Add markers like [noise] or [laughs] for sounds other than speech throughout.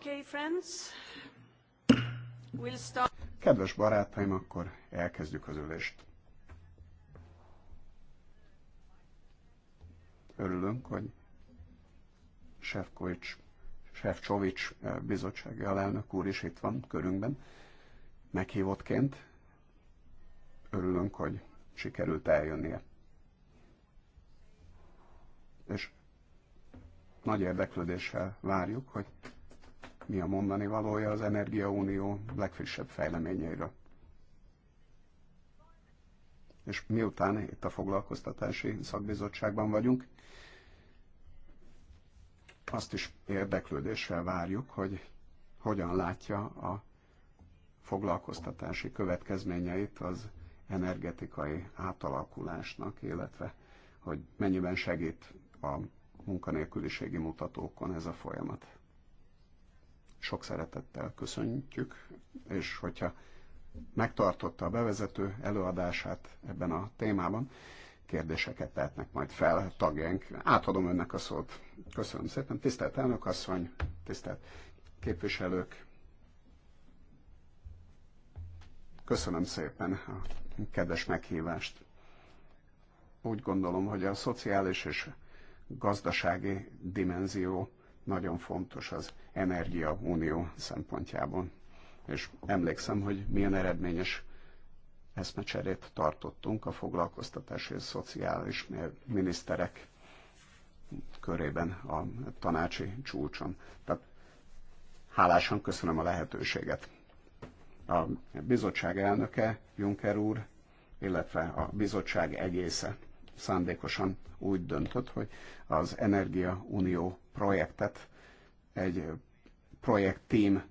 Okay, friends. We'll start. Kedves barátaim, akkor elkezdjük az ülést. Örülünk, hogy Sefkovics, Sefcsovics eh, bizottsági alelnök úr is itt van körünkben, meghívottként. Örülünk, hogy sikerült eljönnie. És nagy érdeklődéssel várjuk, hogy mi a mondani valója az Energiaunió legfrissebb fejleményeiről. És miután itt a foglalkoztatási szakbizottságban vagyunk, azt is érdeklődéssel várjuk, hogy hogyan látja a foglalkoztatási következményeit az energetikai átalakulásnak, illetve hogy mennyiben segít a munkanélküliségi mutatókon ez a folyamat sok szeretettel köszöntjük, és hogyha megtartotta a bevezető előadását ebben a témában, kérdéseket tehetnek majd fel tagjaink. Átadom önnek a szót. Köszönöm szépen. Tisztelt elnök asszony, tisztelt képviselők. Köszönöm szépen a kedves meghívást. Úgy gondolom, hogy a szociális és gazdasági dimenzió nagyon fontos az Energia Unió szempontjából. És emlékszem, hogy milyen eredményes eszmecserét tartottunk a foglalkoztatási és szociális miniszterek körében a tanácsi csúcson. Tehát hálásan köszönöm a lehetőséget. A bizottság elnöke, Juncker úr, illetve a bizottság egésze szándékosan úgy döntött, hogy az Energia Unió projektet egy projektteam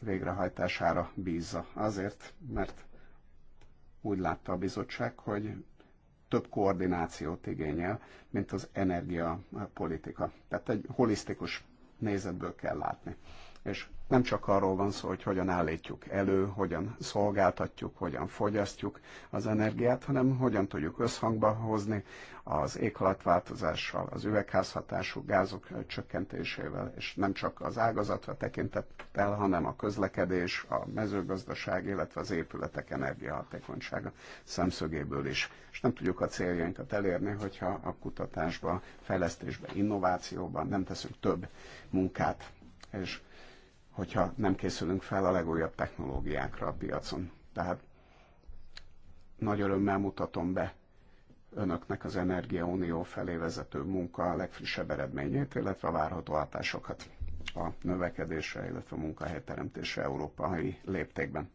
végrehajtására bízza. Azért, mert úgy látta a bizottság, hogy több koordinációt igényel, mint az energiapolitika. Tehát egy holisztikus nézetből kell látni. És nem csak arról van szó, hogy hogyan állítjuk elő, hogyan szolgáltatjuk, hogyan fogyasztjuk az energiát, hanem hogyan tudjuk összhangba hozni az éghajlatváltozással, az üvegházhatású gázok csökkentésével, és nem csak az ágazatra tekintettel, hanem a közlekedés, a mezőgazdaság, illetve az épületek energiahatékonysága szemszögéből is. És nem tudjuk a céljainkat elérni, hogyha a kutatásba, fejlesztésbe, innovációban nem teszünk több munkát. És hogyha nem készülünk fel a legújabb technológiákra a piacon. Tehát nagy örömmel mutatom be önöknek az Energia Unió felé vezető munka a legfrissebb eredményét, illetve a várható hatásokat a növekedésre, illetve a munkahelyteremtésre európai léptékben.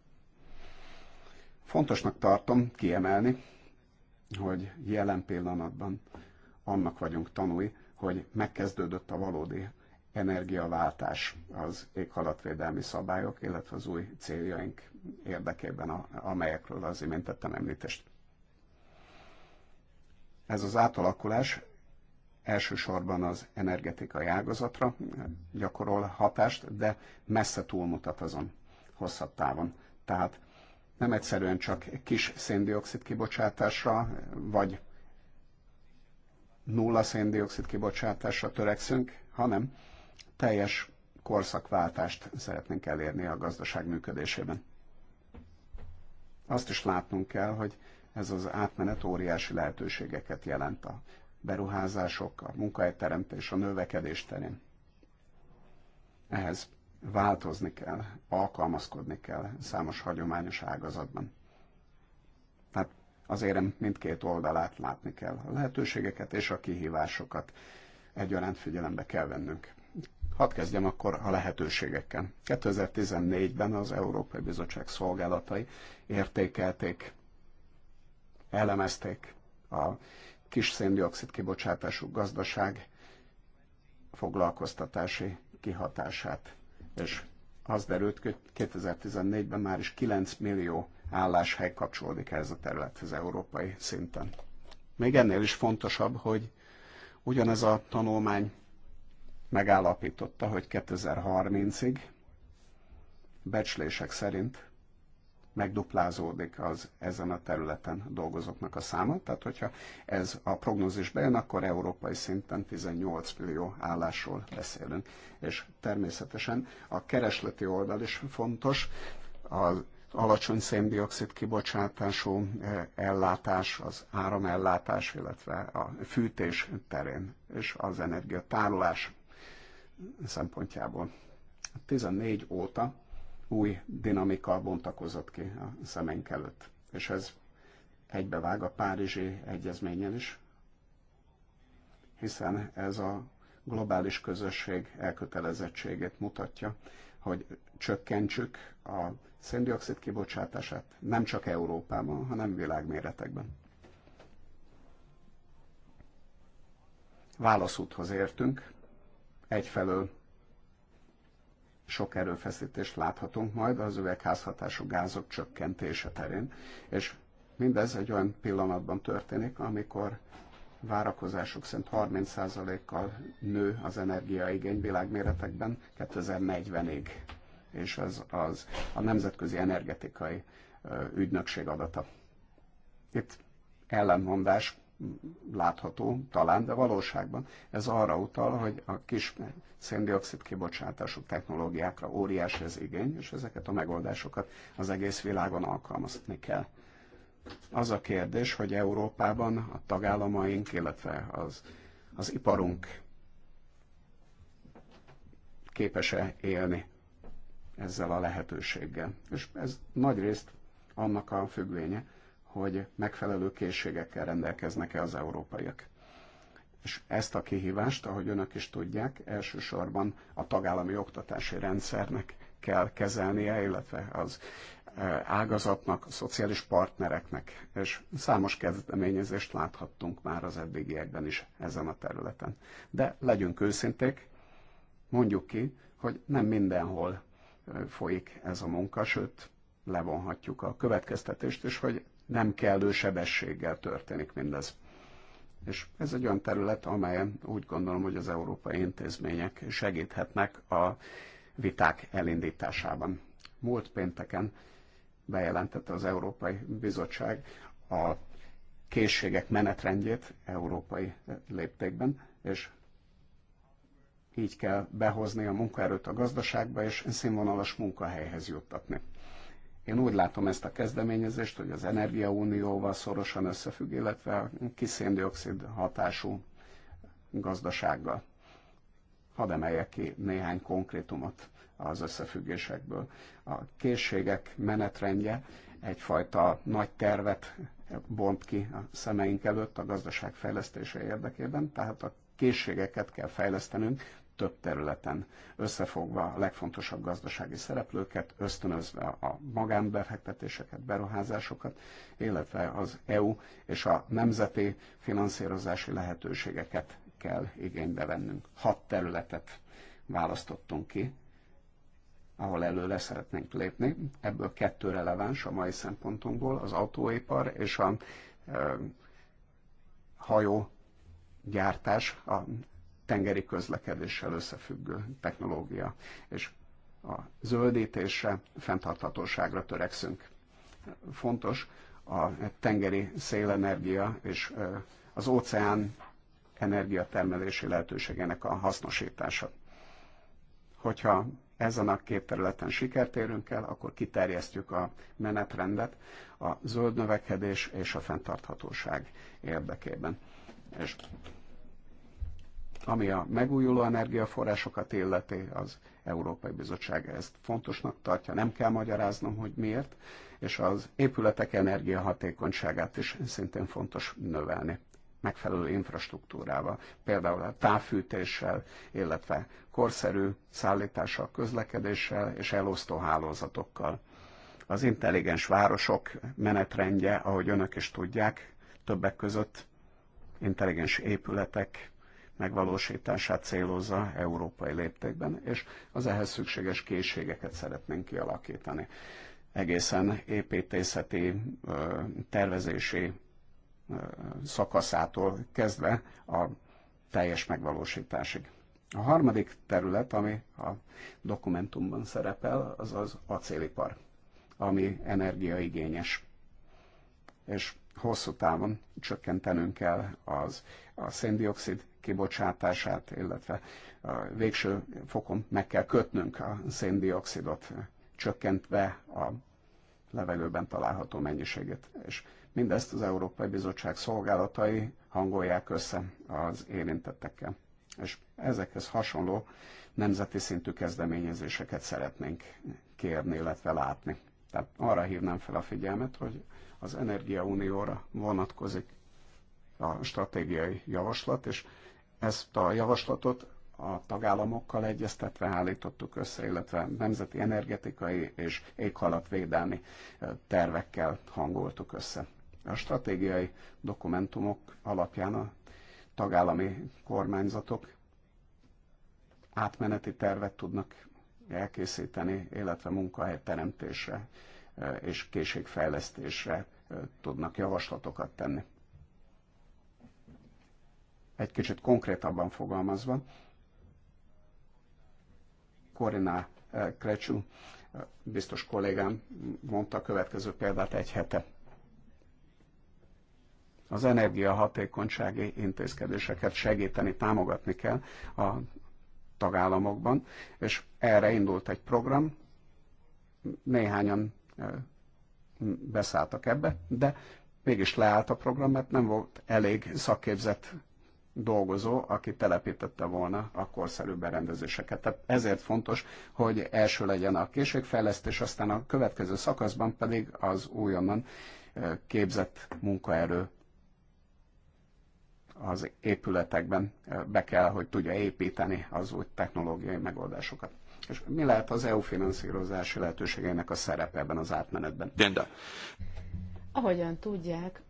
Fontosnak tartom kiemelni, hogy jelen pillanatban annak vagyunk tanúi, hogy megkezdődött a valódi energiaváltás az éghalatvédelmi szabályok, illetve az új céljaink érdekében, amelyekről az imént tettem említést. Ez az átalakulás elsősorban az energetikai ágazatra gyakorol hatást, de messze túlmutat azon hosszabb távon. Tehát nem egyszerűen csak kis széndiokszid kibocsátásra, vagy nulla széndiokszid kibocsátásra törekszünk, hanem teljes korszakváltást szeretnénk elérni a gazdaság működésében. Azt is látnunk kell, hogy ez az átmenet óriási lehetőségeket jelent a beruházások, a munkahelyteremtés, a növekedés terén. Ehhez változni kell, alkalmazkodni kell számos hagyományos ágazatban. Tehát az érem mindkét oldalát látni kell, a lehetőségeket és a kihívásokat egyaránt figyelembe kell vennünk. Hadd kezdjem akkor a lehetőségekkel. 2014-ben az Európai Bizottság szolgálatai értékelték, elemezték a kis széndiokszid kibocsátású gazdaság foglalkoztatási kihatását. És az derült, hogy 2014-ben már is 9 millió álláshely kapcsolódik ez a területhez európai szinten. Még ennél is fontosabb, hogy ugyanez a tanulmány megállapította, hogy 2030-ig becslések szerint megduplázódik az ezen a területen dolgozóknak a száma. Tehát, hogyha ez a prognózis bejön, akkor európai szinten 18 millió állásról beszélünk. És természetesen a keresleti oldal is fontos, az alacsony széndiokszid kibocsátású eh, ellátás, az áramellátás, illetve a fűtés terén és az energiatárolás szempontjából. 14 óta új dinamika bontakozott ki a szemeink előtt, és ez egybevág a Párizsi egyezményen is, hiszen ez a globális közösség elkötelezettségét mutatja, hogy csökkentsük a széndiokszid kibocsátását nem csak Európában, hanem világméretekben. Válaszúthoz értünk, Egyfelől sok erőfeszítést láthatunk majd az üvegházhatású gázok csökkentése terén, és mindez egy olyan pillanatban történik, amikor várakozások szerint 30%-kal nő az energiaigény világméretekben 2040-ig, és ez az a Nemzetközi Energetikai Ügynökség adata. Itt ellenmondás látható talán, de valóságban ez arra utal, hogy a kis széndiokszid kibocsátású technológiákra óriási az igény, és ezeket a megoldásokat az egész világon alkalmazni kell. Az a kérdés, hogy Európában a tagállamaink, illetve az, az iparunk képes-e élni ezzel a lehetőséggel. És ez nagy részt annak a függvénye, hogy megfelelő készségekkel rendelkeznek-e az európaiak. És ezt a kihívást, ahogy önök is tudják, elsősorban a tagállami oktatási rendszernek kell kezelnie, illetve az e, ágazatnak, a szociális partnereknek, és számos kezdeményezést láthattunk már az eddigiekben is ezen a területen. De legyünk őszinték, mondjuk ki, hogy nem mindenhol e, folyik ez a munka, sőt, levonhatjuk a következtetést is, hogy nem kellő sebességgel történik mindez. És ez egy olyan terület, amelyen úgy gondolom, hogy az európai intézmények segíthetnek a viták elindításában. Múlt pénteken bejelentette az Európai Bizottság a készségek menetrendjét európai léptékben, és így kell behozni a munkaerőt a gazdaságba, és színvonalas munkahelyhez juttatni. Én úgy látom ezt a kezdeményezést, hogy az energiaunióval szorosan összefügg, illetve a kiszéndiokszid hatású gazdasággal. Hadd emeljek ki néhány konkrétumot az összefüggésekből. A készségek menetrendje egyfajta nagy tervet bont ki a szemeink előtt a gazdaság fejlesztése érdekében, tehát a készségeket kell fejlesztenünk több területen összefogva a legfontosabb gazdasági szereplőket, ösztönözve a magánbefektetéseket, beruházásokat, illetve az EU és a nemzeti finanszírozási lehetőségeket kell igénybe vennünk. Hat területet választottunk ki, ahol előre szeretnénk lépni. Ebből kettő releváns a mai szempontunkból, az autóipar és a e, hajó gyártás, a tengeri közlekedéssel összefüggő technológia, és a zöldítésre, fenntarthatóságra törekszünk. Fontos a tengeri szélenergia és az óceán energiatermelési lehetőségének a hasznosítása. Hogyha ezen a két területen sikert érünk el, akkor kiterjesztjük a menetrendet a zöld növekedés és a fenntarthatóság érdekében. És ami a megújuló energiaforrásokat illeti, az Európai Bizottság ezt fontosnak tartja, nem kell magyaráznom, hogy miért, és az épületek energiahatékonyságát is szintén fontos növelni megfelelő infrastruktúrával, például a távfűtéssel, illetve korszerű szállítással, közlekedéssel és elosztó hálózatokkal. Az intelligens városok menetrendje, ahogy önök is tudják, többek között intelligens épületek, megvalósítását célozza európai léptékben, és az ehhez szükséges készségeket szeretnénk kialakítani. Egészen építészeti, tervezési szakaszától kezdve a teljes megvalósításig. A harmadik terület, ami a dokumentumban szerepel, az az acélipar, ami energiaigényes. És hosszú távon csökkentenünk kell az, a széndiokszid kibocsátását, illetve a végső fokon meg kell kötnünk a széndiokszidot, csökkentve a levegőben található mennyiségét. És mindezt az Európai Bizottság szolgálatai hangolják össze az érintettekkel. És ezekhez hasonló nemzeti szintű kezdeményezéseket szeretnénk kérni, illetve látni. Tehát arra hívnám fel a figyelmet, hogy az Energiaunióra vonatkozik a stratégiai javaslat, és ezt a javaslatot a tagállamokkal egyeztetve állítottuk össze, illetve nemzeti energetikai és éghalatvédelmi tervekkel hangoltuk össze. A stratégiai dokumentumok alapján a tagállami kormányzatok átmeneti tervet tudnak elkészíteni, illetve munkahelyteremtésre és készségfejlesztésre tudnak javaslatokat tenni egy kicsit konkrétabban fogalmazva, Korina Krecsú, eh, eh, biztos kollégám mondta a következő példát egy hete. Az energiahatékonysági intézkedéseket segíteni, támogatni kell a tagállamokban, és erre indult egy program, néhányan eh, beszálltak ebbe, de mégis leállt a program, mert nem volt elég szakképzett dolgozó, aki telepítette volna a korszerű berendezéseket. Tehát ezért fontos, hogy első legyen a készségfejlesztés, aztán a következő szakaszban pedig az újonnan képzett munkaerő az épületekben be kell, hogy tudja építeni az új technológiai megoldásokat. És mi lehet az EU finanszírozási lehetőségeinek a szerepe ebben az átmenetben? Dinda. Ahogyan tudják,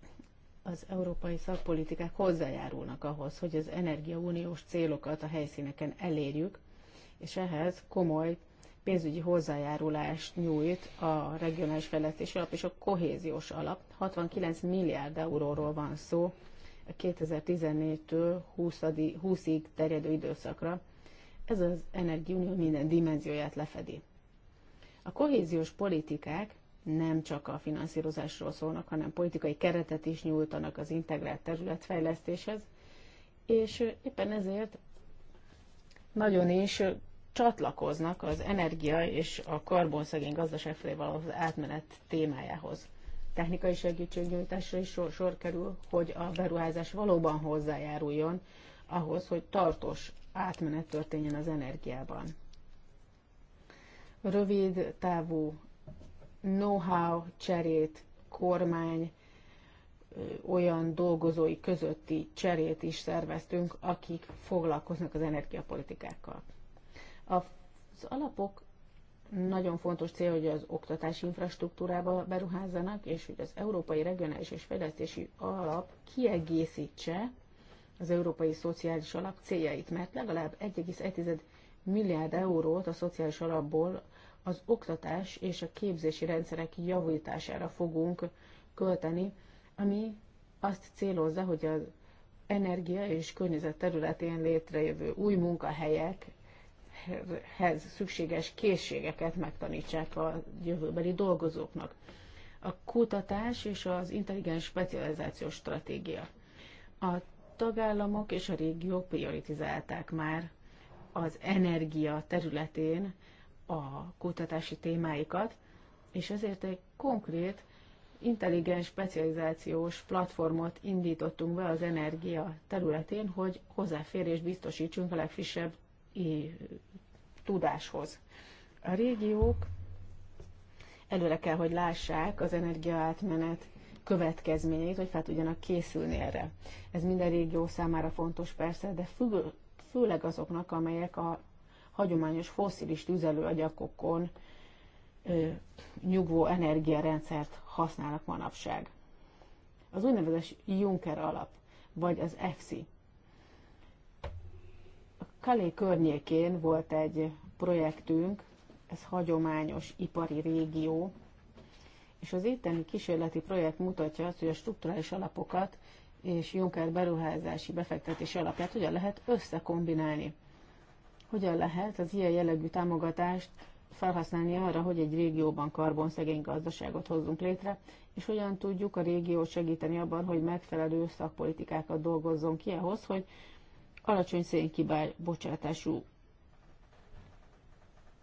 az európai szakpolitikák hozzájárulnak ahhoz, hogy az energiauniós célokat a helyszíneken elérjük, és ehhez komoly pénzügyi hozzájárulást nyújt a regionális fejlesztési alap és a kohéziós alap. 69 milliárd euróról van szó a 2014-től 20-ig terjedő időszakra. Ez az energiaunió minden dimenzióját lefedi. A kohéziós politikák nem csak a finanszírozásról szólnak, hanem politikai keretet is nyújtanak az integrált területfejlesztéshez, és éppen ezért nagyon is csatlakoznak az energia és a karbonszegény gazdaság felé való átmenet témájához. Technikai segítségnyújtásra is sor, sor kerül, hogy a beruházás valóban hozzájáruljon ahhoz, hogy tartós átmenet történjen az energiában. Rövid távú know-how cserét, kormány, olyan dolgozói közötti cserét is szerveztünk, akik foglalkoznak az energiapolitikákkal. Az alapok nagyon fontos cél, hogy az oktatási infrastruktúrába beruházzanak, és hogy az Európai Regionális és Fejlesztési Alap kiegészítse az Európai Szociális Alap céljait, mert legalább 1,1 milliárd eurót a szociális alapból az oktatás és a képzési rendszerek javítására fogunk költeni, ami azt célozza, hogy az energia és környezet területén létrejövő új munkahelyekhez szükséges készségeket megtanítsák a jövőbeli dolgozóknak. A kutatás és az intelligens specializációs stratégia. A tagállamok és a régiók prioritizálták már az energia területén a kutatási témáikat, és ezért egy konkrét, intelligens specializációs platformot indítottunk be az energia területén, hogy hozzáférést biztosítsunk a legfrissebb tudáshoz. A régiók előre kell, hogy lássák az energiaátmenet következményeit, hogy fel tudjanak készülni erre. Ez minden régió számára fontos persze, de fő, főleg azoknak, amelyek a hagyományos foszilis tüzelőanyagokon nyugvó energiarendszert használnak manapság. Az úgynevezett Juncker alap, vagy az EFSI. A Kalé környékén volt egy projektünk, ez hagyományos ipari régió, és az itteni kísérleti projekt mutatja azt, hogy a strukturális alapokat és Juncker beruházási befektetési alapját hogyan lehet összekombinálni hogyan lehet az ilyen jellegű támogatást felhasználni arra, hogy egy régióban karbonszegény gazdaságot hozzunk létre, és hogyan tudjuk a régiót segíteni abban, hogy megfelelő szakpolitikákat dolgozzon ki ahhoz, hogy alacsony bocsátású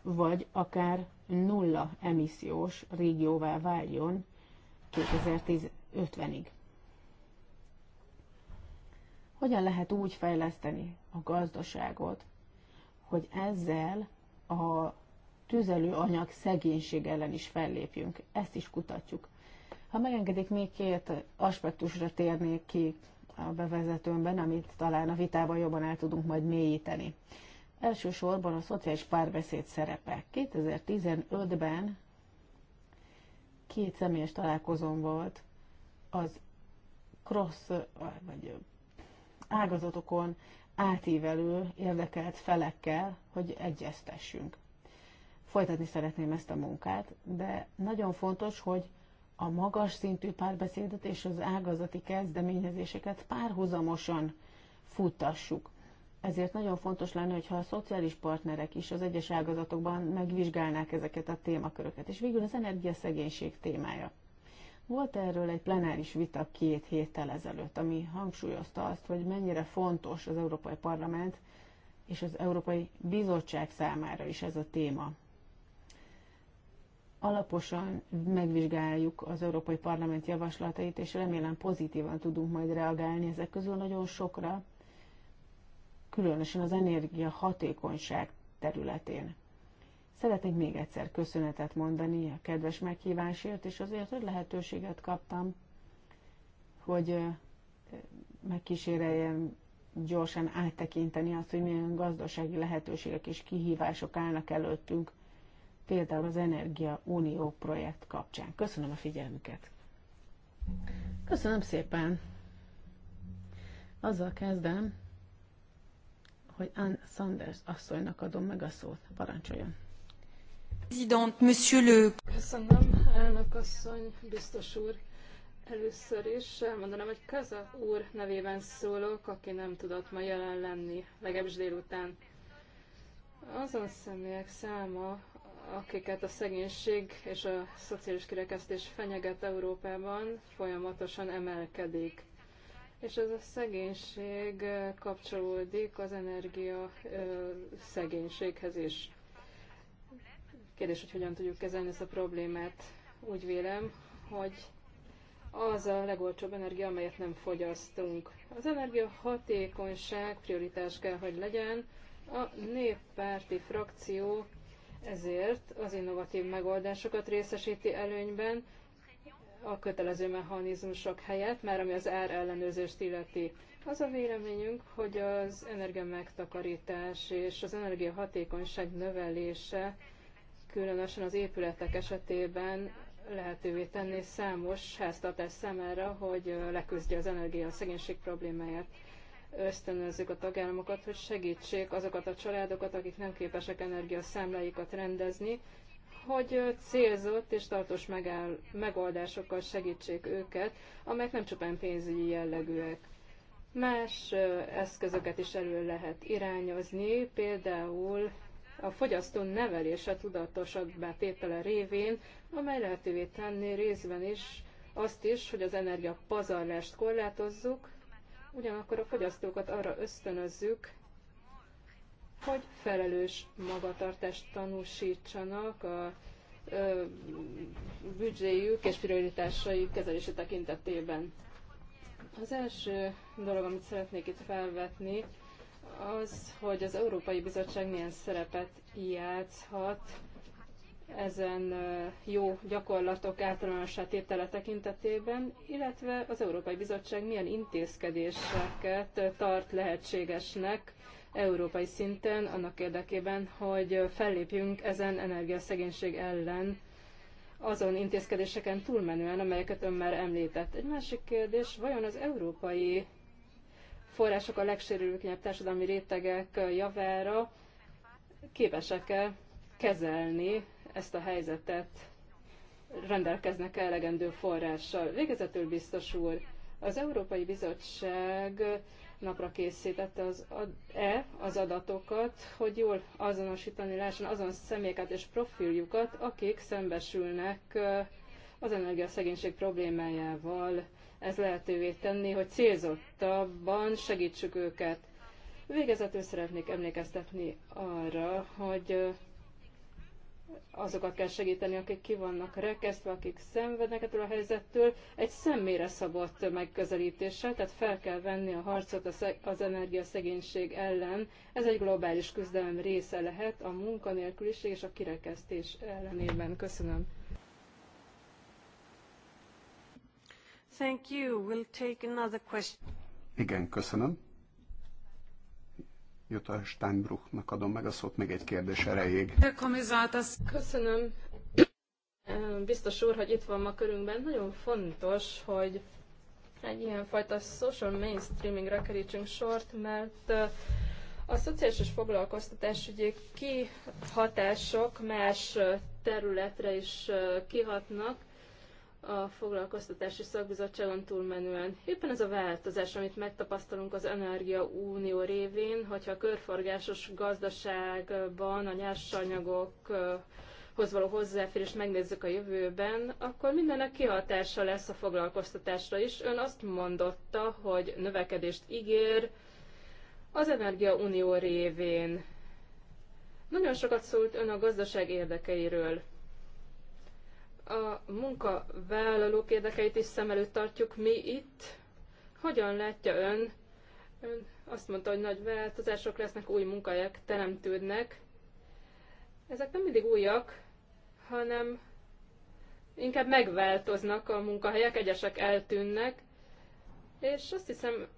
vagy akár nulla emissziós régióvá váljon 2050-ig. Hogyan lehet úgy fejleszteni a gazdaságot, hogy ezzel a tüzelőanyag szegénység ellen is fellépjünk. Ezt is kutatjuk. Ha megengedik, még két aspektusra térnék ki a bevezetőmben, amit talán a vitában jobban el tudunk majd mélyíteni. Elsősorban a szociális párbeszéd szerepe. 2015-ben két személyes találkozón volt az cross, vagy ágazatokon átívelő érdekelt felekkel, hogy egyeztessünk. Folytatni szeretném ezt a munkát, de nagyon fontos, hogy a magas szintű párbeszédet és az ágazati kezdeményezéseket párhuzamosan futtassuk. Ezért nagyon fontos lenne, hogyha a szociális partnerek is az egyes ágazatokban megvizsgálnák ezeket a témaköröket. És végül az energiaszegénység témája. Volt erről egy plenáris vita két héttel ezelőtt, ami hangsúlyozta azt, hogy mennyire fontos az Európai Parlament és az Európai Bizottság számára is ez a téma. Alaposan megvizsgáljuk az Európai Parlament javaslatait, és remélem pozitívan tudunk majd reagálni ezek közül nagyon sokra, különösen az energia hatékonyság területén. Szeretnék még egyszer köszönetet mondani a kedves meghívásért, és azért, hogy lehetőséget kaptam, hogy megkíséreljem gyorsan áttekinteni azt, hogy milyen gazdasági lehetőségek és kihívások állnak előttünk, például az Energia Unió projekt kapcsán. Köszönöm a figyelmüket! Köszönöm szépen! Azzal kezdem, hogy Ann Sanders asszonynak adom meg a szót. Parancsoljon! Köszönöm, elnök asszony, biztos úr. Először is mondanám, hogy Kaza úr nevében szólok, aki nem tudott ma jelen lenni, legalábbis délután. Azon személyek száma, akiket a szegénység és a szociális kirekesztés fenyeget Európában, folyamatosan emelkedik. És ez a szegénység kapcsolódik az energia szegénységhez is. Kérdés, hogy hogyan tudjuk kezelni ezt a problémát. Úgy vélem, hogy az a legolcsóbb energia, amelyet nem fogyasztunk. Az energia hatékonyság prioritás kell, hogy legyen. A néppárti frakció ezért az innovatív megoldásokat részesíti előnyben a kötelező mechanizmusok helyett, már ami az ár ellenőrzést illeti. Az a véleményünk, hogy az energia megtakarítás és az energia hatékonyság növelése különösen az épületek esetében lehetővé tenni számos háztartás számára, hogy leküzdje az energia szegénység problémáját. Ösztönözzük a tagállamokat, hogy segítsék azokat a családokat, akik nem képesek energiaszámláikat rendezni, hogy célzott és tartós megáll, megoldásokkal segítsék őket, amelyek nem csupán pénzügyi jellegűek. Más eszközöket is elő lehet irányozni, például a fogyasztó nevelése tudatosabbá betétele révén, amely lehetővé tenni részben is azt is, hogy az energia pazarlást korlátozzuk, ugyanakkor a fogyasztókat arra ösztönözzük, hogy felelős magatartást tanúsítsanak a büdzséjük és prioritásaik kezelése tekintetében. Az első dolog, amit szeretnék itt felvetni, az, hogy az Európai Bizottság milyen szerepet játszhat ezen jó gyakorlatok általánossá tétele tekintetében, illetve az Európai Bizottság milyen intézkedéseket tart lehetségesnek európai szinten annak érdekében, hogy fellépjünk ezen energiaszegénység ellen azon intézkedéseken túlmenően, amelyeket ön már említett. Egy másik kérdés, vajon az európai források a legsérülékenyebb társadalmi rétegek javára képesek-e kezelni ezt a helyzetet, rendelkeznek -e elegendő forrással. Végezetül biztos úr, az Európai Bizottság napra készítette az e az adatokat, hogy jól azonosítani lehessen azon személyeket és profiljukat, akik szembesülnek az energiaszegénység problémájával ez lehetővé tenni, hogy célzottabban segítsük őket. Végezetül szeretnék emlékeztetni arra, hogy azokat kell segíteni, akik ki vannak rekesztve, akik szenvednek ettől a helyzettől, egy személyre szabott megközelítéssel, tehát fel kell venni a harcot az energiaszegénység ellen. Ez egy globális küzdelem része lehet a munkanélküliség és a kirekesztés ellenében. Köszönöm. Thank you. We'll take another question. Igen, köszönöm. Jutta Steinbruchnak adom meg a szót még egy kérdés erejéig. Köszönöm. Biztos úr, hogy itt van ma körünkben. Nagyon fontos, hogy egy ilyenfajta social mainstreamingre kerítsünk sort, mert uh, a szociális és foglalkoztatás ugye kihatások más uh, területre is uh, kihatnak, a foglalkoztatási szakbizottságon túlmenően. Éppen ez a változás, amit megtapasztalunk az Energia Unió révén, hogyha a körforgásos gazdaságban a nyersanyagok való hozzáférés megnézzük a jövőben, akkor mindennek kihatása lesz a foglalkoztatásra is. Ön azt mondotta, hogy növekedést ígér az Energia Unió révén. Nagyon sokat szólt ön a gazdaság érdekeiről a munkavállalók érdekeit is szem előtt tartjuk mi itt. Hogyan látja ön? Ön azt mondta, hogy nagy változások lesznek, új munkahelyek teremtődnek. Ezek nem mindig újak, hanem inkább megváltoznak a munkahelyek, egyesek eltűnnek, és azt hiszem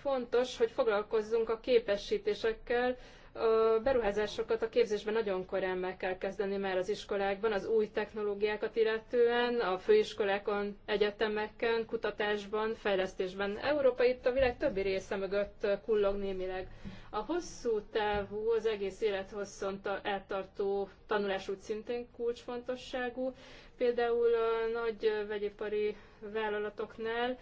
fontos, hogy foglalkozzunk a képesítésekkel, a beruházásokat a képzésben nagyon korán meg kell kezdeni már az iskolákban, az új technológiákat illetően, a főiskolákon, egyetemeken, kutatásban, fejlesztésben. Európa itt a világ többi része mögött kullog némileg. A hosszú távú, az egész élethosszon eltartó tanulás úgy szintén kulcsfontosságú. Például a nagy vegyipari vállalatoknál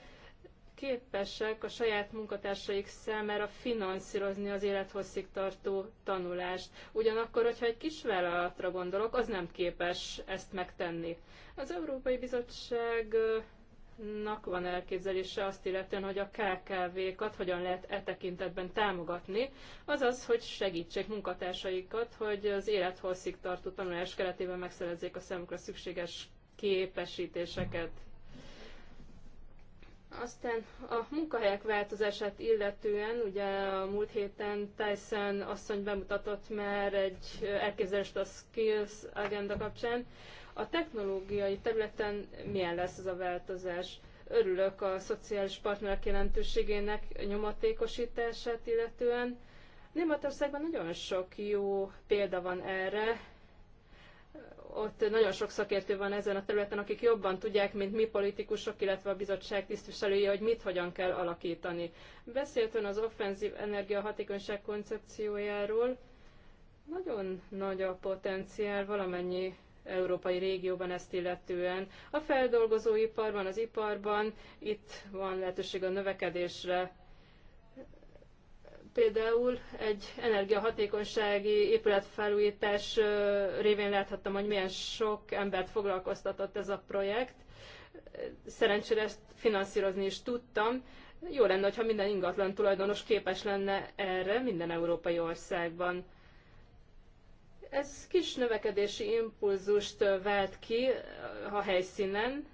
képesek a saját munkatársaik számára finanszírozni az élethosszig tartó tanulást. Ugyanakkor, hogyha egy vállalatra gondolok, az nem képes ezt megtenni. Az Európai Bizottságnak van elképzelése azt illetően, hogy a KKV-kat hogyan lehet e tekintetben támogatni, azaz, hogy segítsék munkatársaikat, hogy az élethosszig tartó tanulás keretében megszerezzék a számukra szükséges képesítéseket. Aztán a munkahelyek változását illetően, ugye a múlt héten Tyson asszony bemutatott már egy elképzelést a Skills agenda kapcsán. A technológiai területen milyen lesz ez a változás? Örülök a szociális partnerek jelentőségének nyomatékosítását illetően. Németországban nagyon sok jó példa van erre, ott nagyon sok szakértő van ezen a területen, akik jobban tudják, mint mi politikusok, illetve a bizottság tisztviselői, hogy mit hogyan kell alakítani. Beszélt ön az offenzív energiahatékonyság koncepciójáról. Nagyon nagy a potenciál valamennyi európai régióban ezt illetően. A feldolgozóiparban, az iparban itt van lehetőség a növekedésre, Például egy energiahatékonysági épületfelújítás révén láthattam, hogy milyen sok embert foglalkoztatott ez a projekt. Szerencsére ezt finanszírozni is tudtam. Jó lenne, ha minden ingatlan tulajdonos képes lenne erre minden európai országban ez kis növekedési impulzust vált ki a helyszínen,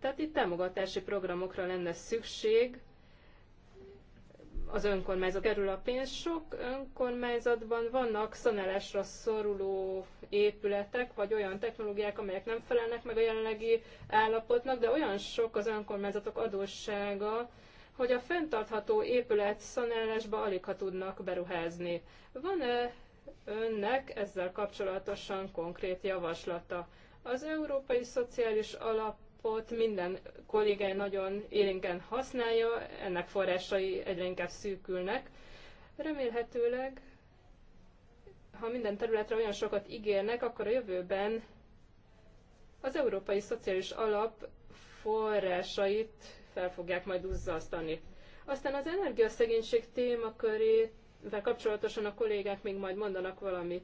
tehát itt támogatási programokra lenne szükség, az önkormányzat kerül a pénz. Sok önkormányzatban vannak szanelásra szoruló épületek, vagy olyan technológiák, amelyek nem felelnek meg a jelenlegi állapotnak, de olyan sok az önkormányzatok adóssága, hogy a fenntartható épület szanelásba alig ha tudnak beruházni. Van-e önnek ezzel kapcsolatosan konkrét javaslata? Az Európai Szociális Alap honlapot minden kollégája nagyon élénken használja, ennek forrásai egyre inkább szűkülnek. Remélhetőleg, ha minden területre olyan sokat ígérnek, akkor a jövőben az Európai Szociális Alap forrásait fel fogják majd duzzasztani. Aztán az energiaszegénység témakörével kapcsolatosan a kollégák még majd mondanak valamit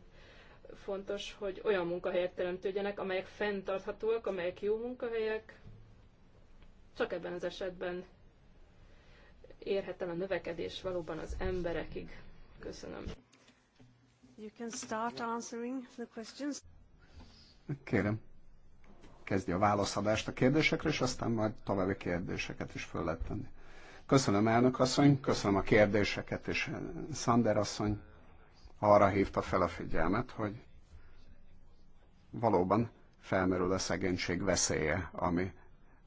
fontos, hogy olyan munkahelyek teremtődjenek, amelyek fenntarthatóak, amelyek jó munkahelyek. Csak ebben az esetben érhet el a növekedés valóban az emberekig. Köszönöm. You can start answering the questions. Kérem, kezdje a válaszadást a kérdésekre, és aztán majd további kérdéseket is föl lehet tenni. Köszönöm elnök asszony, köszönöm a kérdéseket, és Szander asszony arra hívta fel a figyelmet, hogy valóban felmerül a szegénység veszélye, ami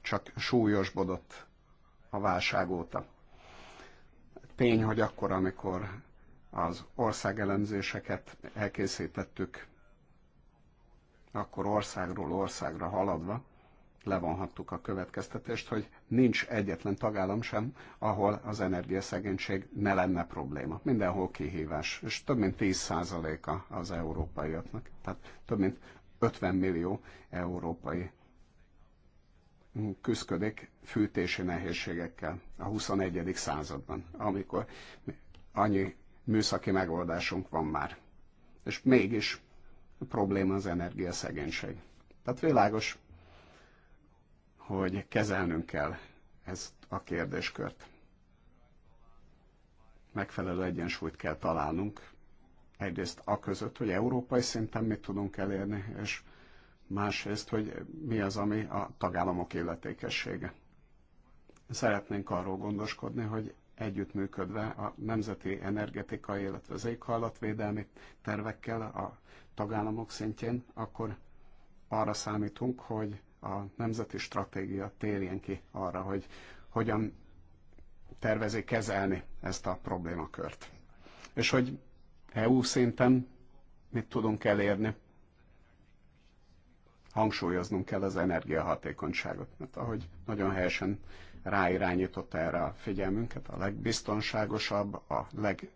csak súlyosbodott a válság óta. Tény, hogy akkor, amikor az országelemzéseket elkészítettük, akkor országról országra haladva levonhattuk a következtetést, hogy nincs egyetlen tagállam sem, ahol az energiaszegénység ne lenne probléma. Mindenhol kihívás, és több mint 10%-a az európaiaknak, tehát több mint 50 millió európai küzdködik fűtési nehézségekkel a 21. században, amikor annyi műszaki megoldásunk van már. És mégis a probléma az energiaszegénység. Tehát világos hogy kezelnünk kell ezt a kérdéskört. Megfelelő egyensúlyt kell találnunk, egyrészt a között, hogy európai szinten mit tudunk elérni, és másrészt, hogy mi az, ami a tagállamok életékessége. Szeretnénk arról gondoskodni, hogy együttműködve a nemzeti energetikai, illetve az éghajlatvédelmi tervekkel a tagállamok szintjén, akkor arra számítunk, hogy a nemzeti stratégia térjen ki arra, hogy hogyan tervezik kezelni ezt a problémakört. És hogy EU szinten mit tudunk elérni. Hangsúlyoznunk kell az energiahatékonyságot, mert ahogy nagyon helyesen ráirányított erre a figyelmünket, a legbiztonságosabb, a leg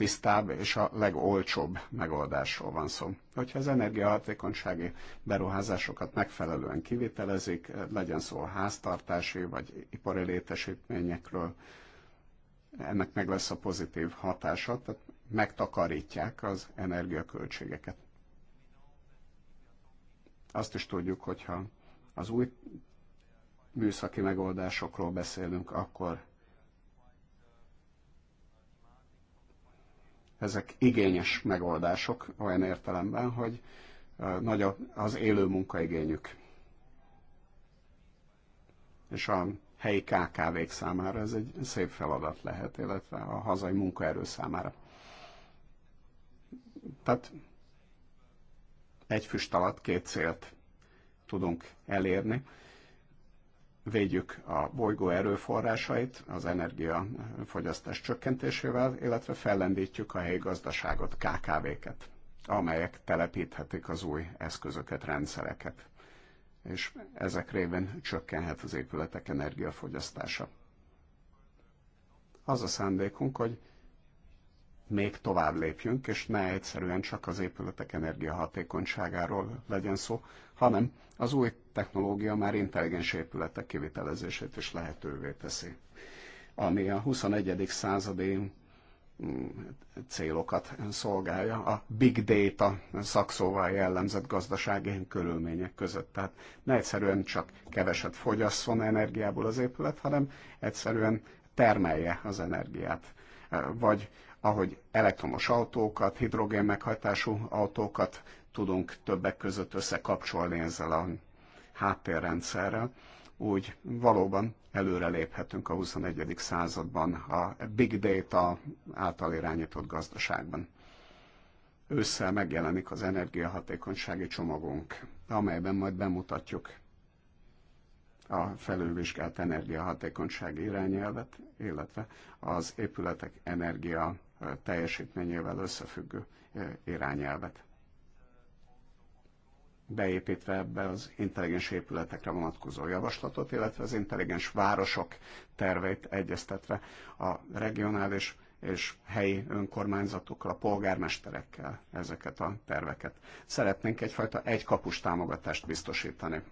legtisztább és a legolcsóbb megoldásról van szó. Hogyha az energiahatékonysági beruházásokat megfelelően kivitelezik, legyen szó háztartási vagy ipari létesítményekről, ennek meg lesz a pozitív hatása, tehát megtakarítják az energiaköltségeket. Azt is tudjuk, hogyha az új műszaki megoldásokról beszélünk, akkor Ezek igényes megoldások olyan értelemben, hogy nagy az élő munkaigényük. És a helyi KKV-k számára ez egy szép feladat lehet, illetve a hazai munkaerő számára. Tehát egy füst alatt két célt tudunk elérni védjük a bolygó erőforrásait az energiafogyasztás csökkentésével, illetve fellendítjük a helyi gazdaságot, KKV-ket, amelyek telepíthetik az új eszközöket, rendszereket, és ezek révén csökkenhet az épületek energiafogyasztása. Az a szándékunk, hogy még tovább lépjünk, és ne egyszerűen csak az épületek energiahatékonyságáról legyen szó, hanem az új technológia már intelligens épületek kivitelezését is lehetővé teszi, ami a 21. századi mm, célokat szolgálja a big data szakszóval jellemzett gazdasági körülmények között. Tehát ne egyszerűen csak keveset fogyasszon energiából az épület, hanem egyszerűen termelje az energiát. Vagy ahogy elektromos autókat, hidrogén meghajtású autókat tudunk többek között összekapcsolni ezzel a háttérrendszerrel, úgy valóban előreléphetünk a 21. században a big data által irányított gazdaságban. Ősszel megjelenik az energiahatékonysági csomagunk, amelyben majd bemutatjuk a felülvizsgált energiahatékonysági irányelvet, illetve az épületek energia teljesítményével összefüggő irányelvet beépítve ebbe az intelligens épületekre vonatkozó javaslatot, illetve az intelligens városok terveit egyeztetve a regionális és helyi önkormányzatokkal, a polgármesterekkel ezeket a terveket. Szeretnénk egyfajta egykapus támogatást biztosítani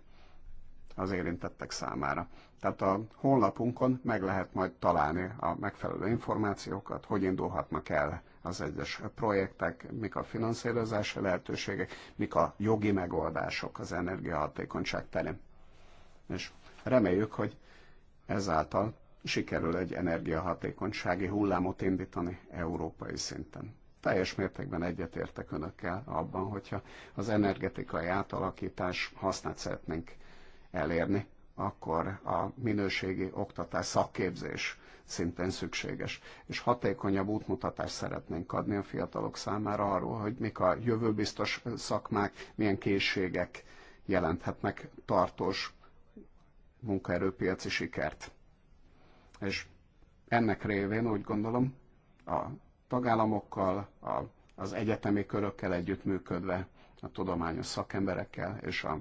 az érintettek számára. Tehát a honlapunkon meg lehet majd találni a megfelelő információkat, hogy indulhatnak el az egyes projektek, mik a finanszírozási lehetőségek, mik a jogi megoldások az energiahatékonyság terén. És reméljük, hogy ezáltal sikerül egy energiahatékonysági hullámot indítani európai szinten. Teljes mértékben egyetértek önökkel abban, hogyha az energetikai átalakítás hasznát szeretnénk elérni, akkor a minőségi oktatás szakképzés szintén szükséges. És hatékonyabb útmutatást szeretnénk adni a fiatalok számára arról, hogy mik a jövőbiztos szakmák, milyen készségek jelenthetnek tartós munkaerőpiaci sikert. És ennek révén úgy gondolom a tagállamokkal, a, az egyetemi körökkel együttműködve, a tudományos szakemberekkel és a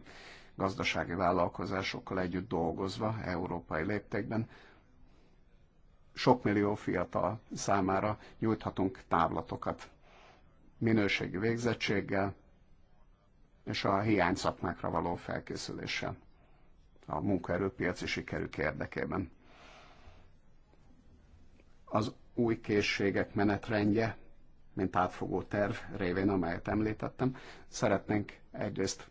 gazdasági vállalkozásokkal együtt dolgozva európai léptékben sok millió fiatal számára nyújthatunk távlatokat minőségi végzettséggel és a hiány szakmákra való felkészüléssel a munkaerőpiaci sikerük érdekében. Az új készségek menetrendje, mint átfogó terv révén, amelyet említettem, szeretnénk egyrészt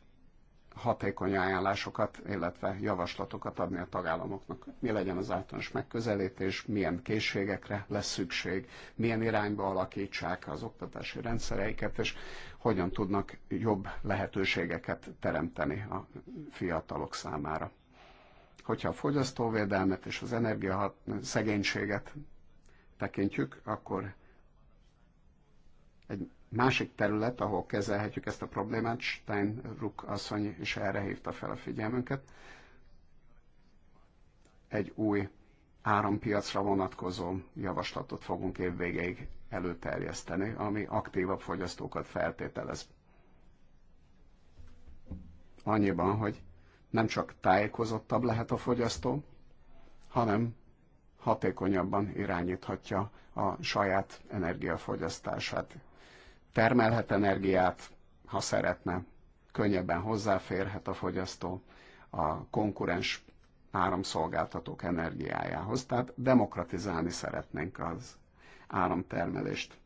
hatékony ajánlásokat, illetve javaslatokat adni a tagállamoknak. Mi legyen az általános megközelítés, milyen készségekre lesz szükség, milyen irányba alakítsák az oktatási rendszereiket, és hogyan tudnak jobb lehetőségeket teremteni a fiatalok számára. Hogyha a fogyasztóvédelmet és az energiaszegénységet tekintjük, akkor egy Másik terület, ahol kezelhetjük ezt a problémát, Steinruck asszony is erre hívta fel a figyelmünket, egy új árampiacra vonatkozó javaslatot fogunk évvégéig előterjeszteni, ami aktívabb fogyasztókat feltételez. Annyiban, hogy nem csak tájékozottabb lehet a fogyasztó, hanem hatékonyabban irányíthatja a saját energiafogyasztását, termelhet energiát, ha szeretne, könnyebben hozzáférhet a fogyasztó a konkurens áramszolgáltatók energiájához. Tehát demokratizálni szeretnénk az áramtermelést.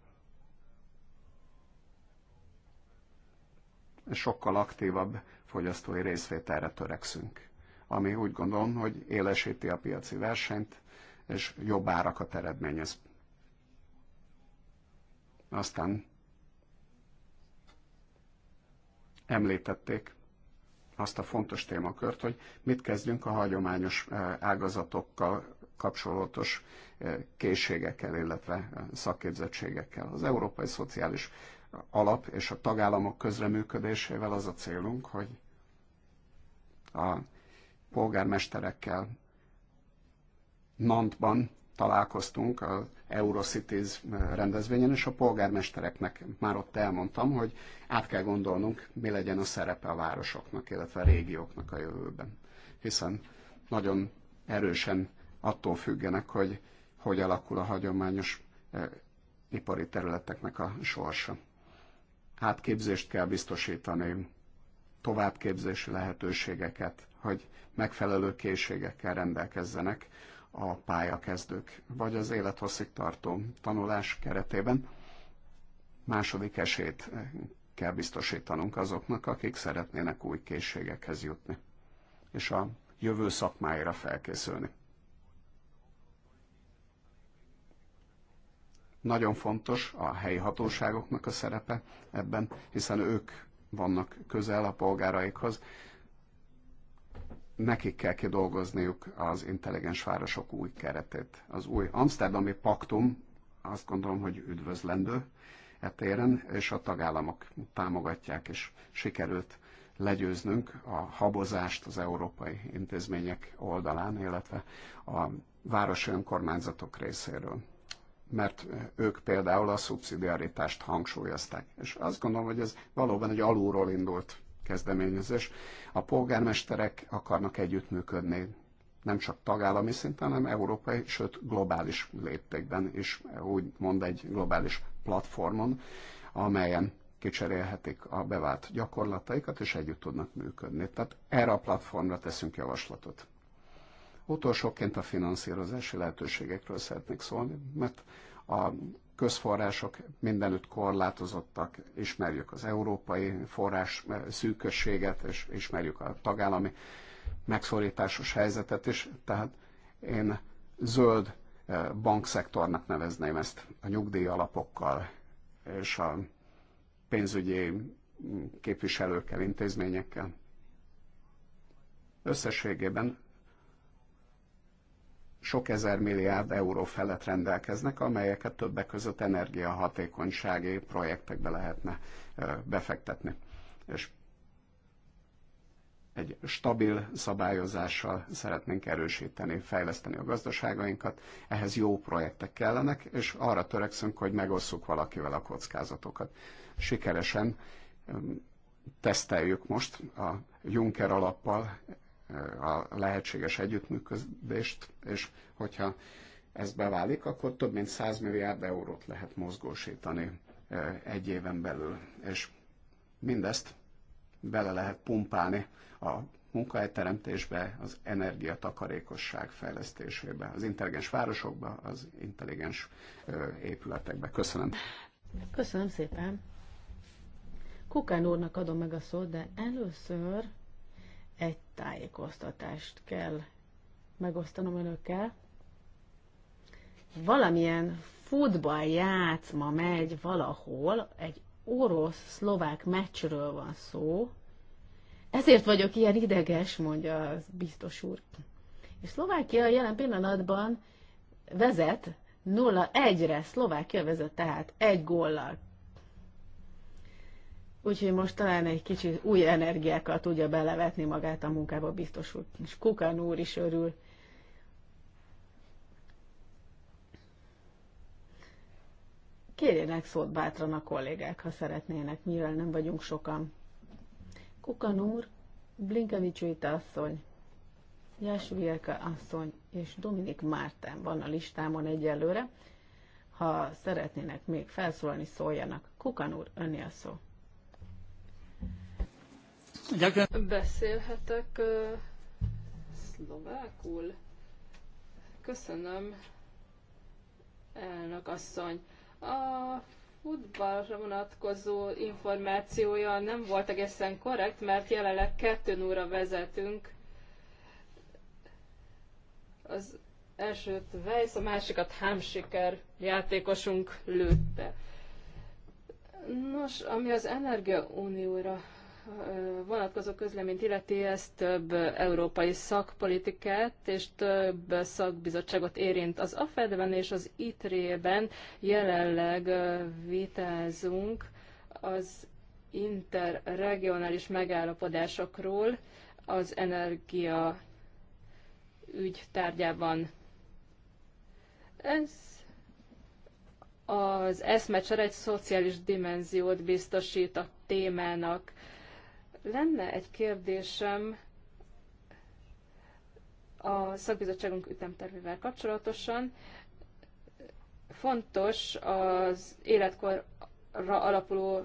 Sokkal aktívabb fogyasztói részvételre törekszünk, ami úgy gondolom, hogy élesíti a piaci versenyt, és jobb árakat eredményez. Aztán említették azt a fontos témakört, hogy mit kezdjünk a hagyományos eh, ágazatokkal kapcsolatos eh, készségekkel, illetve eh, szakképzettségekkel. Az Európai Szociális Alap és a tagállamok közreműködésével az a célunk, hogy a polgármesterekkel Nantban találkoztunk az Eurocities eh, rendezvényen, és a polgármestereknek már ott elmondtam, hogy át kell gondolnunk, mi legyen a szerepe a városoknak, illetve a régióknak a jövőben. Hiszen nagyon erősen attól függenek, hogy hogy alakul a hagyományos eh, ipari területeknek a sorsa. Átképzést kell biztosítani, továbbképzési lehetőségeket, hogy megfelelő készségekkel rendelkezzenek a pályakezdők, vagy az élethosszig tartó tanulás keretében második esélyt kell biztosítanunk azoknak, akik szeretnének új készségekhez jutni, és a jövő szakmáira felkészülni. Nagyon fontos a helyi hatóságoknak a szerepe ebben, hiszen ők vannak közel a polgáraikhoz, nekik kell kidolgozniuk az intelligens városok új keretét. Az új Amsterdami Paktum azt gondolom, hogy üdvözlendő e téren, és a tagállamok támogatják, és sikerült legyőznünk a habozást az európai intézmények oldalán, illetve a városi önkormányzatok részéről. Mert ők például a szubszidiaritást hangsúlyozták. És azt gondolom, hogy ez valóban egy alulról indult kezdeményezés. A polgármesterek akarnak együttműködni nem csak tagállami szinten, hanem európai, sőt globális léptékben is, mond egy globális platformon, amelyen kicserélhetik a bevált gyakorlataikat, és együtt tudnak működni. Tehát erre a platformra teszünk javaslatot. Utolsóként a finanszírozási lehetőségekről szeretnék szólni, mert a közforrások mindenütt korlátozottak, ismerjük az európai forrás eh, szűkösséget, és ismerjük a tagállami megszorításos helyzetet is, tehát én zöld eh, bankszektornak nevezném ezt a nyugdíj alapokkal és a pénzügyi mm, képviselőkkel, intézményekkel. Összességében sok ezer milliárd euró felett rendelkeznek, amelyeket többek között energiahatékonysági projektekbe lehetne befektetni. És egy stabil szabályozással szeretnénk erősíteni, fejleszteni a gazdaságainkat, ehhez jó projektek kellenek, és arra törekszünk, hogy megosszuk valakivel a kockázatokat. Sikeresen teszteljük most a Juncker alappal a lehetséges együttműködést, és hogyha ez beválik, akkor több mint 100 milliárd eurót lehet mozgósítani e, egy éven belül, és mindezt bele lehet pumpálni a munkahelyteremtésbe, az energiatakarékosság fejlesztésébe, az intelligens városokba, az intelligens e, épületekbe. Köszönöm. Köszönöm szépen. Kukán úrnak adom meg a szót, de először egy tájékoztatást kell megosztanom önökkel. Valamilyen futballjátszma megy valahol, egy orosz-szlovák meccsről van szó, ezért vagyok ilyen ideges, mondja az biztos úr. És Szlovákia jelen pillanatban vezet 0-1-re. Szlovákia vezet tehát egy góllal. Úgyhogy most talán egy kicsit új energiákkal tudja belevetni magát a munkába, biztos úr. És Kukan úr is örül. Kérjenek szót bátran a kollégák, ha szeretnének, mivel nem vagyunk sokan. Kukan úr, Blinkevicsuita asszony, Jásvielka asszony és Dominik Márten van a listámon egyelőre. Ha szeretnének még felszólalni, szóljanak. Kukan úr, önni a szó. Beszélhetek uh, szlovákul? Köszönöm, elnök asszony. A futballra vonatkozó információja nem volt egészen korrekt, mert jelenleg 2 óra vezetünk. Az elsőt Weiss, a másikat Hámsiker játékosunk lőtte. Nos, ami az energia Unióra vonatkozó közleményt illeti, ez több európai szakpolitikát és több szakbizottságot érint. Az AFED-ben és az ITRE-ben jelenleg vitázunk az interregionális megállapodásokról az energia ügy tárgyában. Ez az eszmecsere egy szociális dimenziót biztosít a témának. Lenne egy kérdésem a szakbizottságunk ütemtervével kapcsolatosan. Fontos az életkorra alapuló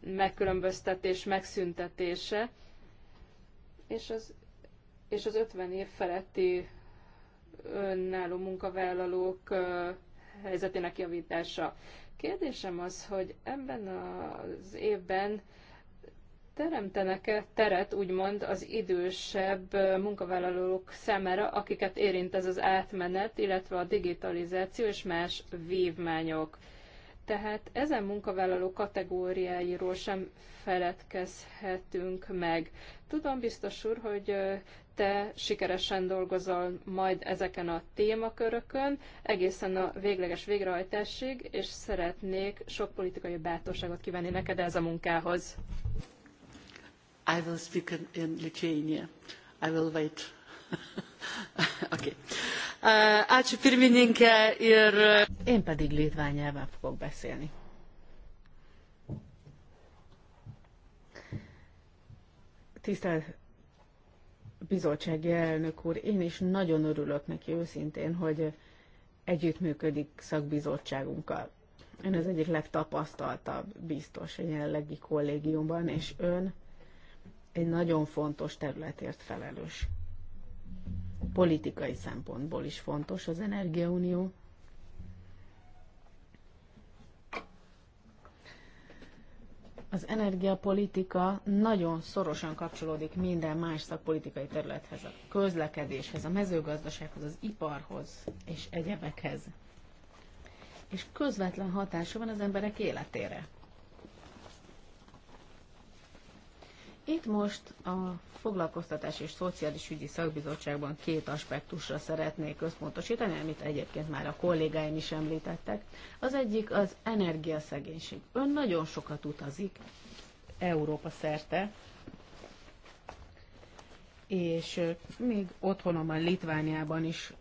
megkülönböztetés megszüntetése, és az, és az 50 év feletti önálló munkavállalók helyzetének javítása. Kérdésem az, hogy ebben az évben teremtenek-e teret, úgymond az idősebb munkavállalók számára, akiket érint ez az átmenet, illetve a digitalizáció és más vívmányok. Tehát ezen munkavállaló kategóriáiról sem feledkezhetünk meg. Tudom biztos úr, hogy te sikeresen dolgozol majd ezeken a témakörökön, egészen a végleges végrehajtásig, és szeretnék sok politikai bátorságot kívánni neked ez a munkához. I will speak in, Lithuania. I will wait. [laughs] okay. Uh, ačiū pirmininkė ir... Uh, én pedig nyelven fogok beszélni. Tisztelt bizottsági elnök úr, én is nagyon örülök neki őszintén, hogy együttműködik szakbizottságunkkal. Ön az egyik legtapasztaltabb biztos a jelenlegi kollégiumban, és ön egy nagyon fontos területért felelős. Politikai szempontból is fontos az energiaunió. Az energiapolitika nagyon szorosan kapcsolódik minden más szakpolitikai területhez, a közlekedéshez, a mezőgazdasághoz, az iparhoz és egyebekhez. És közvetlen hatása van az emberek életére Itt most a Foglalkoztatás és Szociális Ügyi Szakbizottságban két aspektusra szeretnék központosítani, amit egyébként már a kollégáim is említettek. Az egyik az energiaszegénység. Ön nagyon sokat utazik Európa szerte, és még otthonomban, Litvániában is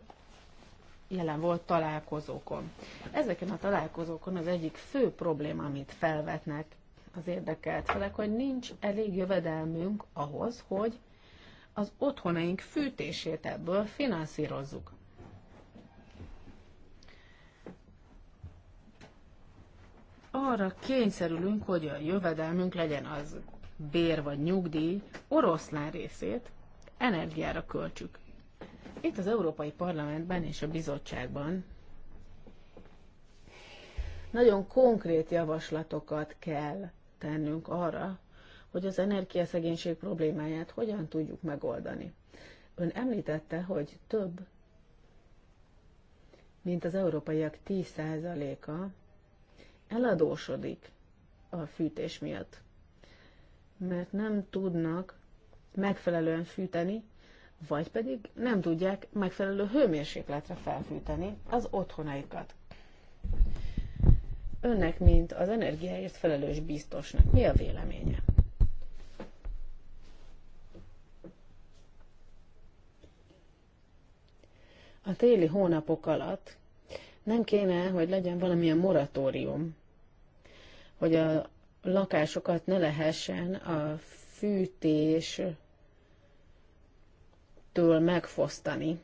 jelen volt találkozókon. Ezeken a találkozókon az egyik fő probléma, amit felvetnek, az érdekelt felek, hogy nincs elég jövedelmünk ahhoz, hogy az otthonaink fűtését ebből finanszírozzuk. Arra kényszerülünk, hogy a jövedelmünk legyen az bér vagy nyugdíj, oroszlán részét energiára költsük. Itt az Európai Parlamentben és a bizottságban nagyon konkrét javaslatokat kell tennünk arra, hogy az energiaszegénység problémáját hogyan tudjuk megoldani. Ön említette, hogy több, mint az európaiak 10%-a eladósodik a fűtés miatt, mert nem tudnak megfelelően fűteni, vagy pedig nem tudják megfelelő hőmérsékletre felfűteni az otthonaikat önnek, mint az energiáért felelős biztosnak mi a véleménye? A téli hónapok alatt nem kéne, hogy legyen valamilyen moratórium, hogy a lakásokat ne lehessen a fűtés től megfosztani,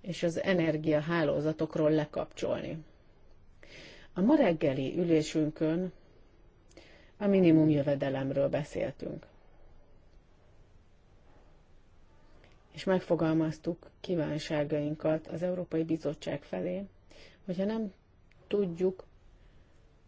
és az energiahálózatokról lekapcsolni. A ma reggeli ülésünkön a minimum jövedelemről beszéltünk. És megfogalmaztuk kívánságainkat az Európai Bizottság felé, hogyha nem tudjuk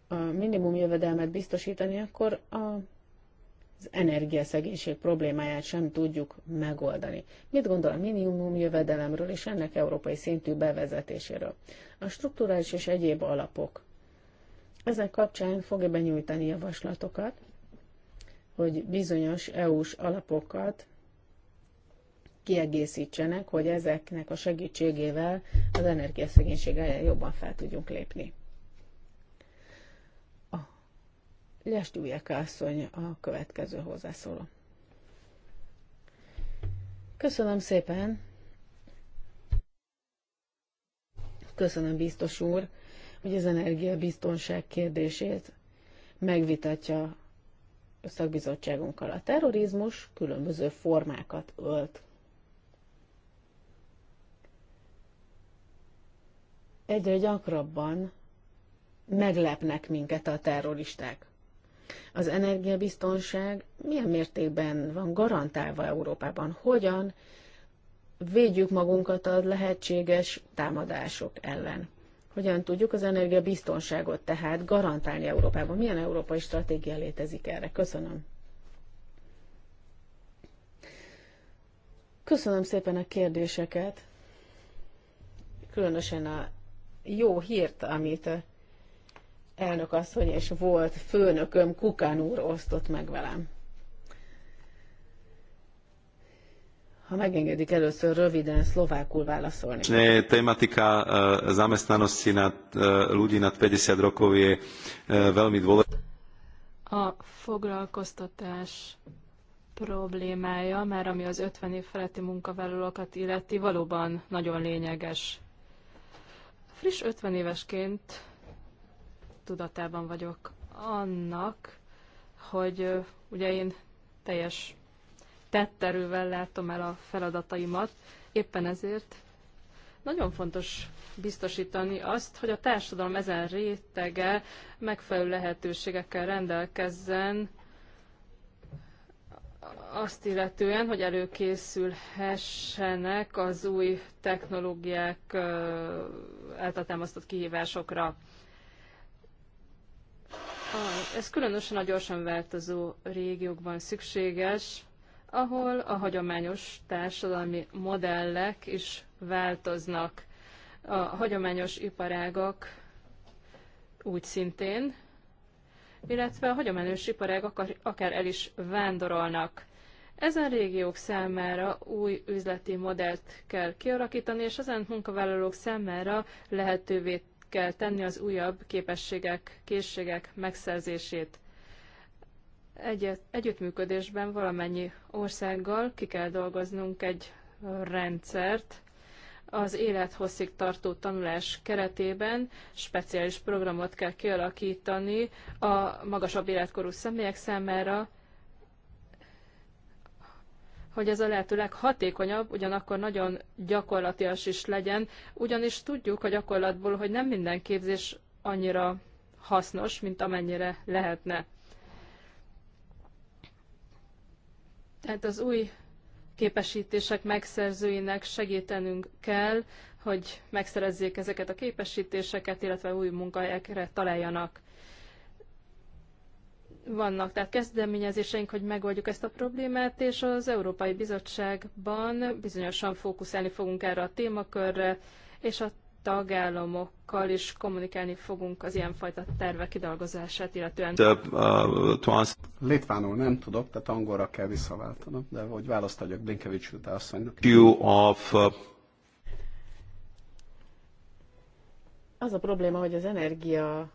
a minimum jövedelmet biztosítani, akkor a, az energiaszegénység problémáját sem tudjuk megoldani. Mit gondol a minimum jövedelemről és ennek európai szintű bevezetéséről? A strukturális és egyéb alapok ezen kapcsán fogja benyújtani javaslatokat, hogy bizonyos EU-s alapokat kiegészítsenek, hogy ezeknek a segítségével az energiaszegénység ellen jobban fel tudjunk lépni. A Lestújek asszony a következő hozzászóló. Köszönöm szépen! Köszönöm, biztos úr! hogy az energiabiztonság kérdését megvitatja a szakbizottságunkkal. A terrorizmus különböző formákat ölt. Egyre gyakrabban meglepnek minket a terroristák. Az energiabiztonság milyen mértékben van garantálva Európában? Hogyan védjük magunkat a lehetséges támadások ellen? Hogyan tudjuk az energiabiztonságot tehát garantálni Európában? Milyen európai stratégia létezik erre? Köszönöm. Köszönöm szépen a kérdéseket, különösen a jó hírt, amit elnök asszony és volt főnököm Kukán úr osztott meg velem. Ha megengedik, először röviden szlovákul válaszolni. Tematika eh, zamestnanosti nad, eh, ľudí nad 50 rokov je eh, veľmi dôležitá. A foglalkoztatás problémája, már ami az 50 év feletti munkavállalókat illeti, valóban nagyon lényeges. Friss 50 évesként tudatában vagyok annak, hogy ugye én teljes tett erővel látom el a feladataimat. Éppen ezért nagyon fontos biztosítani azt, hogy a társadalom ezen rétege megfelelő lehetőségekkel rendelkezzen azt illetően, hogy előkészülhessenek az új technológiák által kihívásokra. Ez különösen a gyorsan változó régiókban szükséges, ahol a hagyományos társadalmi modellek is változnak. A hagyományos iparágak úgy szintén, illetve a hagyományos iparágak akár el is vándorolnak. Ezen régiók számára új üzleti modellt kell kialakítani, és ezen munkavállalók számára lehetővé kell tenni az újabb képességek, készségek megszerzését egyet, együttműködésben valamennyi országgal ki kell dolgoznunk egy rendszert az élethosszig tartó tanulás keretében speciális programot kell kialakítani a magasabb életkorú személyek számára, hogy ez a lehető leghatékonyabb, ugyanakkor nagyon gyakorlatias is legyen, ugyanis tudjuk a gyakorlatból, hogy nem minden képzés annyira hasznos, mint amennyire lehetne. Tehát az új képesítések megszerzőinek segítenünk kell, hogy megszerezzék ezeket a képesítéseket, illetve új munkahelyekre találjanak. Vannak tehát kezdeményezéseink, hogy megoldjuk ezt a problémát, és az Európai Bizottságban bizonyosan fókuszálni fogunk erre a témakörre, és a tagállamokkal is kommunikálni fogunk az ilyenfajta tervek kidolgozását, illetően... Litvánul nem tudok, tehát angolra kell visszaváltanom, de hogy választ adjak Blinkevics Jutta asszonynak. Of, Az a probléma, hogy az energia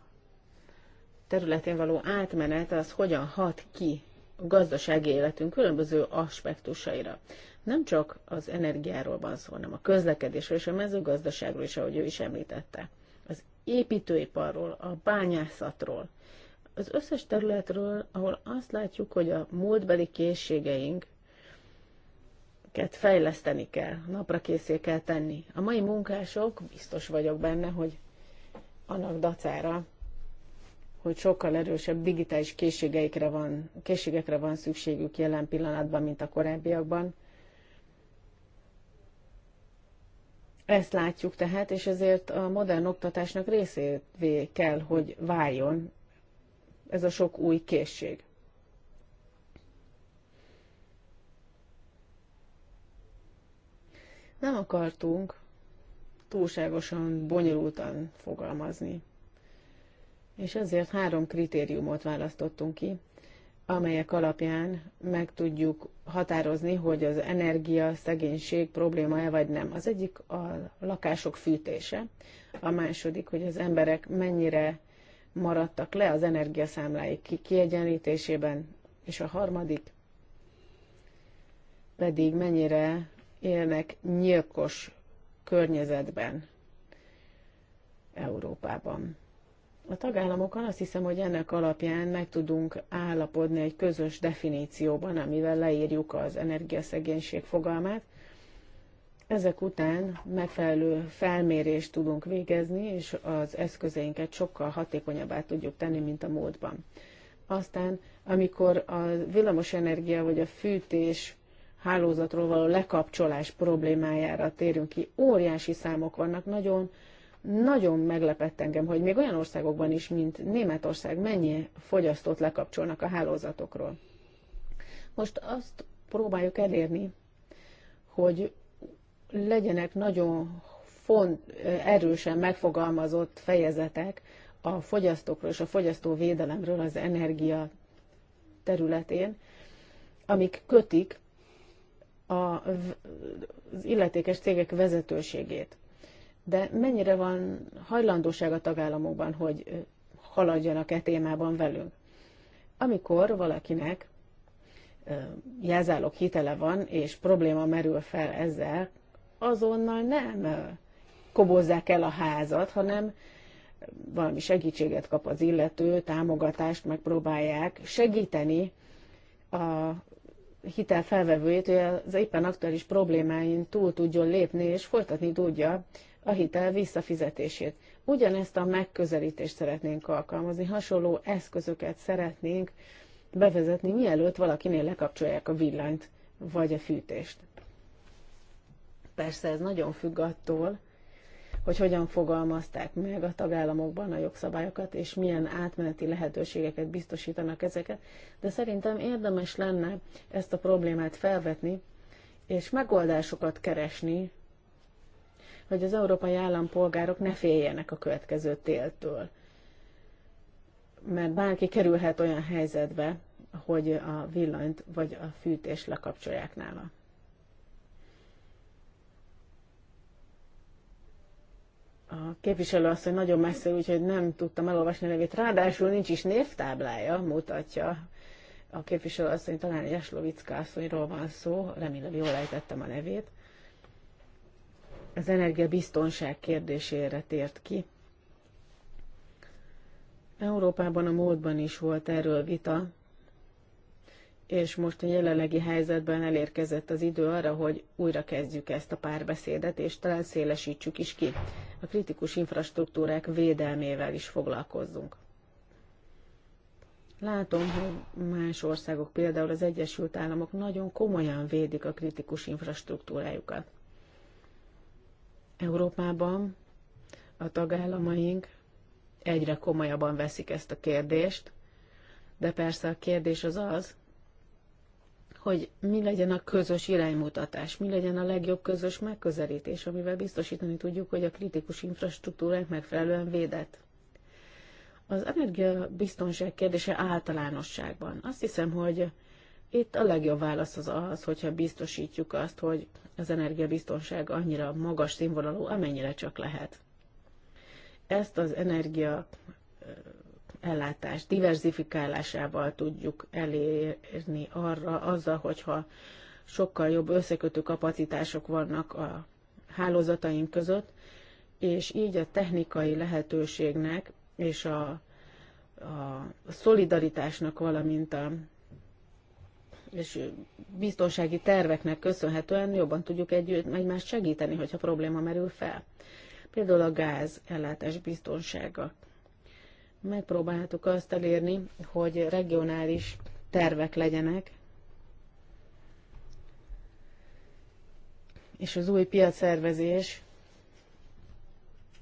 területén való átmenet az hogyan hat ki a gazdasági életünk különböző aspektusaira nem csak az energiáról van szó, hanem a közlekedésről és a mezőgazdaságról is, ahogy ő is említette. Az építőiparról, a bányászatról, az összes területről, ahol azt látjuk, hogy a múltbeli készségeink fejleszteni kell, napra készé kell tenni. A mai munkások, biztos vagyok benne, hogy annak dacára, hogy sokkal erősebb digitális készségeikre van, készségekre van szükségük jelen pillanatban, mint a korábbiakban, Ezt látjuk tehát, és ezért a modern oktatásnak részévé kell, hogy váljon ez a sok új készség. Nem akartunk túlságosan bonyolultan fogalmazni, és ezért három kritériumot választottunk ki, amelyek alapján meg tudjuk határozni, hogy az energia szegénység probléma-e vagy nem. Az egyik a lakások fűtése, a második, hogy az emberek mennyire maradtak le az energiaszámláik kiegyenlítésében, és a harmadik pedig mennyire élnek nyilkos környezetben Európában. A tagállamokkal azt hiszem, hogy ennek alapján meg tudunk állapodni egy közös definícióban, amivel leírjuk az energiaszegénység fogalmát. Ezek után megfelelő felmérést tudunk végezni, és az eszközeinket sokkal hatékonyabbá tudjuk tenni, mint a módban. Aztán, amikor a villamosenergia vagy a fűtés hálózatról való lekapcsolás problémájára térünk ki, óriási számok vannak, nagyon nagyon meglepett engem, hogy még olyan országokban is, mint Németország, mennyi fogyasztót lekapcsolnak a hálózatokról. Most azt próbáljuk elérni, hogy legyenek nagyon font, erősen megfogalmazott fejezetek a fogyasztókról és a fogyasztóvédelemről az energia területén, amik kötik a, az illetékes cégek vezetőségét de mennyire van hajlandóság a tagállamokban, hogy haladjanak-e témában velünk. Amikor valakinek jelzálók hitele van, és probléma merül fel ezzel, azonnal nem kobozzák el a házat, hanem valami segítséget kap az illető, támogatást megpróbálják segíteni a hitel felvevőjét, hogy az éppen aktuális problémáin túl tudjon lépni, és folytatni tudja a hitel visszafizetését. Ugyanezt a megközelítést szeretnénk alkalmazni, hasonló eszközöket szeretnénk bevezetni, mielőtt valakinél lekapcsolják a villanyt vagy a fűtést. Persze ez nagyon függ attól, hogy hogyan fogalmazták meg a tagállamokban a jogszabályokat, és milyen átmeneti lehetőségeket biztosítanak ezeket, de szerintem érdemes lenne ezt a problémát felvetni, és megoldásokat keresni hogy az európai állampolgárok ne féljenek a következő téltől. Mert bárki kerülhet olyan helyzetbe, hogy a villanyt vagy a fűtést lekapcsolják nála. a képviselő azt, hogy nagyon messze, úgyhogy nem tudtam elolvasni a nevét. Ráadásul nincs is névtáblája, mutatja a képviselő azt, hogy talán Jaslovicka asszonyról van szó, remélem jól ejtettem a nevét az energiabiztonság kérdésére tért ki. Európában a múltban is volt erről vita, és most a jelenlegi helyzetben elérkezett az idő arra, hogy újra kezdjük ezt a párbeszédet, és talán szélesítsük is ki. A kritikus infrastruktúrák védelmével is foglalkozzunk. Látom, hogy más országok, például az Egyesült Államok nagyon komolyan védik a kritikus infrastruktúrájukat. Európában a tagállamaink egyre komolyabban veszik ezt a kérdést, de persze a kérdés az az, hogy mi legyen a közös iránymutatás, mi legyen a legjobb közös megközelítés, amivel biztosítani tudjuk, hogy a kritikus infrastruktúrák megfelelően védett. Az energiabiztonság kérdése általánosságban. Azt hiszem, hogy itt a legjobb válasz az az, hogyha biztosítjuk azt, hogy az energiabiztonság annyira magas színvonalú, amennyire csak lehet. Ezt az energia ellátás diversifikálásával tudjuk elérni arra, azzal, hogyha sokkal jobb összekötő kapacitások vannak a hálózataink között, és így a technikai lehetőségnek és a, a szolidaritásnak, valamint a és biztonsági terveknek köszönhetően jobban tudjuk együtt egymást segíteni, hogyha probléma merül fel. Például a gáz ellátás biztonsága. Megpróbáltuk azt elérni, hogy regionális tervek legyenek, és az új piacszervezés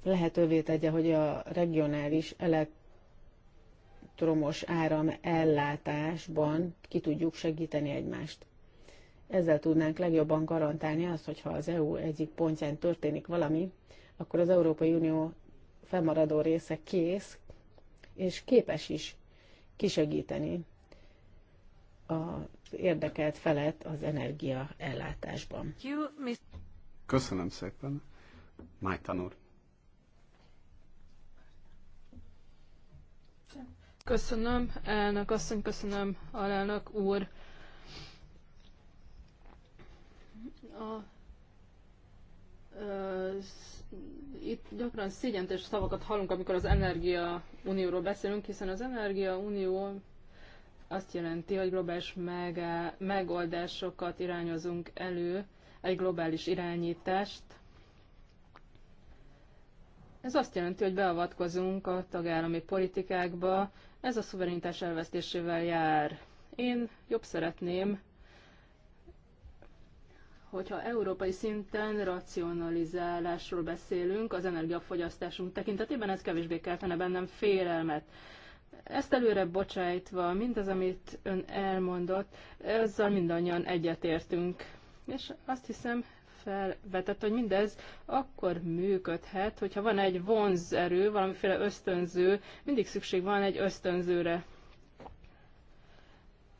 lehetővé tegye, hogy a regionális elektromos áram ellátásban ki tudjuk segíteni egymást. Ezzel tudnánk legjobban garantálni azt, hogy ha az EU egyik pontján történik valami, akkor az Európai Unió fennmaradó része kész, és képes is kisegíteni az érdekelt felett az energia ellátásban. Köszönöm szépen, Májtan úr. Köszönöm, elnök asszony, köszönöm, alelnök úr. A, ö, itt gyakran szigyentes szavakat hallunk, amikor az Energia Unióról beszélünk, hiszen az Energia Unió azt jelenti, hogy globális meg, megoldásokat irányozunk elő, egy globális irányítást. Ez azt jelenti, hogy beavatkozunk a tagállami politikákba, ez a szuverenitás elvesztésével jár. Én jobb szeretném, hogyha európai szinten racionalizálásról beszélünk, az energiafogyasztásunk tekintetében ez kevésbé keltene bennem félelmet. Ezt előre bocsájtva, mindaz, amit ön elmondott, ezzel mindannyian egyetértünk. És azt hiszem, felvetett, hogy mindez akkor működhet, hogyha van egy vonzerő, valamiféle ösztönző, mindig szükség van egy ösztönzőre.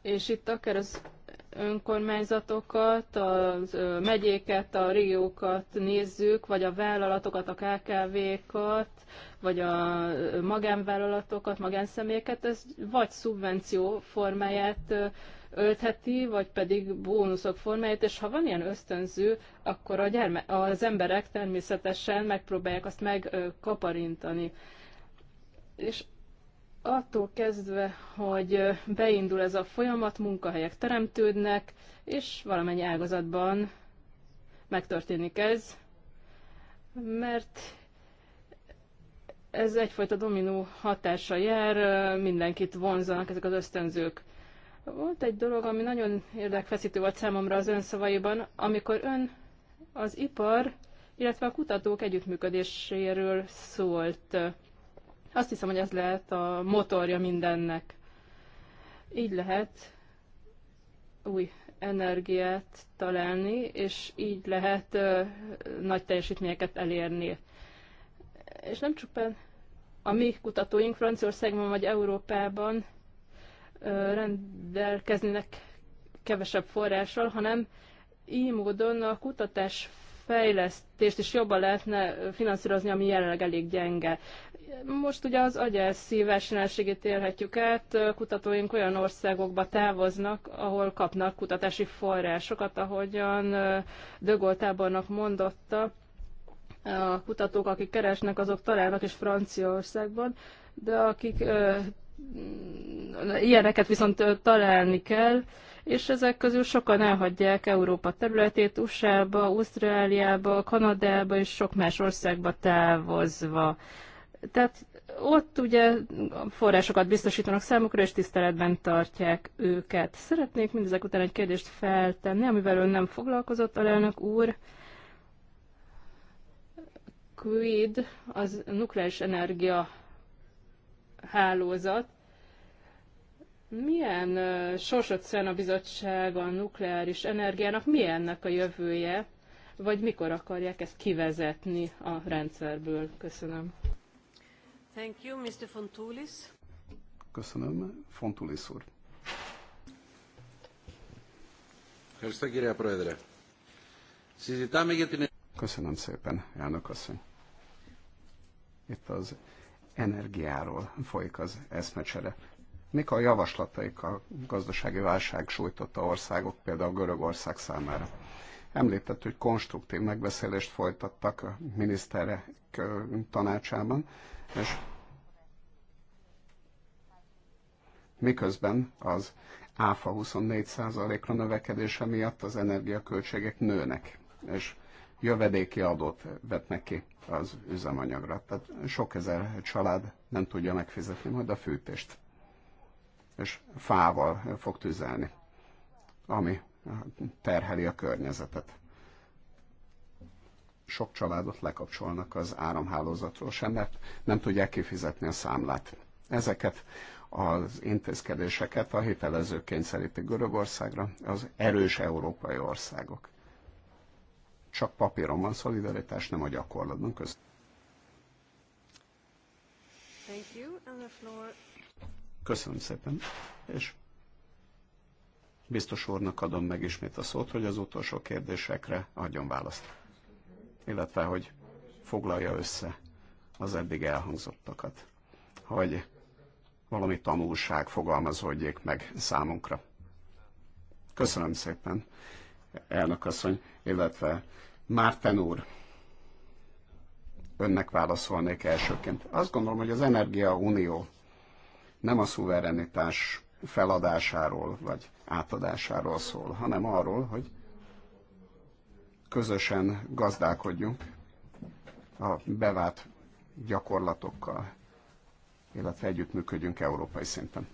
És itt akár az önkormányzatokat, a megyéket, a régiókat nézzük, vagy a vállalatokat, a KKV-kat, vagy a magánvállalatokat, magánszemélyeket, ez vagy szubvenció formáját öltheti, vagy pedig bónuszok formáját, és ha van ilyen ösztönző, akkor a gyerme, az emberek természetesen megpróbálják azt megkaparintani. És attól kezdve, hogy beindul ez a folyamat, munkahelyek teremtődnek, és valamennyi ágazatban megtörténik ez, mert ez egyfajta dominó hatása jár, mindenkit vonzanak ezek az ösztönzők. Volt egy dolog, ami nagyon érdekfeszítő volt számomra az ön szavaiban, amikor ön az ipar, illetve a kutatók együttműködéséről szólt. Azt hiszem, hogy ez lehet a motorja mindennek. Így lehet új energiát találni, és így lehet ö, nagy teljesítményeket elérni. És nem csupán a mi kutatóink Franciaországban vagy Európában rendelkeznének kevesebb forrással, hanem így módon a kutatás fejlesztést is jobban lehetne finanszírozni, ami jelenleg elég gyenge. Most ugye az agyelszi versenyelségét élhetjük át, kutatóink olyan országokba távoznak, ahol kapnak kutatási forrásokat, ahogyan Dögoltábornak mondotta, a kutatók, akik keresnek, azok találnak is Franciaországban, de akik ilyeneket viszont találni kell, és ezek közül sokan elhagyják Európa területét, USA-ba, Ausztráliába, Kanadába és sok más országba távozva. Tehát ott ugye forrásokat biztosítanak számukra, és tiszteletben tartják őket. Szeretnék mindezek után egy kérdést feltenni, amivel ön nem foglalkozott, alelnök úr. Quid az nukleáris energia hálózat. Milyen sorsot szán a bizottság a nukleáris energiának, milyennek a jövője, vagy mikor akarják ezt kivezetni a rendszerből? Köszönöm. Thank you, Mr. Fontulis. Köszönöm, Fontulis úr. Köszönöm szépen, elnök asszony. Itt az energiáról folyik az eszmecsere. Mik a javaslataik a gazdasági válság sújtotta országok, például Görögország számára? Említett, hogy konstruktív megbeszélést folytattak a miniszterek tanácsában, és miközben az áfa 24%-ra növekedése miatt az energiaköltségek nőnek, és jövedéki adót vetnek ki az üzemanyagra. Tehát sok ezer család nem tudja megfizetni majd a fűtést, és fával fog tüzelni, ami terheli a környezetet. Sok családot lekapcsolnak az áramhálózatról sem, mert nem tudják kifizetni a számlát. Ezeket az intézkedéseket a hitelezők kényszerítik Görögországra, az erős európai országok csak papíron van szolidaritás, nem a gyakorlatban köz. Köszönöm szépen, és biztos úrnak adom meg ismét a szót, hogy az utolsó kérdésekre adjon választ. Illetve, hogy foglalja össze az eddig elhangzottakat, hogy valami tanulság fogalmazódjék meg számunkra. Köszönöm szépen, elnök asszony, illetve Márten úr, önnek válaszolnék elsőként. Azt gondolom, hogy az Energia Unió nem a szuverenitás feladásáról vagy átadásáról szól, hanem arról, hogy közösen gazdálkodjunk a bevált gyakorlatokkal, illetve együttműködjünk európai szinten.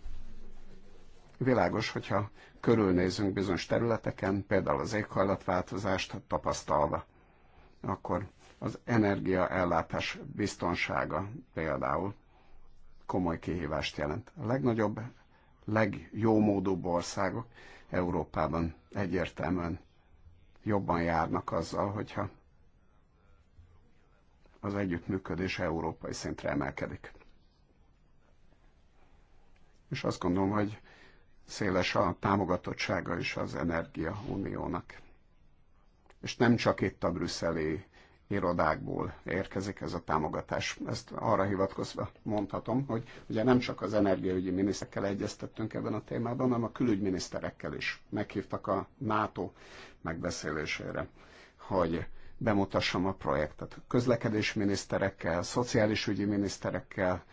Világos, hogyha körülnézünk bizonyos területeken, például az éghajlatváltozást tapasztalva, akkor az energiaellátás biztonsága például komoly kihívást jelent. A legnagyobb, legjómódúbb országok Európában egyértelműen jobban járnak azzal, hogyha az együttműködés európai szintre emelkedik. És azt gondolom, hogy széles a támogatottsága is az Energia Uniónak. És nem csak itt a brüsszeli irodákból érkezik ez a támogatás. Ezt arra hivatkozva mondhatom, hogy ugye nem csak az energiaügyi miniszterekkel egyeztettünk ebben a témában, hanem a külügyminiszterekkel is meghívtak a NATO megbeszélésére, hogy bemutassam a projektet. Közlekedésminiszterekkel, szociális ügyi miniszterekkel,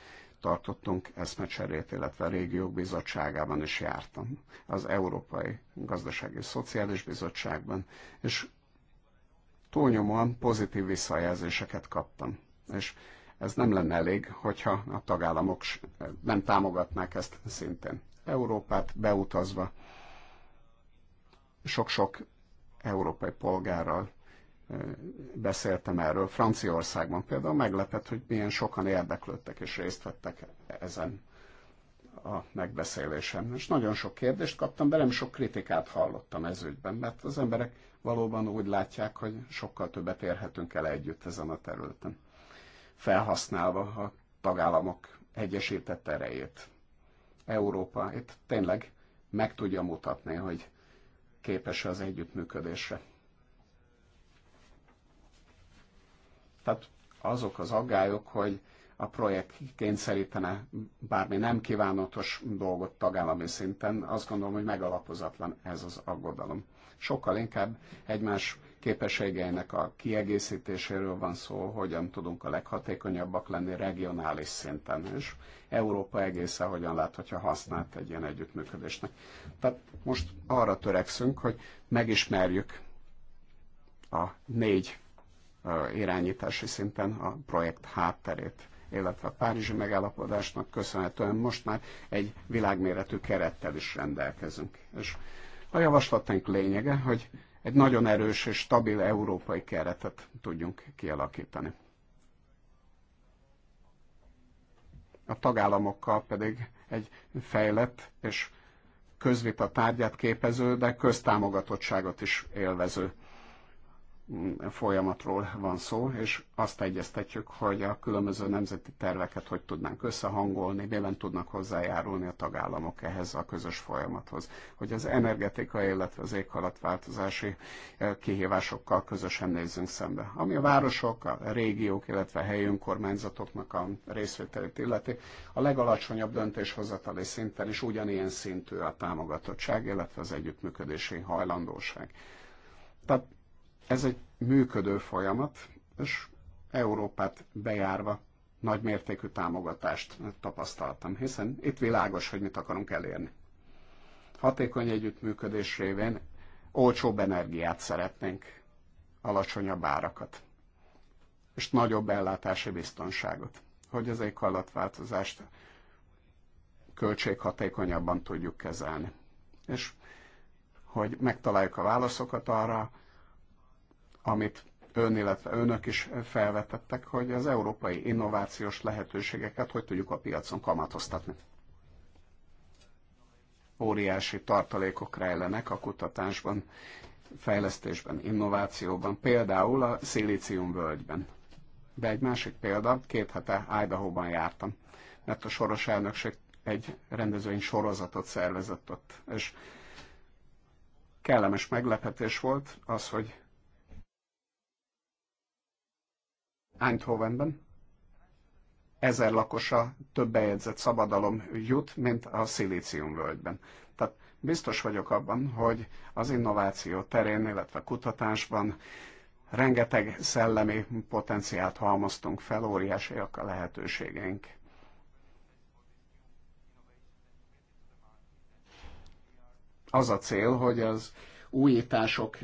tartottunk eszmecserét, illetve a régiók bizottságában is jártam, az Európai Gazdasági és Szociális Bizottságban, és túlnyomóan pozitív visszajelzéseket kaptam. És ez nem lenne elég, hogyha a tagállamok nem támogatnák ezt szintén. Európát beutazva sok-sok európai polgárral beszéltem erről. Franciaországban például meglepett, hogy milyen sokan érdeklődtek és részt vettek ezen a megbeszélésen. És nagyon sok kérdést kaptam, de nem sok kritikát hallottam ez ügyben, mert az emberek valóban úgy látják, hogy sokkal többet érhetünk el együtt ezen a területen. Felhasználva a tagállamok egyesített erejét. Európa itt tényleg meg tudja mutatni, hogy képes az együttműködésre. Tehát azok az aggályok, hogy a projekt kényszerítene bármi nem kívánatos dolgot tagállami szinten, azt gondolom, hogy megalapozatlan ez az aggodalom. Sokkal inkább egymás képességeinek a kiegészítéséről van szó, hogyan tudunk a leghatékonyabbak lenni regionális szinten, és Európa egészen hogyan láthatja hasznát egy ilyen együttműködésnek. Tehát most arra törekszünk, hogy megismerjük a négy irányítási szinten a projekt hátterét illetve a Párizsi megállapodásnak köszönhetően most már egy világméretű kerettel is rendelkezünk. És a javaslatunk lényege, hogy egy nagyon erős és stabil európai keretet tudjunk kialakítani. A tagállamokkal pedig egy fejlett és közvita tárgyát képező, de köztámogatottságot is élvező folyamatról van szó, és azt egyeztetjük, hogy a különböző nemzeti terveket hogy tudnánk összehangolni, miben tudnak hozzájárulni a tagállamok ehhez a közös folyamathoz. Hogy az energetikai, illetve az éghalatváltozási eh, kihívásokkal közösen nézzünk szembe. Ami a városok, a régiók, illetve a helyi önkormányzatoknak a részvételét illeti, a legalacsonyabb döntéshozatali szinten is ugyanilyen szintű a támogatottság, illetve az együttműködési hajlandóság. Tehát ez egy működő folyamat, és Európát bejárva nagy mértékű támogatást tapasztaltam, hiszen itt világos, hogy mit akarunk elérni. Hatékony együttműködés révén olcsóbb energiát szeretnénk, alacsonyabb árakat, és nagyobb ellátási biztonságot, hogy az éghajlatváltozást költséghatékonyabban tudjuk kezelni. És hogy megtaláljuk a válaszokat arra, amit ön, illetve önök is felvetettek, hogy az európai innovációs lehetőségeket hogy tudjuk a piacon kamatoztatni. Óriási tartalékok rejlenek a kutatásban, fejlesztésben, innovációban, például a szilícium völgyben. De egy másik példa, két hete Idaho-ban jártam, mert a soros elnökség egy rendezvény sorozatot szervezett ott, és kellemes meglepetés volt az, hogy Eindhovenben ezer lakosa több bejegyzett szabadalom jut, mint a szilíciumvölgyben. Tehát biztos vagyok abban, hogy az innováció terén, illetve kutatásban rengeteg szellemi potenciált halmoztunk fel, óriásiak a lehetőségeink. Az a cél, hogy az újítások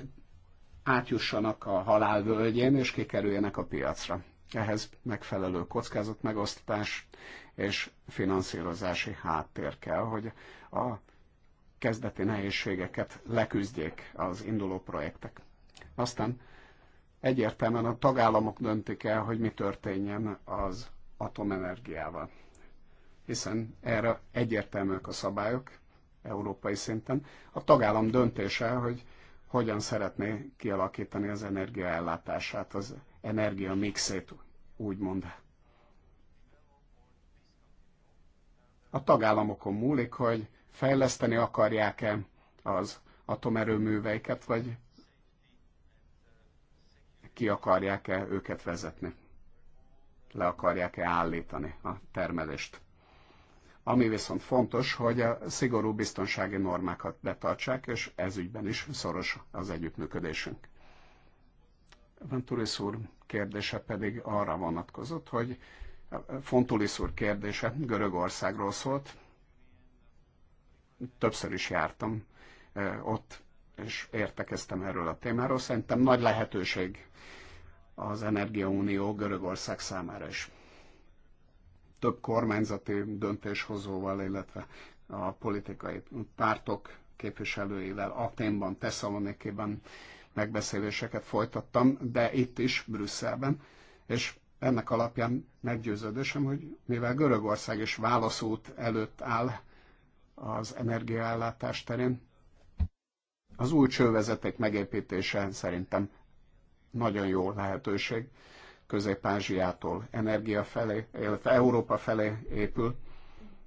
átjussanak a halál völgyén, és kikerüljenek a piacra. Ehhez megfelelő kockázatmegosztás és finanszírozási háttér kell, hogy a kezdeti nehézségeket leküzdjék az induló projektek. Aztán egyértelműen a tagállamok döntik el, hogy mi történjen az atomenergiával. Hiszen erre egyértelműek a szabályok európai szinten. A tagállam döntése, hogy hogyan szeretné kialakítani az energiaellátását, az energia mixét, úgymond. A tagállamokon múlik, hogy fejleszteni akarják-e az atomerőműveiket, vagy ki akarják-e őket vezetni, le akarják-e állítani a termelést. Ami viszont fontos, hogy a szigorú biztonsági normákat betartsák, és ez ügyben is szoros az együttműködésünk. Venturis úr kérdése pedig arra vonatkozott, hogy Fontulis úr kérdése Görögországról szólt. Többször is jártam ott, és értekeztem erről a témáról. Szerintem nagy lehetőség az Energiaunió Görögország számára is több kormányzati döntéshozóval, illetve a politikai pártok képviselőivel Aténban, Tesszalonikében megbeszéléseket folytattam, de itt is, Brüsszelben, és ennek alapján meggyőződésem, hogy mivel Görögország is válaszút előtt áll az energiaellátás terén, az új csővezeték megépítése szerintem nagyon jó lehetőség Közép-Ázsiától energia felé, illetve Európa felé épül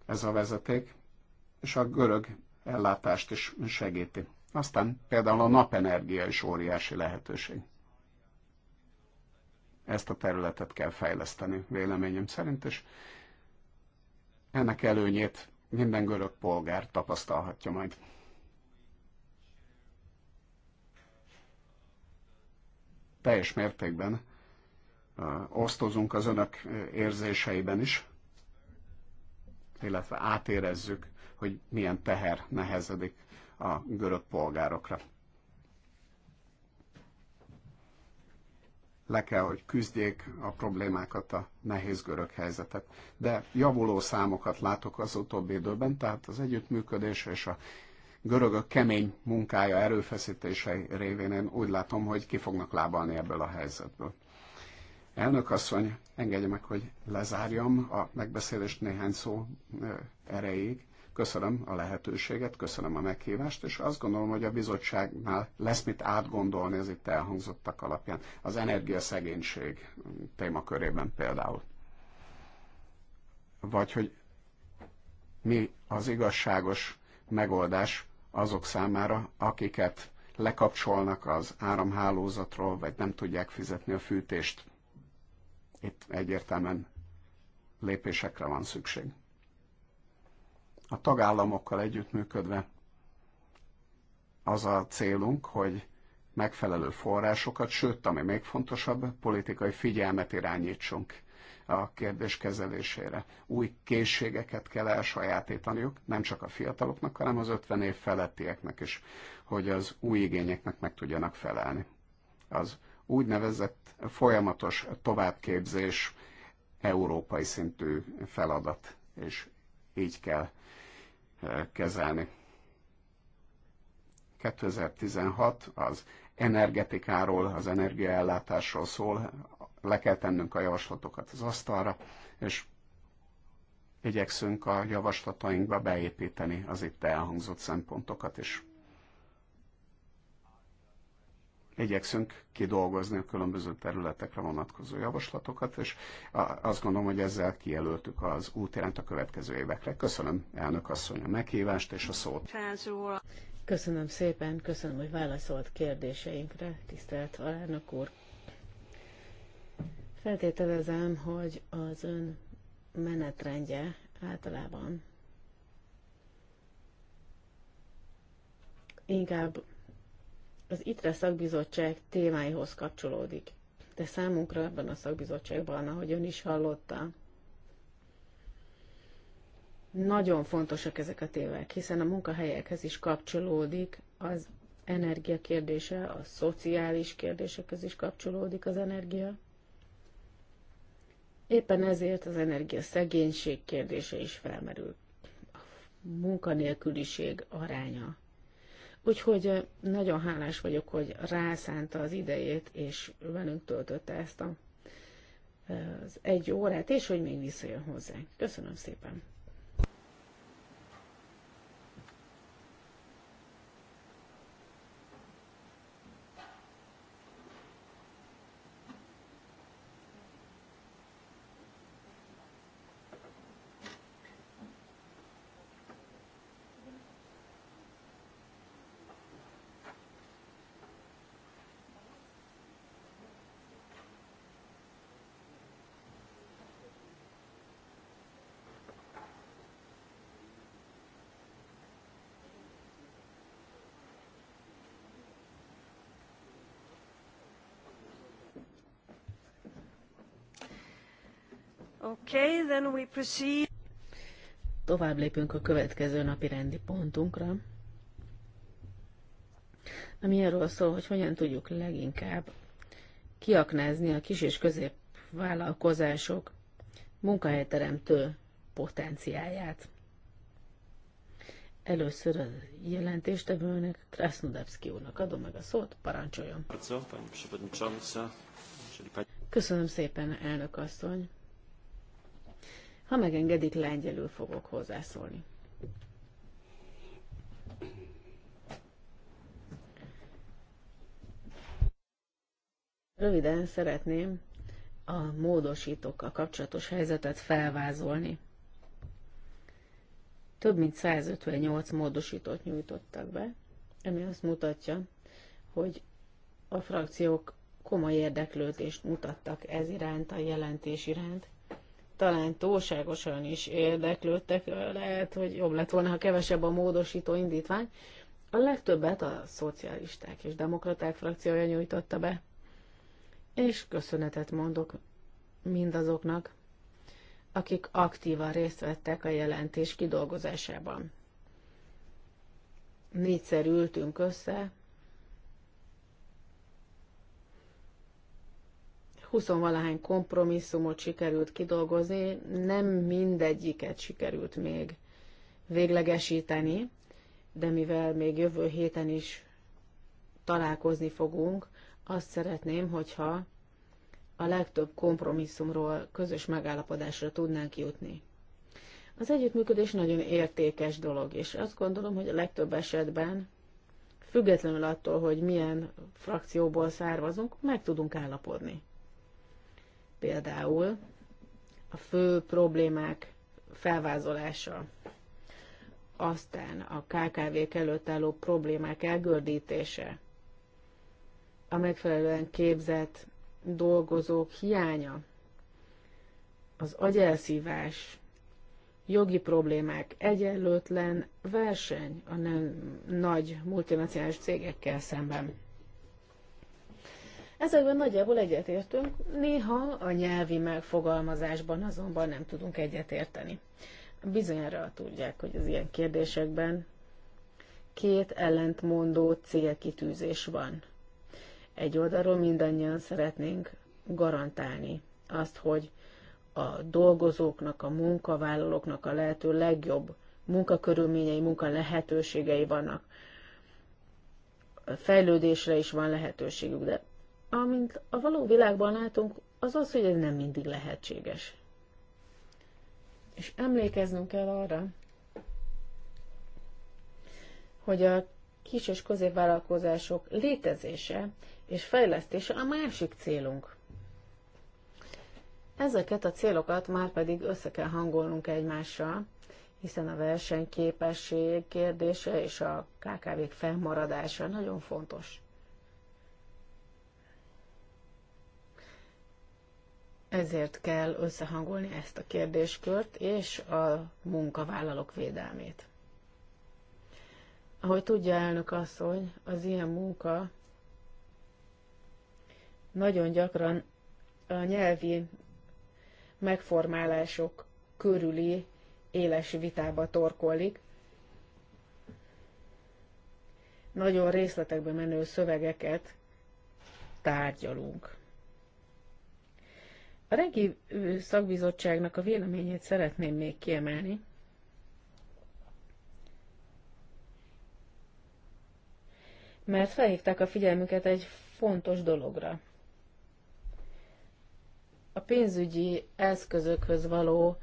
ez a vezeték, és a görög ellátást is segíti. Aztán például a napenergia is óriási lehetőség. Ezt a területet kell fejleszteni, véleményem szerint, és ennek előnyét minden görög polgár tapasztalhatja majd. Teljes mértékben osztozunk az önök érzéseiben is, illetve átérezzük, hogy milyen teher nehezedik a görög polgárokra. le kell, hogy küzdjék a problémákat, a nehéz görög helyzetet. De javuló számokat látok az utóbbi időben, tehát az együttműködés és a görögök kemény munkája, erőfeszítései révén én úgy látom, hogy ki fognak lábalni ebből a helyzetből. Elnök asszony, engedje meg, hogy lezárjam a megbeszélést néhány szó erejéig. Köszönöm a lehetőséget, köszönöm a meghívást, és azt gondolom, hogy a bizottságnál lesz mit átgondolni az itt elhangzottak alapján. Az energiaszegénység témakörében például. Vagy hogy mi az igazságos megoldás azok számára, akiket lekapcsolnak az áramhálózatról, vagy nem tudják fizetni a fűtést. Itt egyértelműen lépésekre van szükség. A tagállamokkal együttműködve az a célunk, hogy megfelelő forrásokat, sőt, ami még fontosabb, politikai figyelmet irányítsunk a kérdés kezelésére. Új készségeket kell elsajátítaniuk, nem csak a fiataloknak, hanem az 50 év felettieknek is, hogy az új igényeknek meg tudjanak felelni. Az úgynevezett folyamatos továbbképzés európai szintű feladat, és így kell eh, kezelni. 2016 az energetikáról, az energiaellátásról szól, le kell tennünk a javaslatokat az asztalra, és igyekszünk a javaslatainkba beépíteni az itt elhangzott szempontokat is. igyekszünk kidolgozni a különböző területekre vonatkozó javaslatokat, és azt gondolom, hogy ezzel kijelöltük az útjelent a következő évekre. Köszönöm elnök asszony a meghívást és a szót. Köszönöm szépen, köszönöm, hogy válaszolt kérdéseinkre, tisztelt alelnök úr. Feltételezem, hogy az ön menetrendje általában inkább az ITRE szakbizottság témáihoz kapcsolódik. De számunkra ebben a szakbizottságban, ahogy ön is hallotta, nagyon fontosak ezek a tévek, hiszen a munkahelyekhez is kapcsolódik az energia kérdése, a szociális kérdésekhez is kapcsolódik az energia. Éppen ezért az energia szegénység kérdése is felmerül. A munkanélküliség aránya Úgyhogy nagyon hálás vagyok, hogy rászánta az idejét, és velünk töltötte ezt a, az egy órát, és hogy még visszajön hozzánk. Köszönöm szépen! Okay, then we proceed. Tovább lépünk a következő napi rendi pontunkra, ami arról szól, hogy hogyan tudjuk leginkább kiaknázni a kis és vállalkozások munkahelyteremtő potenciáját. Először a jelentéstevőnek, Krasnodebszki úrnak adom meg a szót, parancsoljon. Köszönöm szépen, elnök asszony. Ha megengedik, lengyelül fogok hozzászólni. Röviden szeretném a módosítókkal kapcsolatos helyzetet felvázolni. Több mint 158 módosítót nyújtottak be, ami azt mutatja, hogy a frakciók komoly érdeklődést mutattak ez iránt, a jelentés iránt, talán túlságosan is érdeklődtek, lehet, hogy jobb lett volna, ha kevesebb a módosító indítvány. A legtöbbet a szocialisták és demokraták frakciója nyújtotta be. És köszönetet mondok mindazoknak, akik aktívan részt vettek a jelentés kidolgozásában. Négyszer ültünk össze, 20 kompromisszumot sikerült kidolgozni, nem mindegyiket sikerült még véglegesíteni, de mivel még jövő héten is találkozni fogunk, azt szeretném, hogyha a legtöbb kompromisszumról közös megállapodásra tudnánk jutni. Az együttműködés nagyon értékes dolog, és azt gondolom, hogy a legtöbb esetben, függetlenül attól, hogy milyen frakcióból származunk, meg tudunk állapodni például a fő problémák felvázolása, aztán a KKV-k előtt álló problémák elgördítése, a megfelelően képzett dolgozók hiánya, az agyelszívás, jogi problémák, egyenlőtlen verseny a nem nagy multinacionális cégekkel szemben. Ezekben nagyjából egyetértünk, néha a nyelvi megfogalmazásban azonban nem tudunk egyetérteni. Bizonyára tudják, hogy az ilyen kérdésekben két ellentmondó célkitűzés van. Egy oldalról mindannyian szeretnénk garantálni azt, hogy a dolgozóknak, a munkavállalóknak a lehető legjobb munkakörülményei, munka lehetőségei vannak. Fejlődésre is van lehetőségük, de amint a való világban látunk, az az, hogy ez nem mindig lehetséges. És emlékeznünk kell arra, hogy a kis és középvállalkozások létezése és fejlesztése a másik célunk. Ezeket a célokat már pedig össze kell hangolnunk egymással, hiszen a versenyképesség kérdése és a KKV-k felmaradása nagyon fontos. Ezért kell összehangolni ezt a kérdéskört és a munkavállalók védelmét. Ahogy tudja elnök asszony, az ilyen munka nagyon gyakran a nyelvi megformálások körüli éles vitába torkolik. Nagyon részletekbe menő szövegeket tárgyalunk. A regi szakbizottságnak a véleményét szeretném még kiemelni. Mert felhívták a figyelmüket egy fontos dologra. A pénzügyi eszközökhöz való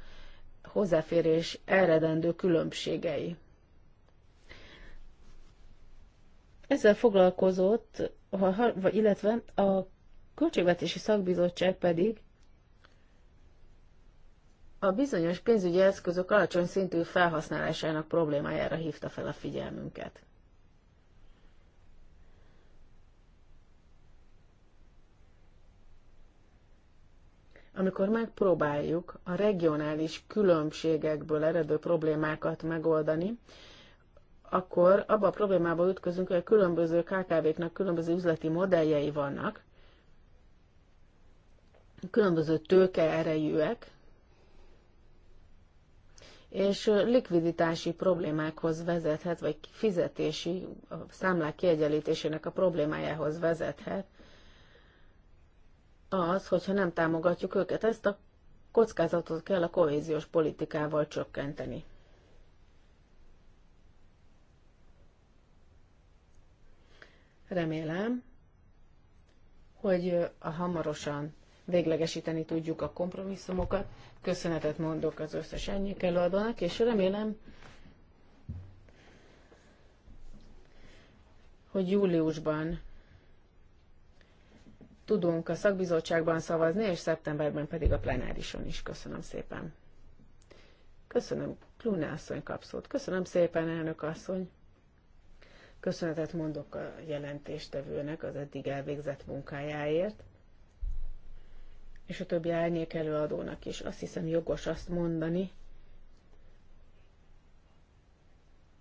hozzáférés eredendő különbségei. Ezzel foglalkozott, illetve a Költségvetési Szakbizottság pedig a bizonyos pénzügyi eszközök alacsony szintű felhasználásának problémájára hívta fel a figyelmünket. Amikor megpróbáljuk a regionális különbségekből eredő problémákat megoldani, akkor abba a problémába ütközünk, hogy a különböző KKV-knak különböző üzleti modelljei vannak, különböző tőke erejűek, és likviditási problémákhoz vezethet, vagy fizetési a számlák kiegyenlítésének a problémájához vezethet az, hogyha nem támogatjuk őket. Ezt a kockázatot kell a kohéziós politikával csökkenteni. Remélem, hogy a hamarosan véglegesíteni tudjuk a kompromisszumokat. Köszönetet mondok az összes ennyik előadónak, és remélem, hogy júliusban tudunk a szakbizottságban szavazni, és szeptemberben pedig a plenárison is. Köszönöm szépen. Köszönöm, Klune asszony kapszót. Köszönöm szépen, elnök asszony. Köszönetet mondok a jelentéstevőnek az eddig elvégzett munkájáért és a többi árnyék előadónak is. Azt hiszem jogos azt mondani,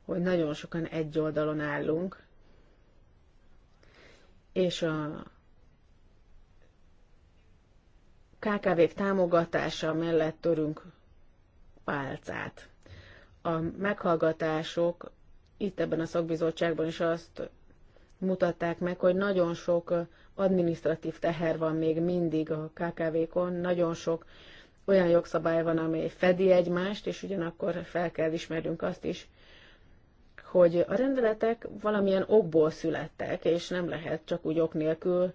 hogy nagyon sokan egy oldalon állunk, és a KKV-k támogatása mellett törünk pálcát. A meghallgatások itt ebben a szakbizottságban is azt mutatták meg, hogy nagyon sok administratív teher van még mindig a KKV-kon, nagyon sok olyan jogszabály van, amely fedi egymást, és ugyanakkor fel kell ismernünk azt is, hogy a rendeletek valamilyen okból születtek, és nem lehet csak úgy ok nélkül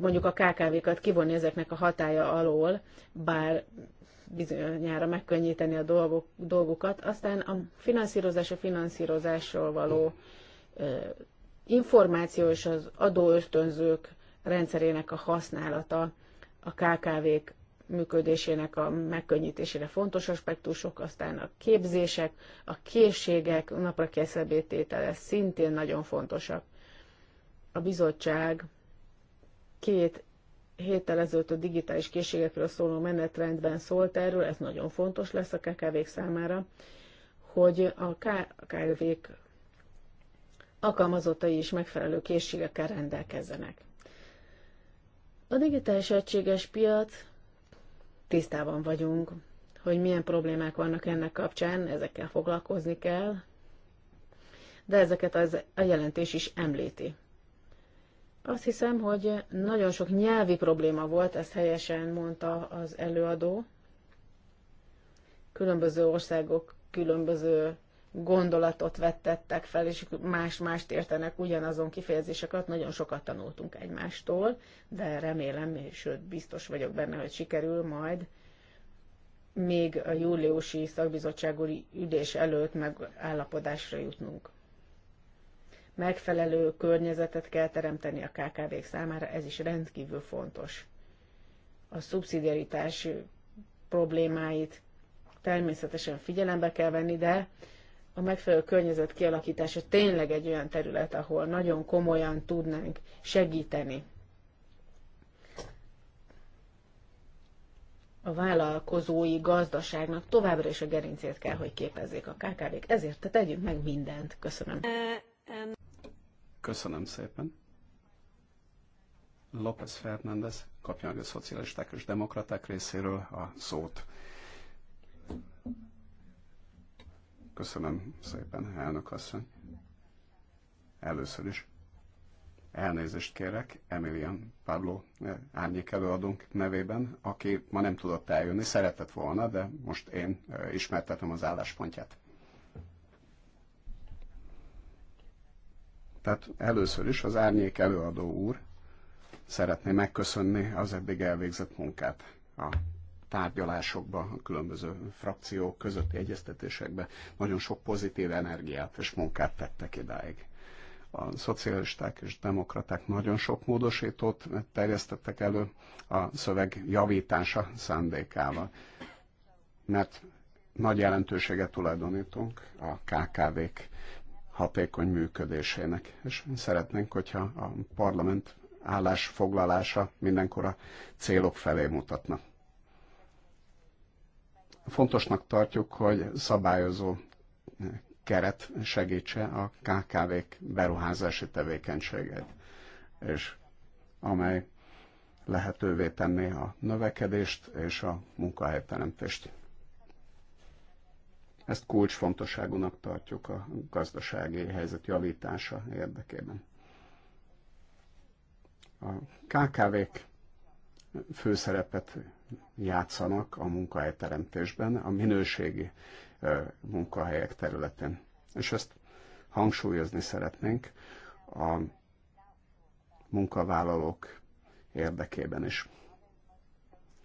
mondjuk a KKV-kat kivonni ezeknek a hatája alól, bár bizonyára megkönnyíteni a dolgok, Aztán a finanszírozás a finanszírozásról való információ és az adóösztönzők rendszerének a használata a KKV-k működésének a megkönnyítésére fontos aspektusok, aztán a képzések, a készségek napra készebbététele szintén nagyon fontosak. A bizottság két héttel ezelőtt a digitális készségekről szóló menetrendben szólt erről, ez nagyon fontos lesz a kkv számára, hogy a kkv alkalmazottai is megfelelő készségekkel rendelkezzenek. A digitális egységes piac, tisztában vagyunk, hogy milyen problémák vannak ennek kapcsán, ezekkel foglalkozni kell, de ezeket az, a jelentés is említi. Azt hiszem, hogy nagyon sok nyelvi probléma volt, ezt helyesen mondta az előadó. Különböző országok különböző gondolatot vettettek fel, és más-mást értenek ugyanazon kifejezéseket, nagyon sokat tanultunk egymástól, de remélem, és sőt biztos vagyok benne, hogy sikerül majd még a júliusi szakbizottsági üdés előtt megállapodásra jutnunk. Megfelelő környezetet kell teremteni a kkv számára, ez is rendkívül fontos. A szubszidiaritás problémáit természetesen figyelembe kell venni, de a megfelelő környezet kialakítása tényleg egy olyan terület, ahol nagyon komolyan tudnánk segíteni a vállalkozói gazdaságnak továbbra is a gerincét kell, hogy képezzék a KKV-k. Ezért te tegyünk meg mindent. Köszönöm. Köszönöm szépen. López Fernández kapja meg a szocialisták és demokraták részéről a szót. Köszönöm szépen, elnök asszony. Először is elnézést kérek Emilian Pablo eh, árnyék előadónk nevében, aki ma nem tudott eljönni, szeretett volna, de most én eh, ismertetem az álláspontját. Tehát először is az árnyék előadó úr szeretné megköszönni az eddig elvégzett munkát a tárgyalásokba, a különböző frakciók közötti egyeztetésekbe nagyon sok pozitív energiát és munkát tettek idáig. A szocialisták és demokraták nagyon sok módosítót terjesztettek elő a szöveg javítása szándékával, mert nagy jelentőséget tulajdonítunk a KKV-k hatékony működésének, és szeretnénk, hogyha a parlament állásfoglalása mindenkor a célok felé mutatna. Fontosnak tartjuk, hogy szabályozó keret segítse a KKV-k beruházási tevékenységét, és amely lehetővé tenné a növekedést és a munkahelyteremtést. Ezt kulcsfontosságúnak tartjuk a gazdasági helyzet javítása érdekében. A KKV-k főszerepet játszanak a munkahelyteremtésben, a minőségi munkahelyek területén. És ezt hangsúlyozni szeretnénk a munkavállalók érdekében is.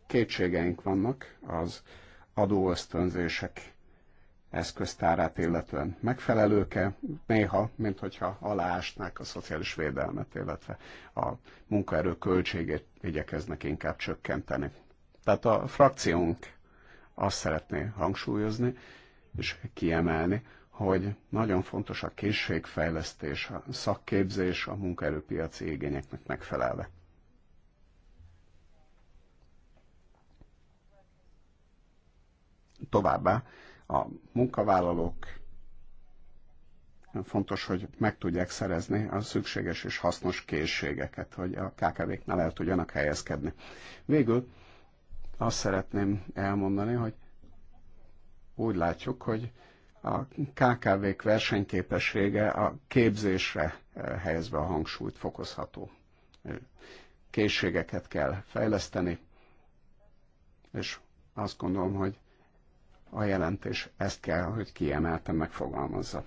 Kétségeink vannak az adóösztönzések eszköztárát illetően megfelelőke, néha, mint hogyha aláásnák a szociális védelmet, illetve a munkaerő költségét igyekeznek inkább csökkenteni. Tehát a frakciónk azt szeretné hangsúlyozni és kiemelni, hogy nagyon fontos a készségfejlesztés, a szakképzés a munkaerőpiaci igényeknek megfelelve. Továbbá a munkavállalók fontos, hogy meg tudják szerezni a szükséges és hasznos készségeket, hogy a KKV-knál el tudjanak helyezkedni. Végül azt szeretném elmondani, hogy úgy látjuk, hogy a KKV-k versenyképessége a képzésre eh, helyezve a hangsúlyt fokozható. Eh, készségeket kell fejleszteni, és azt gondolom, hogy a jelentés ezt kell, hogy kiemelten megfogalmazza.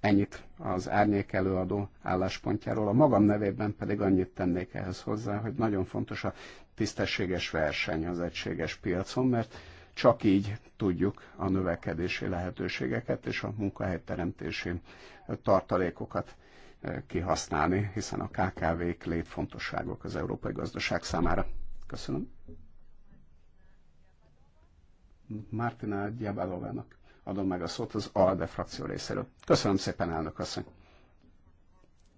Ennyit az árnyék előadó álláspontjáról. A magam nevében pedig annyit tennék ehhez hozzá, hogy nagyon fontos a tisztességes verseny az egységes piacon, mert csak így tudjuk a növekedési lehetőségeket és a munkahelyteremtési tartalékokat eh, kihasználni, hiszen a KKV-k létfontosságok az európai gazdaság számára. Köszönöm. Martina Gyabalovának adom meg a szót az ALDE frakció részéről. Köszönöm szépen, elnök asszony.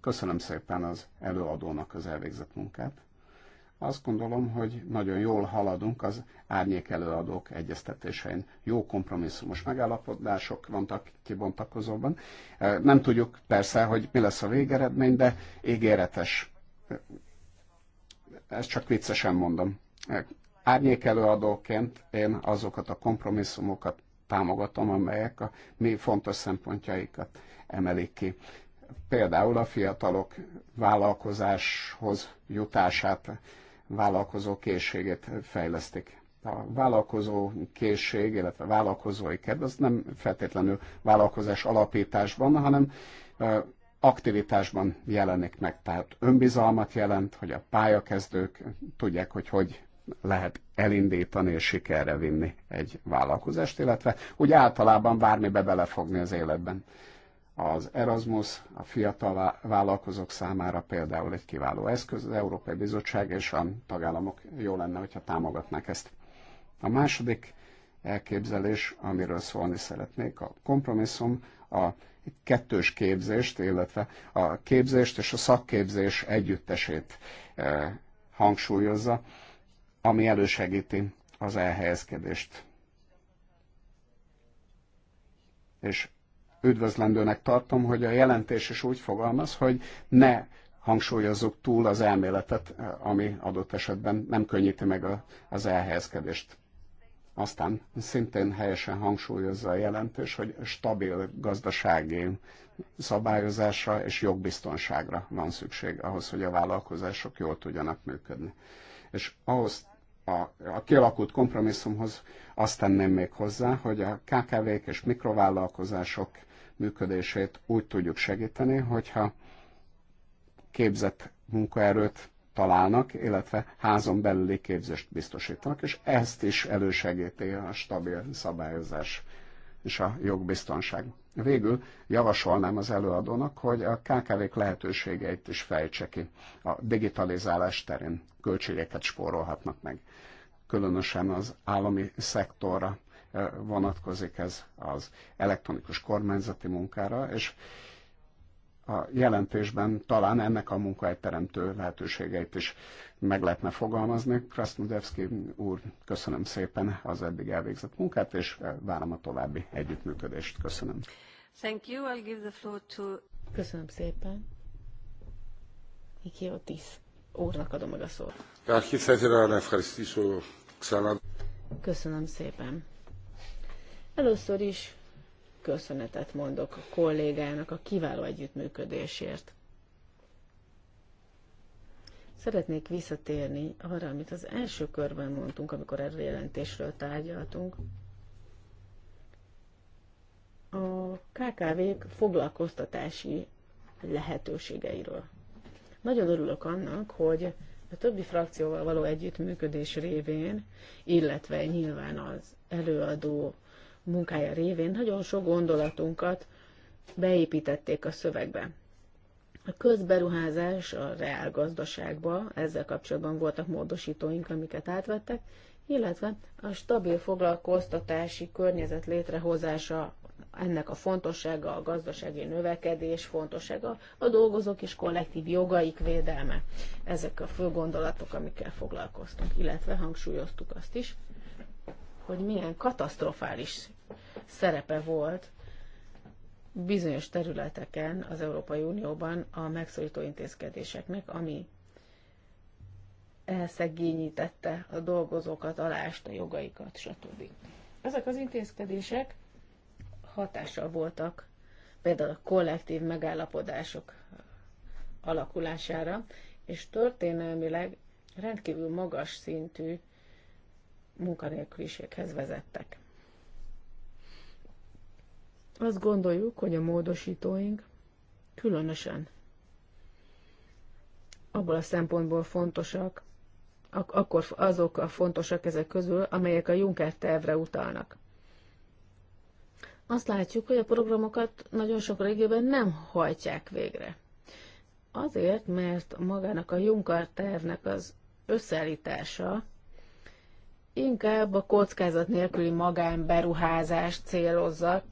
Köszönöm szépen az előadónak az elvégzett munkát. Azt gondolom, hogy nagyon jól haladunk az árnyék előadók egyeztetésein. Jó kompromisszumos megállapodások vannak kibontakozóban. Nem tudjuk persze, hogy mi lesz a végeredmény, de ígéretes. Ezt csak viccesen mondom. Árnyék előadóként én azokat a kompromisszumokat támogatom, amelyek a mi fontos szempontjaikat emelik ki. Például a fiatalok vállalkozáshoz jutását vállalkozó készségét fejlesztik. A vállalkozó készség, illetve vállalkozói kedv, az nem feltétlenül vállalkozás alapításban, hanem aktivitásban jelenik meg. Tehát önbizalmat jelent, hogy a pályakezdők tudják, hogy hogy lehet elindítani és sikerre vinni egy vállalkozást, illetve úgy általában bármibe belefogni az életben. Az Erasmus a fiatal vállalkozók számára például egy kiváló eszköz, az Európai Bizottság és a tagállamok jó lenne, hogyha támogatnák ezt. A második elképzelés, amiről szólni szeretnék, a kompromisszum, a kettős képzést, illetve a képzést és a szakképzés együttesét eh, hangsúlyozza, ami elősegíti az elhelyezkedést. És üdvözlendőnek tartom, hogy a jelentés is úgy fogalmaz, hogy ne hangsúlyozzuk túl az elméletet, ami adott esetben nem könnyíti meg a, az elhelyezkedést. Aztán szintén helyesen hangsúlyozza a jelentés, hogy stabil gazdasági szabályozásra és jogbiztonságra van szükség ahhoz, hogy a vállalkozások jól tudjanak működni. És ahhoz a, a kialakult kompromisszumhoz azt tenném még hozzá, hogy a KKV-k és mikrovállalkozások működését úgy tudjuk segíteni, hogyha képzett munkaerőt találnak, illetve házon belüli képzést biztosítanak, és ezt is elősegíti a stabil szabályozás és a jogbiztonság. Végül javasolnám az előadónak, hogy a KKV-k lehetőségeit is fejtse ki a digitalizálás terén. Költségeket spórolhatnak meg, különösen az állami szektorra vonatkozik ez az elektronikus kormányzati munkára, és a jelentésben talán ennek a munkahelyteremtő lehetőségeit is meg lehetne fogalmazni. Krasznodevszki úr, köszönöm szépen az eddig elvégzett munkát, és várom a további együttműködést. Köszönöm. Thank you. I'll give the floor to... Köszönöm szépen. Ikiotis úrnak adom meg a szót. Köszönöm szépen. Először is köszönetet mondok a kollégának a kiváló együttműködésért. Szeretnék visszatérni arra, amit az első körben mondtunk, amikor erről jelentésről tárgyaltunk. A KKV-k foglalkoztatási lehetőségeiről. Nagyon örülök annak, hogy a többi frakcióval való együttműködés révén, illetve nyilván az előadó munkája révén nagyon sok gondolatunkat beépítették a szövegbe. A közberuházás a reál gazdaságba, ezzel kapcsolatban voltak módosítóink, amiket átvettek, illetve a stabil foglalkoztatási környezet létrehozása, ennek a fontossága, a gazdasági növekedés fontossága, a dolgozók és kollektív jogaik védelme. Ezek a fő gondolatok, amikkel foglalkoztunk, illetve hangsúlyoztuk azt is, hogy milyen katasztrofális szerepe volt bizonyos területeken az Európai Unióban a megszorító intézkedéseknek, ami elszegényítette a dolgozókat, a jogaikat, stb. Ezek az intézkedések hatással voltak például a kollektív megállapodások alakulására, és történelmileg rendkívül magas szintű munkanélküliséghez vezettek. Azt gondoljuk, hogy a módosítóink különösen abból a szempontból fontosak, ak- akkor azok a fontosak ezek közül, amelyek a Juncker tervre utalnak. Azt látjuk, hogy a programokat nagyon sok régében nem hajtják végre. Azért, mert magának a Juncker tervnek az összeállítása inkább a kockázat nélküli magánberuházást célozzak,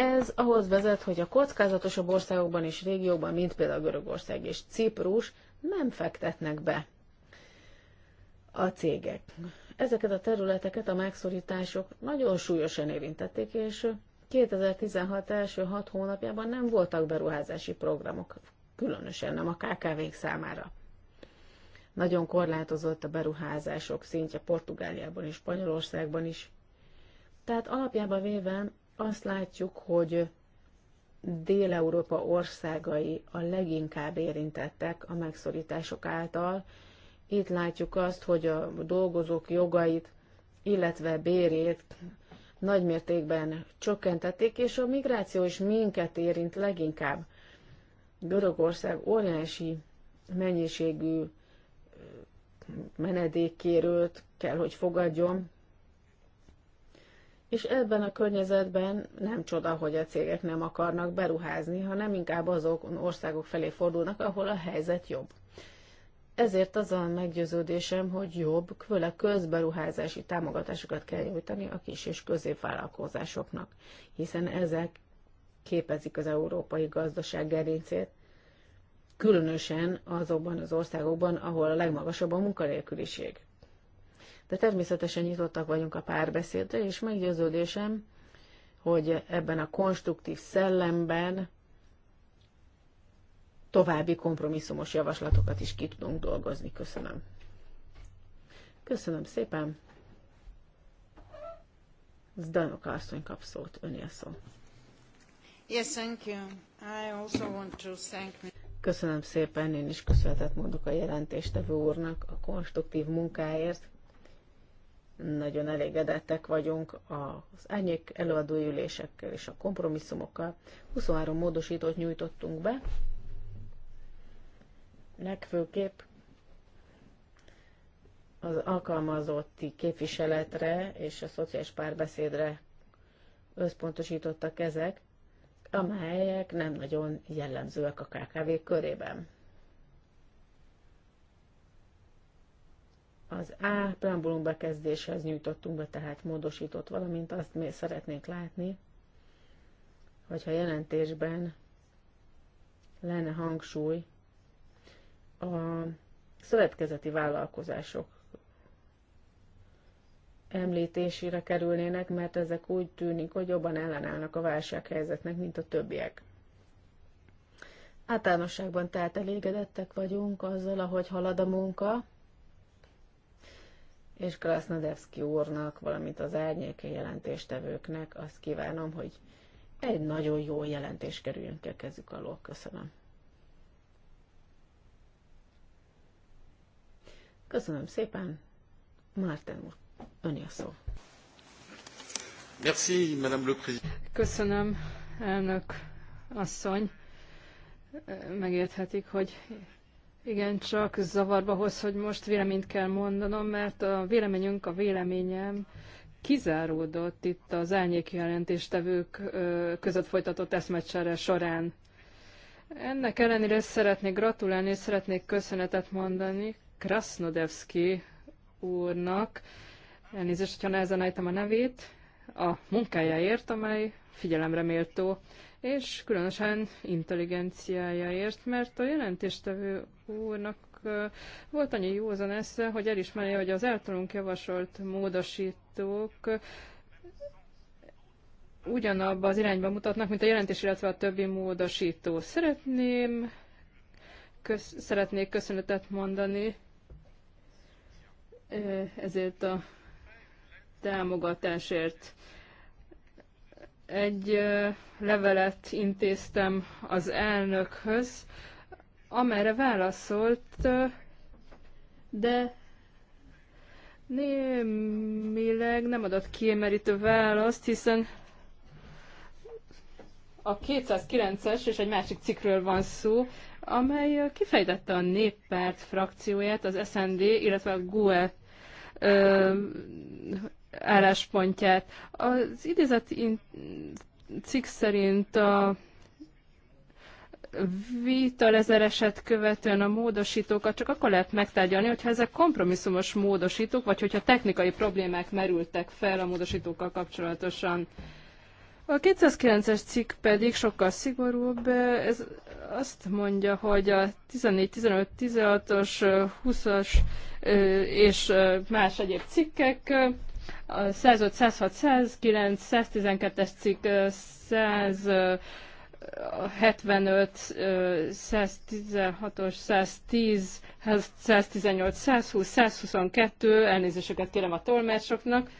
ez ahhoz vezet, hogy a kockázatosabb országokban és régióban, mint például Görögország és Ciprus, nem fektetnek be a cégek. Ezeket a területeket a megszorítások nagyon súlyosan érintették, és 2016 első hat hónapjában nem voltak beruházási programok, különösen nem a KKV-k számára. Nagyon korlátozott a beruházások szintje Portugáliában és Spanyolországban is. Tehát alapjában véve azt látjuk, hogy Dél-Európa országai a leginkább érintettek a megszorítások által. Itt látjuk azt, hogy a dolgozók jogait, illetve bérét nagymértékben csökkentették, és a migráció is minket érint leginkább. Görögország óriási mennyiségű menedékkérőt kell, hogy fogadjon, és ebben a környezetben nem csoda, hogy a cégek nem akarnak beruházni, hanem inkább azok országok felé fordulnak, ahol a helyzet jobb. Ezért az a meggyőződésem, hogy jobb, főleg közberuházási támogatásokat kell nyújtani a kis és középvállalkozásoknak, hiszen ezek képezik az európai gazdaság gerincét, különösen azokban az országokban, ahol a legmagasabb a munkanélküliség de természetesen nyitottak vagyunk a párbeszédre, és meggyőződésem, hogy ebben a konstruktív szellemben további kompromisszumos javaslatokat is ki tudunk dolgozni. Köszönöm. Köszönöm szépen. Zdanok asszony kap szót, önél szó. Yes, thank you. I also want to thank me. Köszönöm szépen, én is köszönetet mondok a jelentéstevő úrnak a konstruktív munkáért nagyon elégedettek vagyunk az árnyék előadói ülésekkel és a kompromisszumokkal. 23 módosítót nyújtottunk be, legfőképp az alkalmazotti képviseletre és a szociális párbeszédre összpontosítottak ezek, amelyek nem nagyon jellemzőek a KKV körében. az A preambulum bekezdéshez nyújtottunk be, tehát módosított, valamint azt mi szeretnénk látni, hogyha jelentésben lenne hangsúly a szövetkezeti vállalkozások említésére kerülnének, mert ezek úgy tűnik, hogy jobban ellenállnak a válsághelyzetnek, mint a többiek. Általánosságban tehát elégedettek vagyunk azzal, ahogy halad a munka, és Krasznodevszki úrnak, valamint az árnyéke jelentéstevőknek azt kívánom, hogy egy nagyon jó jelentés kerüljön ki a kezük alól. Köszönöm. Köszönöm szépen. Márten úr, öni a szó. Merci, Madame le Président. Köszönöm, elnök asszony. Megérthetik, hogy igen, csak zavarba hoz, hogy most véleményt kell mondanom, mert a véleményünk, a véleményem kizáródott itt az elnyék jelentéstevők között folytatott eszmecsere során. Ennek ellenére szeretnék gratulálni, és szeretnék köszönetet mondani Krasnodevski úrnak, elnézést, hogyha nehezen ejtem a nevét, a munkájáért, amely figyelemre méltó és különösen intelligenciájáért, mert a jelentéstevő úrnak volt annyi józan esze, hogy elismerje, hogy az általunk javasolt módosítók ugyanabba az irányba mutatnak, mint a jelentés, illetve a többi módosító. Szeretném, kösz, szeretnék köszönetet mondani ezért a támogatásért. Egy levelet intéztem az elnökhöz, amerre válaszolt, de némileg nem adott kiemelítő választ, hiszen a 209-es és egy másik cikkről van szó, amely kifejtette a néppárt frakcióját, az SND, illetve a GUE álláspontját. Az idézet cikk szerint a vita ezer eset követően a módosítókat csak akkor lehet megtárgyalni, hogyha ezek kompromisszumos módosítók, vagy hogyha technikai problémák merültek fel a módosítókkal kapcsolatosan. A 209-es cikk pedig sokkal szigorúbb. Ez azt mondja, hogy a 14, 15, 16-os, 20-as és más egyéb cikkek a 105, 106, 109, 112-es cikk, 175, 116-os, 110, 118, 120, 122, elnézéseket kérem a tolmácsoknak,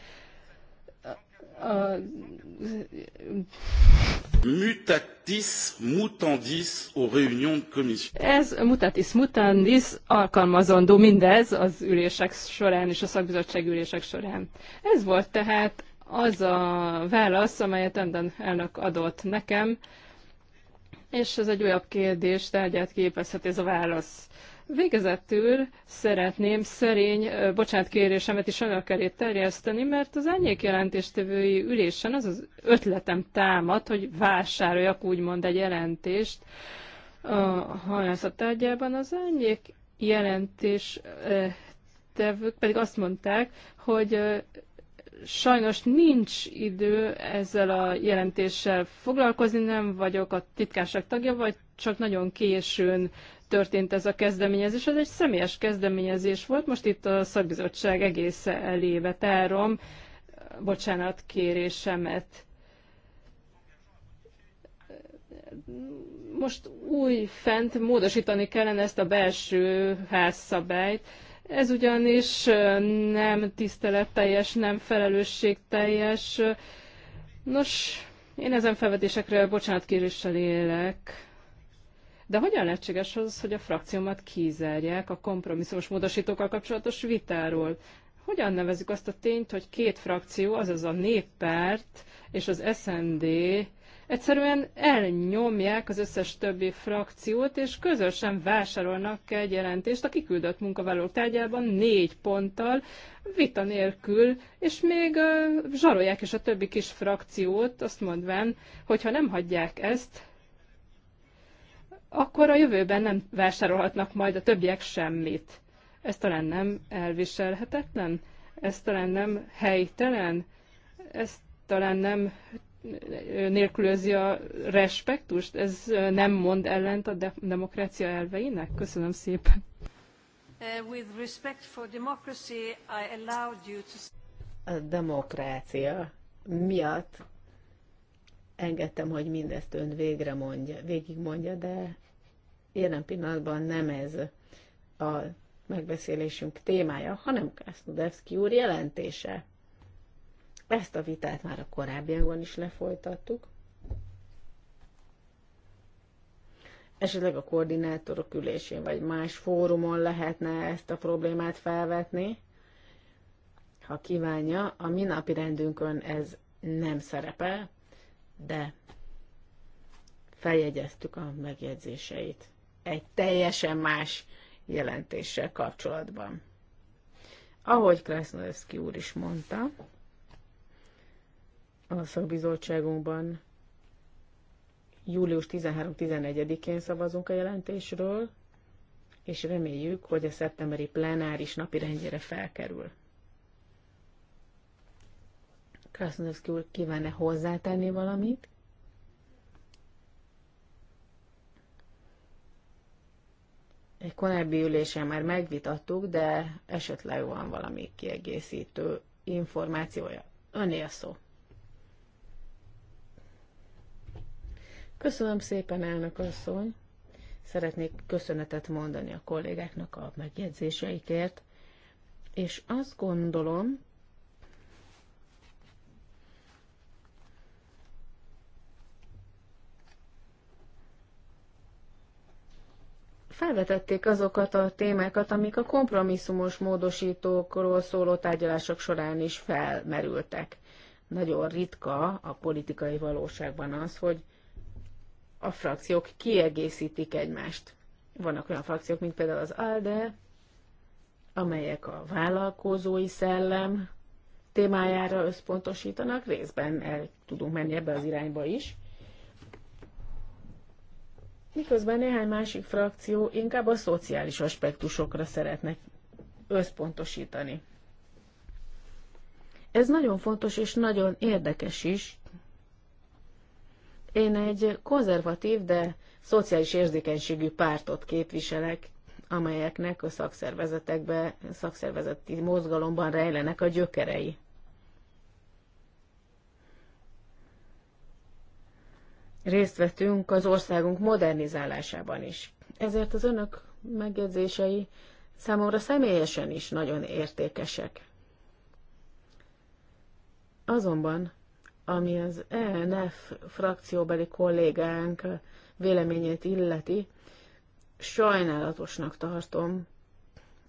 Mutatis mutandis a réunion commission. Ez mutatis mutandis alkalmazandó mindez az ülések során és a szakbizottság ülések során. Ez volt tehát az a válasz, amelyet Enden elnök adott nekem, és ez egy olyan kérdés, tárgyát képezhet ez a válasz. Végezetül szeretném szerény bocsátkérésemet is önök elé terjeszteni, mert az árnyék jelentéstevői ülésen az az ötletem támad, hogy vásároljak úgymond egy jelentést a halászat tárgyában. Az árnyék jelentés tevők pedig azt mondták, hogy sajnos nincs idő ezzel a jelentéssel foglalkozni, nem vagyok a titkárság tagja, vagy csak nagyon későn történt ez a kezdeményezés. Ez egy személyes kezdeményezés volt, most itt a szakbizottság egész elébe tárom bocsánat kérésemet. Most új fent módosítani kellene ezt a belső házszabályt. Ez ugyanis nem tiszteletteljes, nem felelősségteljes. Nos, én ezen felvetésekre kéréssel élek. De hogyan lehetséges az, hogy a frakciómat kizárják a kompromisszumos módosítókkal kapcsolatos vitáról? Hogyan nevezik azt a tényt, hogy két frakció, azaz a néppárt és az SND egyszerűen elnyomják az összes többi frakciót, és közösen vásárolnak egy jelentést a kiküldött munkavállalók tárgyában négy ponttal, vita nélkül, és még zsarolják is a többi kis frakciót, azt mondván, hogy ha nem hagyják ezt, akkor a jövőben nem vásárolhatnak majd a többiek semmit. Ez talán nem elviselhetetlen, ez talán nem helytelen, ez talán nem nélkülözi a respektust, ez nem mond ellent a de- demokrácia elveinek? Köszönöm szépen. A demokrácia miatt engedtem, hogy mindezt ön végre mondja, végig mondja, de jelen pillanatban nem ez a megbeszélésünk témája, hanem Kászlodevszki úr jelentése. Ezt a vitát már a korábbiakban is lefolytattuk. Esetleg a koordinátorok ülésén vagy más fórumon lehetne ezt a problémát felvetni. Ha kívánja, a mi napi rendünkön ez nem szerepel, de feljegyeztük a megjegyzéseit egy teljesen más jelentéssel kapcsolatban. Ahogy Krasznodeszki úr is mondta, a szakbizottságunkban július 13-11-én szavazunk a jelentésről, és reméljük, hogy a szeptemberi plenáris napirendjére felkerül. Krasznodowski úr kívánne hozzátenni valamit? Egy korábbi ülésen már megvitattuk, de esetleg van valami kiegészítő információja. Öné a szó. Köszönöm szépen, elnök asszony. Szeretnék köszönetet mondani a kollégáknak a megjegyzéseikért, és azt gondolom, felvetették azokat a témákat, amik a kompromisszumos módosítókról szóló tárgyalások során is felmerültek. Nagyon ritka a politikai valóságban az, hogy a frakciók kiegészítik egymást. Vannak olyan frakciók, mint például az ALDE, amelyek a vállalkozói szellem témájára összpontosítanak, részben el tudunk menni ebbe az irányba is – miközben néhány másik frakció inkább a szociális aspektusokra szeretne összpontosítani. Ez nagyon fontos és nagyon érdekes is. Én egy konzervatív, de szociális érzékenységű pártot képviselek, amelyeknek a szakszervezetekbe, szakszervezeti mozgalomban rejlenek a gyökerei. részt vettünk az országunk modernizálásában is. Ezért az önök megjegyzései számomra személyesen is nagyon értékesek. Azonban, ami az ENF frakcióbeli kollégánk véleményét illeti, sajnálatosnak tartom,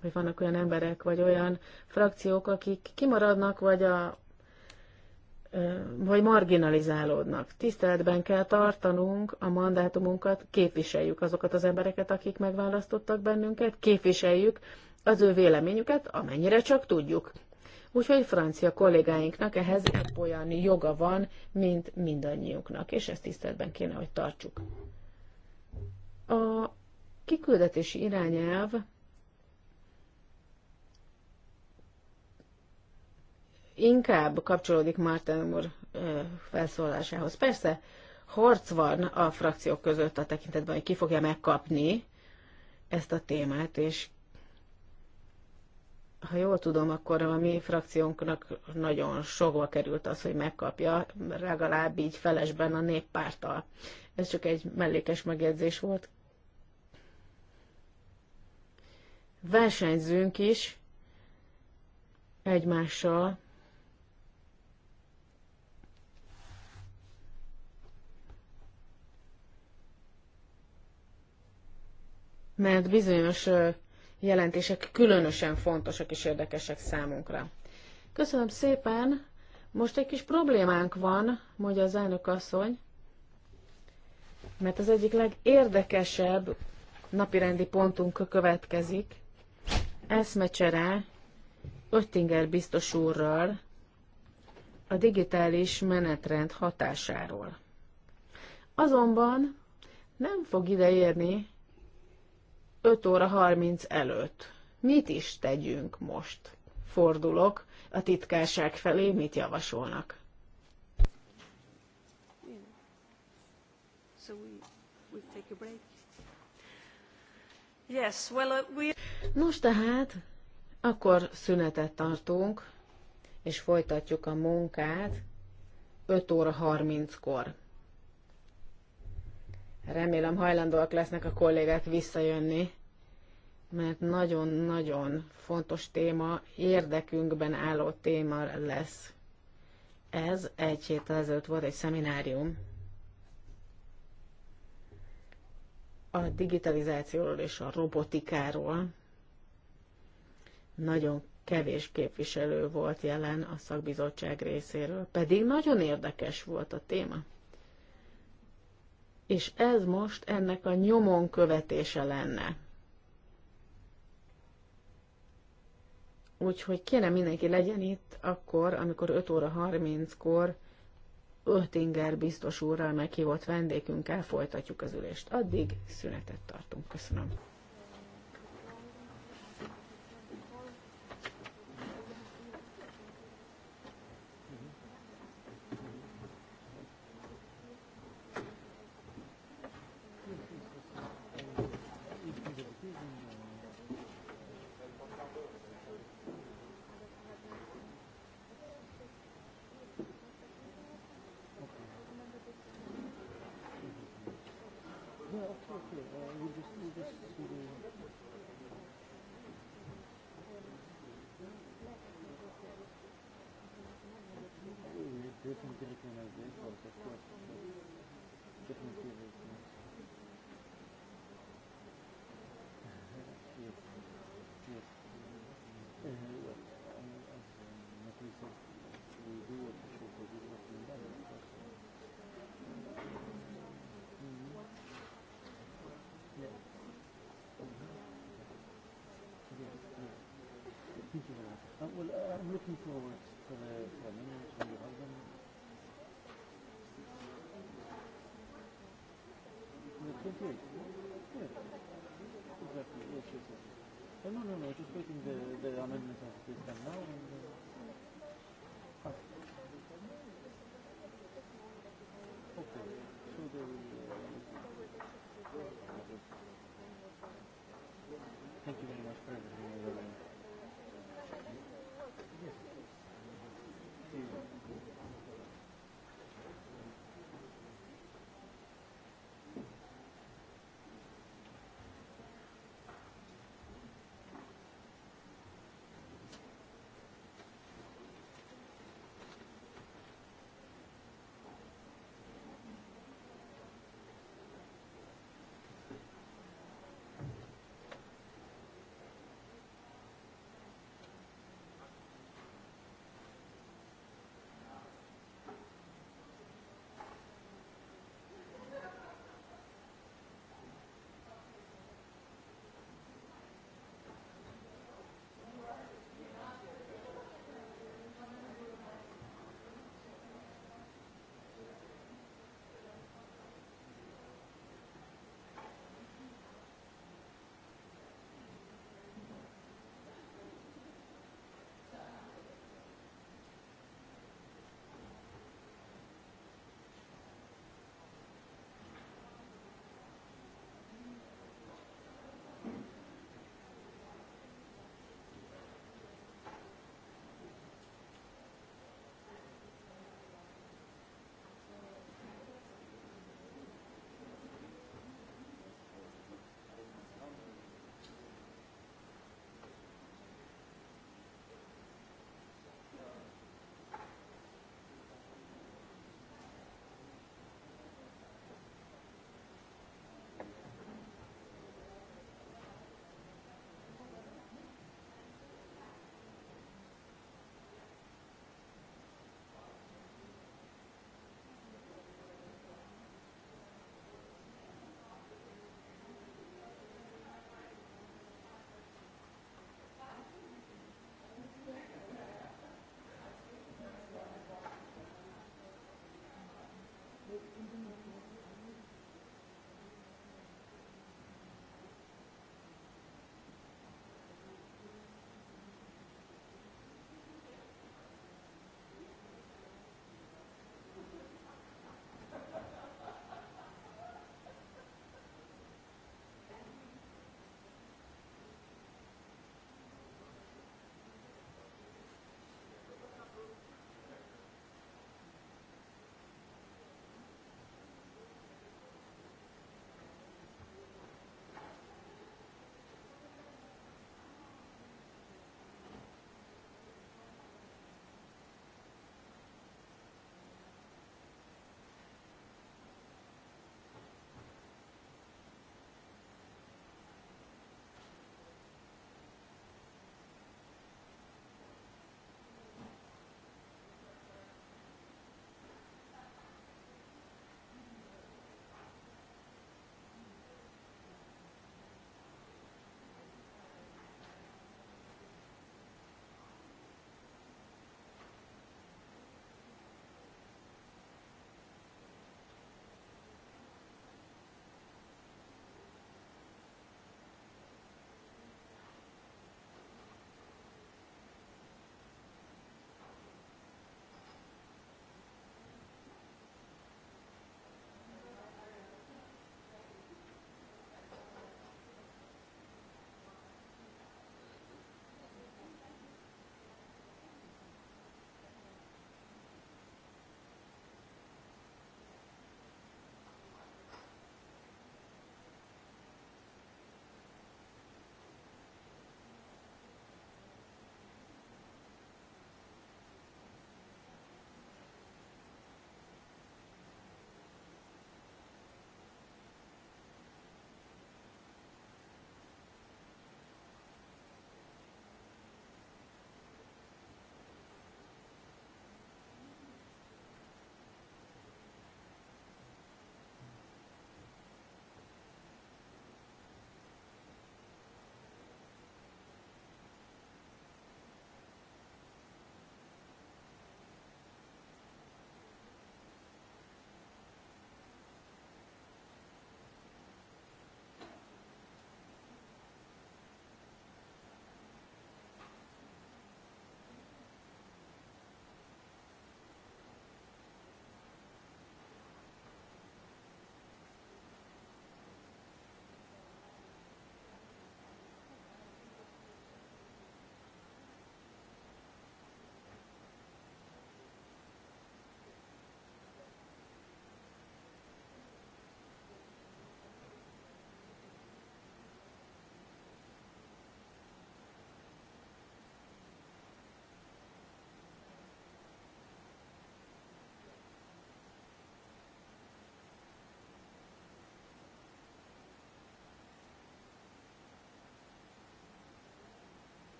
hogy vannak olyan emberek, vagy olyan frakciók, akik kimaradnak, vagy a vagy marginalizálódnak. Tiszteletben kell tartanunk a mandátumunkat, képviseljük azokat az embereket, akik megválasztottak bennünket, képviseljük az ő véleményüket, amennyire csak tudjuk. Úgyhogy francia kollégáinknak ehhez egy olyan joga van, mint mindannyiunknak, és ezt tiszteletben kéne, hogy tartsuk. A kiküldetési irányelv inkább kapcsolódik Martin úr felszólásához. Persze, harc van a frakciók között a tekintetben, hogy ki fogja megkapni ezt a témát, és ha jól tudom, akkor a mi frakciónknak nagyon sokba került az, hogy megkapja, legalább így felesben a néppárttal. Ez csak egy mellékes megjegyzés volt. Versenyzünk is egymással, mert bizonyos jelentések különösen fontosak és érdekesek számunkra. Köszönöm szépen! Most egy kis problémánk van, mondja az elnök asszony, mert az egyik legérdekesebb napirendi pontunk következik. Eszmecsere Öttinger biztos úrral a digitális menetrend hatásáról. Azonban nem fog ideérni 5 óra 30 előtt. Mit is tegyünk most? Fordulok a titkárság felé, mit javasolnak? Uh, Nos tehát, akkor szünetet tartunk, és folytatjuk a munkát 5 óra 30-kor. Remélem hajlandóak lesznek a kollégák visszajönni, mert nagyon-nagyon fontos téma, érdekünkben álló téma lesz. Ez egy héttel ezelőtt volt egy szeminárium a digitalizációról és a robotikáról. Nagyon kevés képviselő volt jelen a szakbizottság részéről, pedig nagyon érdekes volt a téma és ez most ennek a nyomon követése lenne. Úgyhogy kéne mindenki legyen itt akkor, amikor 5 óra 30-kor Öltinger biztos úrral meghívott vendégünkkel folytatjuk az ülést. Addig szünetet tartunk. Köszönöm. Uh, well, uh, I'm looking forward to the, for when you have them. The 28th? Yeah. Exactly. Yes, yes, yes. Uh, no, no, no. Just waiting the, the amendments as they stand now. And, uh,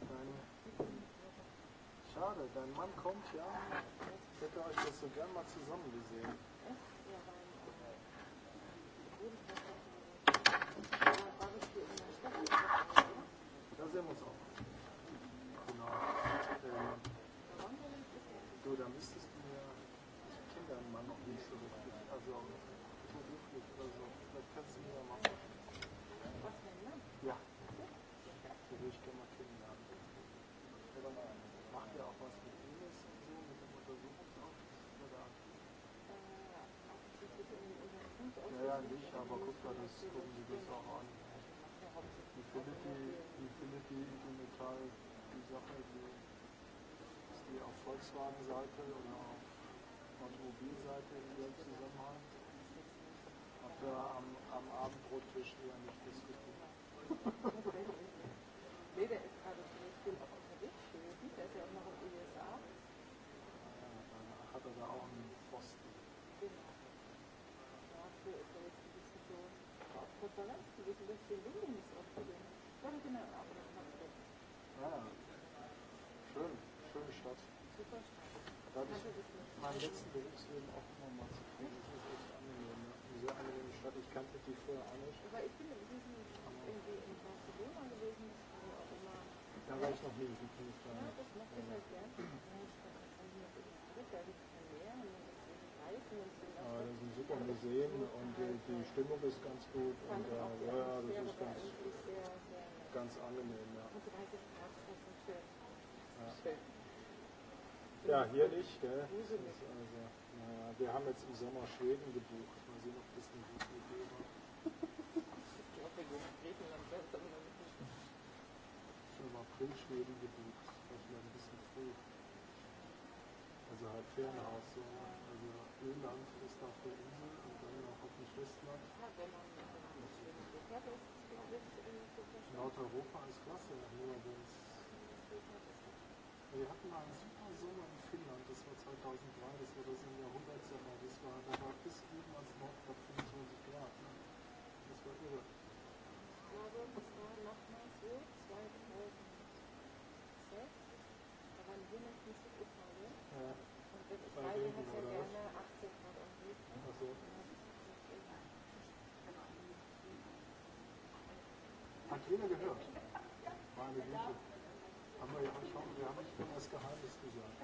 Dein, schade, dein Mann kommt ja. Ich hätte euch das so gern mal zusammen gesehen. Da sehen wir uns auch. Genau. Ähm, du, da müsstest du mir, ich kenne deinen Mann noch nicht so richtig, also beruflich oder so. Vielleicht kannst du mir ja mal. Was, mein Mann? Ja durchgemachten Namen Oder nein, macht ihr auch was mit Ines und so, mit dem Untersuchungsausschuss? Oder? Ja, ja, nicht, aber guck mal, das gucken Sie das auch an. Wie findet die, wie findet die, die Metall, die Sache, die, ist die auf Volkswagen-Seite oder auf Automobilseite in ihrem Zusammenhang? Habt ihr am, am Abendbrottisch eher nicht diskutiert? ich kannte die vorher auch nicht. Aber ich bin sind diesem is, ja, Das ist ein super Museum und die, die Stimmung ist ganz gut und äh, ja, das ist ganz, ganz angenehm. Ja. Ja, hier nicht. Gell? ist also, naja, wir haben jetzt im Sommer Schweden gebucht. Mal sehen, ob das eine gute Idee war. Ich glaube, wir gehen Griechenland mal Punktschwedengebiet, vielleicht man ein bisschen früh. Also halt Fernhaus, so. Also Öland ist auf der Insel und dann noch auf dem Festland. Ja, wenn man Nordeuropa ist klasse, nur wenn es. Wir hatten mal einen super Sommer in Finnland, das war 2003, das war das im Jahrhundertsommer, das war, da war bis oben ans Nordkap 25 Grad. Ne? Das war irre. Ich glaube, das war nochmal so 2000 weil Jena ist nicht so Ja. Und Italien hat ja gerne 18 Grad am höchsten. Ach so. Hat jeder gehört? Meine Güte. Haben wir ja schon, wir haben nicht das Geheimnis gesagt.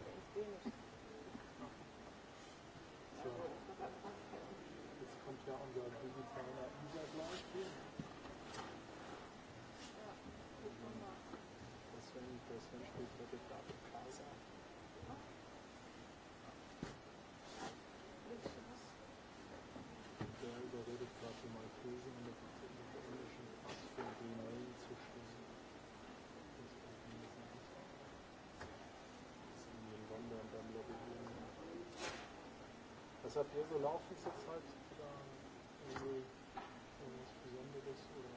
Deshalb hier so laufen zur Zeit oder irgendwas Besonderes oder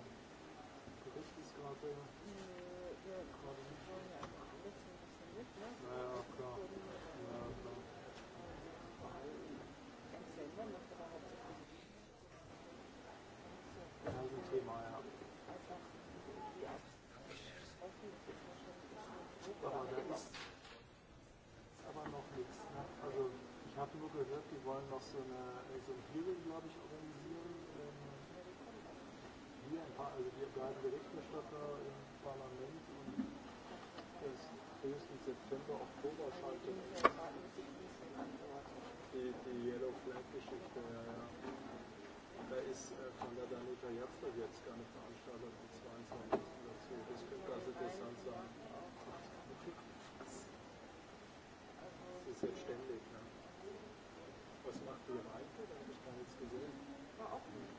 Gericht ist gerade. Ja, gerade nicht. Ja, einfach alles ein bisschen mit, ne? Naja, klar. Ja, klar. Vor allem ganz Länder macht aber hauptsächlich. das ist ein Thema, ja. Einfach die Aufruf Aber da ist aber noch nichts, ne? Also. Ich habe nur gehört, die wollen noch so, eine, so ein Hearing, glaube ich, organisieren. wir, ähm, ein paar, also wir bleiben Berichterstatter im Parlament und das höchstens September, Oktober schaltet. Die, die Yellow Flag-Geschichte, ja, ja. Da ist äh, von der Danita Jatzler jetzt gar eine Veranstaltung am 22. dazu. Das könnte ganz interessant sein. Das ist jetzt ständig, ne? Was macht Da habe ich gar nichts gesehen. War auch nicht.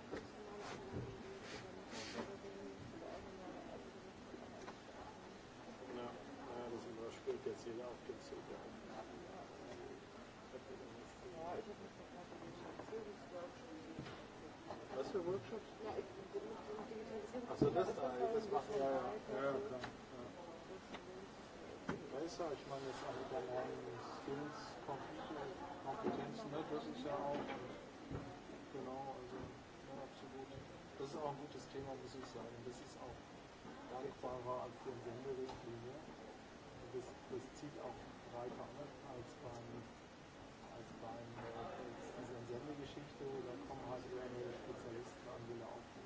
Na, na, das überspringt jetzt jeder auf den Zug. Ja, ich Was für Workshops? Ja, ich bin mit Digitalisierung. Achso, das da, das macht ja, ja, klar. ich meine auch mit der neuen Skills Computer. Kompetenzen, ne? das ist ja auch, genau, also ja, absolut. Das ist auch ein gutes Thema, muss ich sagen. Das ist auch dankbarer als die Entsenderichtlinie. Das, das zieht auch breiter an als beim, als beim äh, dieser Sendegeschichte. Da kommen halt eher nur Spezialisten angelaufen.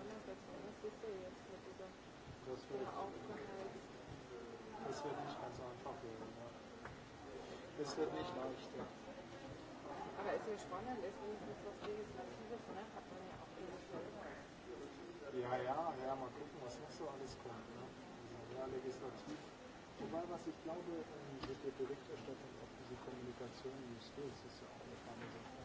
Das wird, das wird nicht ganz einfach werden. Das wird nicht leicht, Aber es ist spannend, ist wenigstens was Legislatives, ne? Hat man ja auch Ja, ja, ja, mal gucken, was noch so alles kommt. Ne? Also, ja, legislativ. Wobei, was ich glaube, mit ähm, der Berichterstattung auf diese Kommunikation des Skills ist ja auch eine spannende Sache.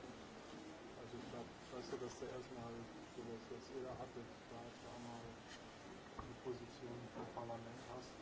Also ich glaube, weißt du, dass da erstmal sowas, was ihr da hattet, da erstmal eine Position vom Parlament hast,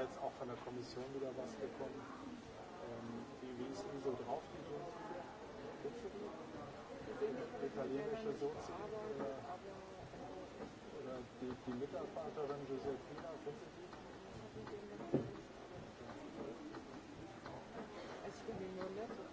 ist auch von der Kommission wieder was bekommen. Ähm, wie, wie ist denn so drauf, die so italienische Sozi oder die, die Mitarbeiterin Josefina, kennst du die? Ich bin die nur nett.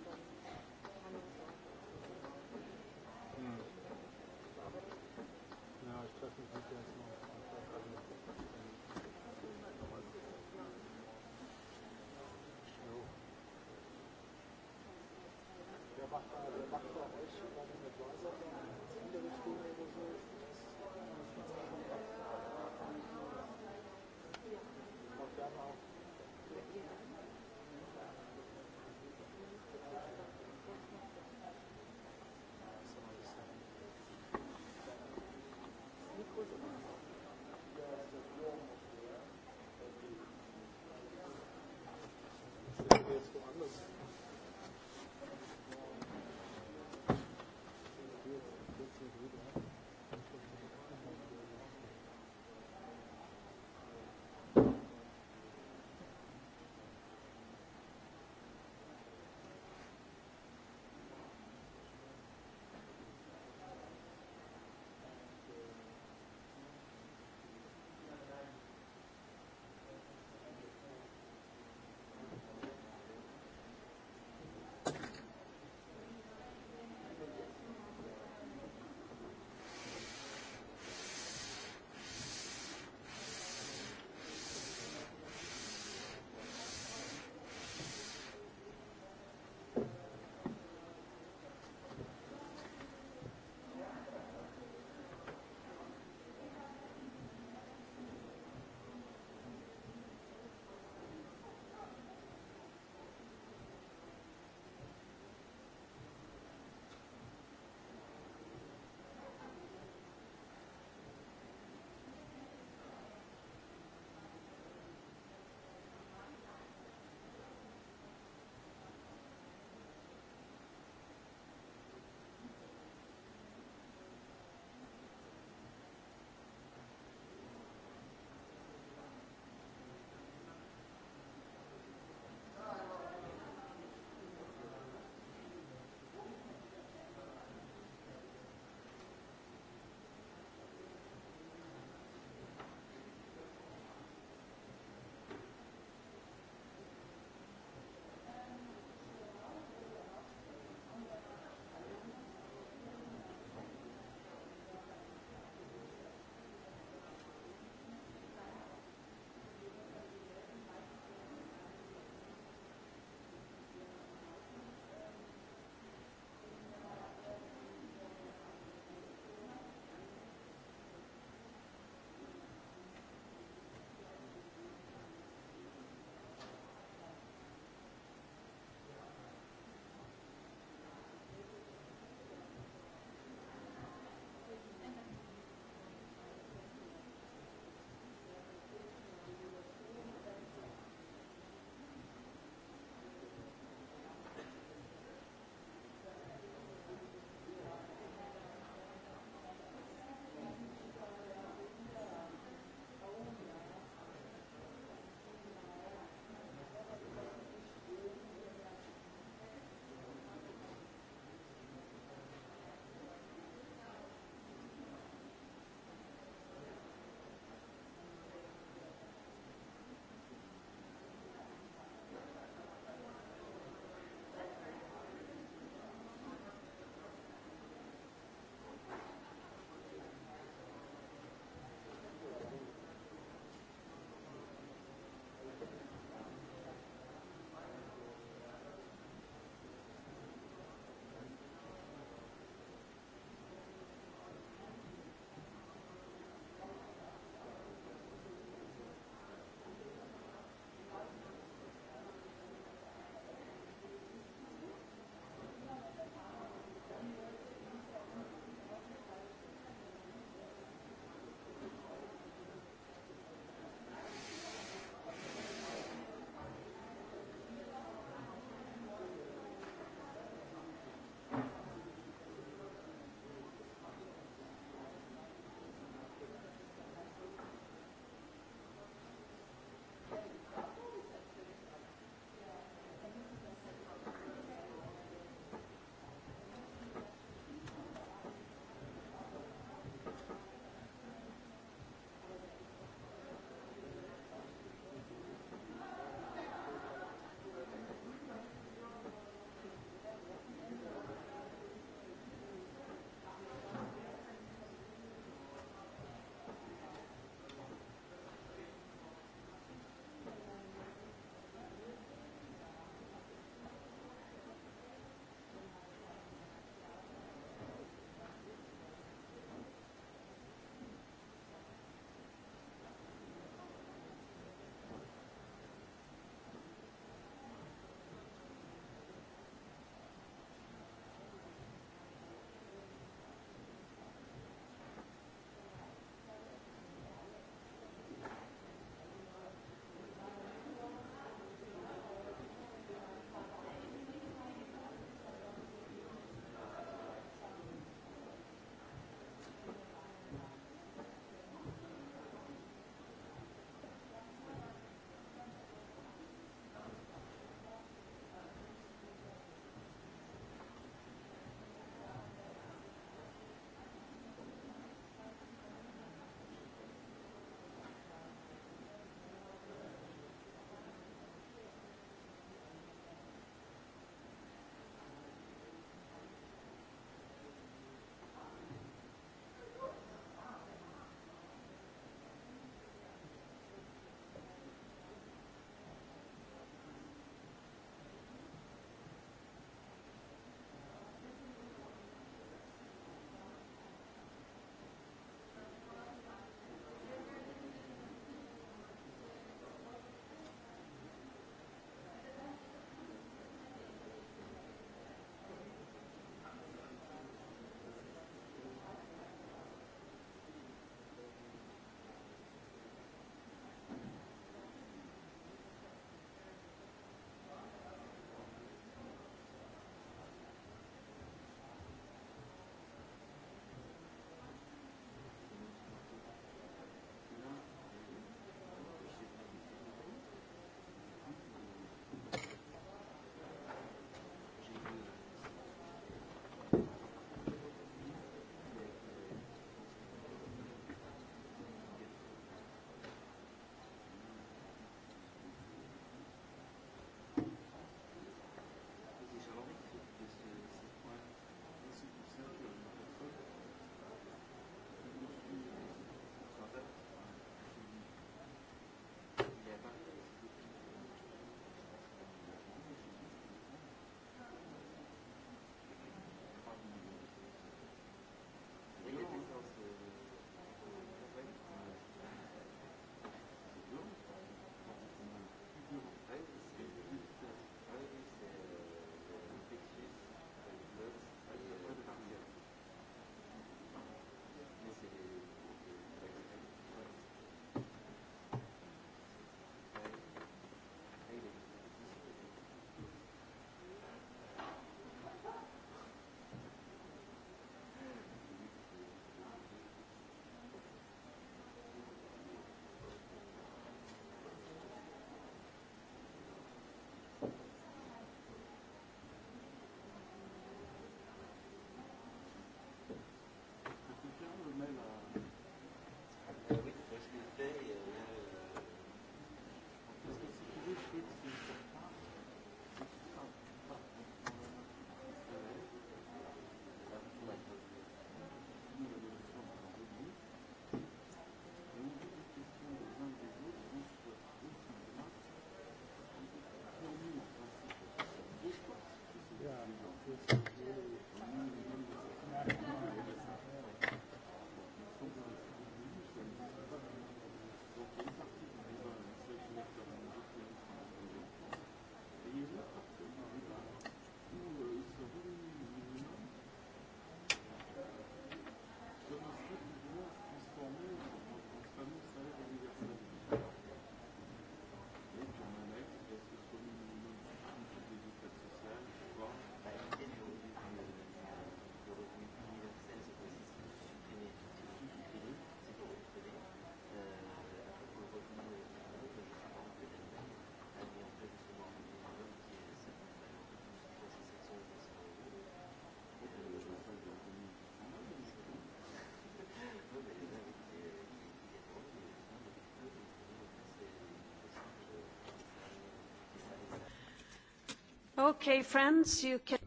Okay, friends, you can...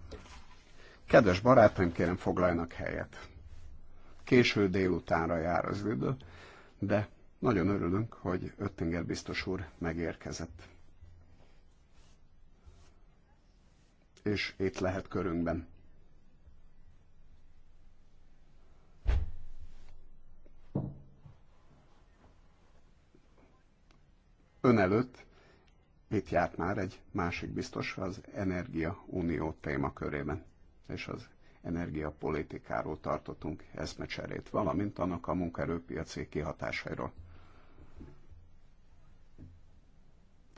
Kedves barátaim, kérem foglaljanak helyet. Késő délutánra jár az idő, de nagyon örülünk, hogy Öttinger biztos úr megérkezett. És itt lehet körünkben. járt már egy másik biztos az Energia Unió témakörében, és az energiapolitikáról tartottunk eszmecserét, valamint annak a munkaerőpiaci kihatásairól.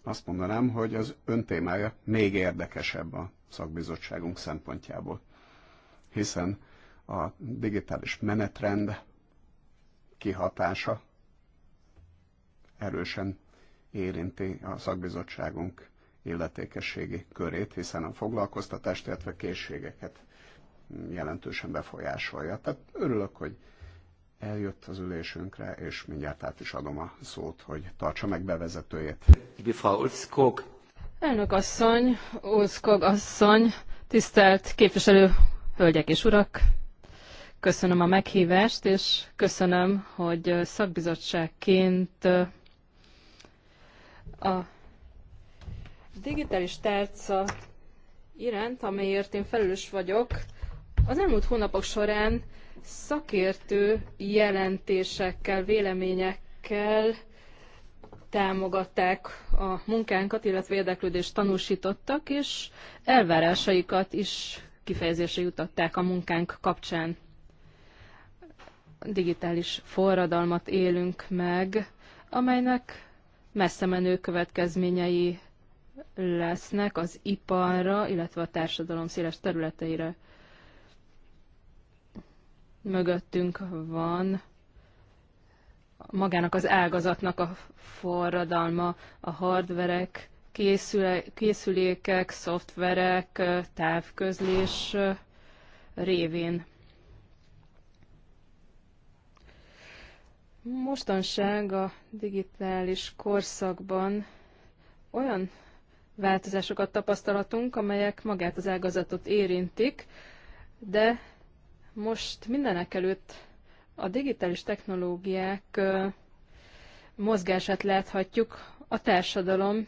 Azt mondanám, hogy az ön témája még érdekesebb a szakbizottságunk szempontjából, hiszen a digitális menetrend kihatása erősen érinti a szakbizottságunk illetékességi körét, hiszen a foglalkoztatást, illetve készségeket jelentősen befolyásolja. Tehát örülök, hogy eljött az ülésünkre, és mindjárt át is adom a szót, hogy tartsa meg bevezetőjét. Elnök asszony, Ulszkog asszony, tisztelt képviselő hölgyek és urak, köszönöm a meghívást, és köszönöm, hogy szakbizottságként a digitális tárca iránt, amelyért én felelős vagyok, az elmúlt hónapok során szakértő jelentésekkel, véleményekkel támogatták a munkánkat, illetve érdeklődést tanúsítottak, és elvárásaikat is kifejezésre jutották a munkánk kapcsán. Digitális forradalmat élünk meg, amelynek messze menő következményei lesznek az iparra, illetve a társadalom széles területeire. Mögöttünk van magának az ágazatnak a forradalma, a hardverek, készülékek, szoftverek, távközlés révén. Mostanság a digitális korszakban olyan változásokat tapasztalatunk, amelyek magát az ágazatot érintik, de most mindenek előtt a digitális technológiák mozgását láthatjuk a társadalom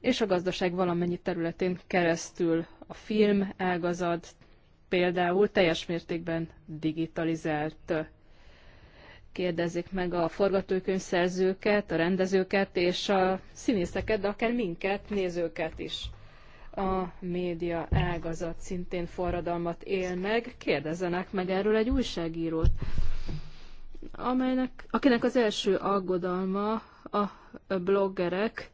és a gazdaság valamennyi területén keresztül. A film ágazat például teljes mértékben digitalizált kérdezik meg a forgatókönyvszerzőket, a rendezőket és a színészeket, de akár minket, nézőket is. A média ágazat szintén forradalmat él meg, kérdezzenek meg erről egy újságírót, amelynek, akinek az első aggodalma a bloggerek,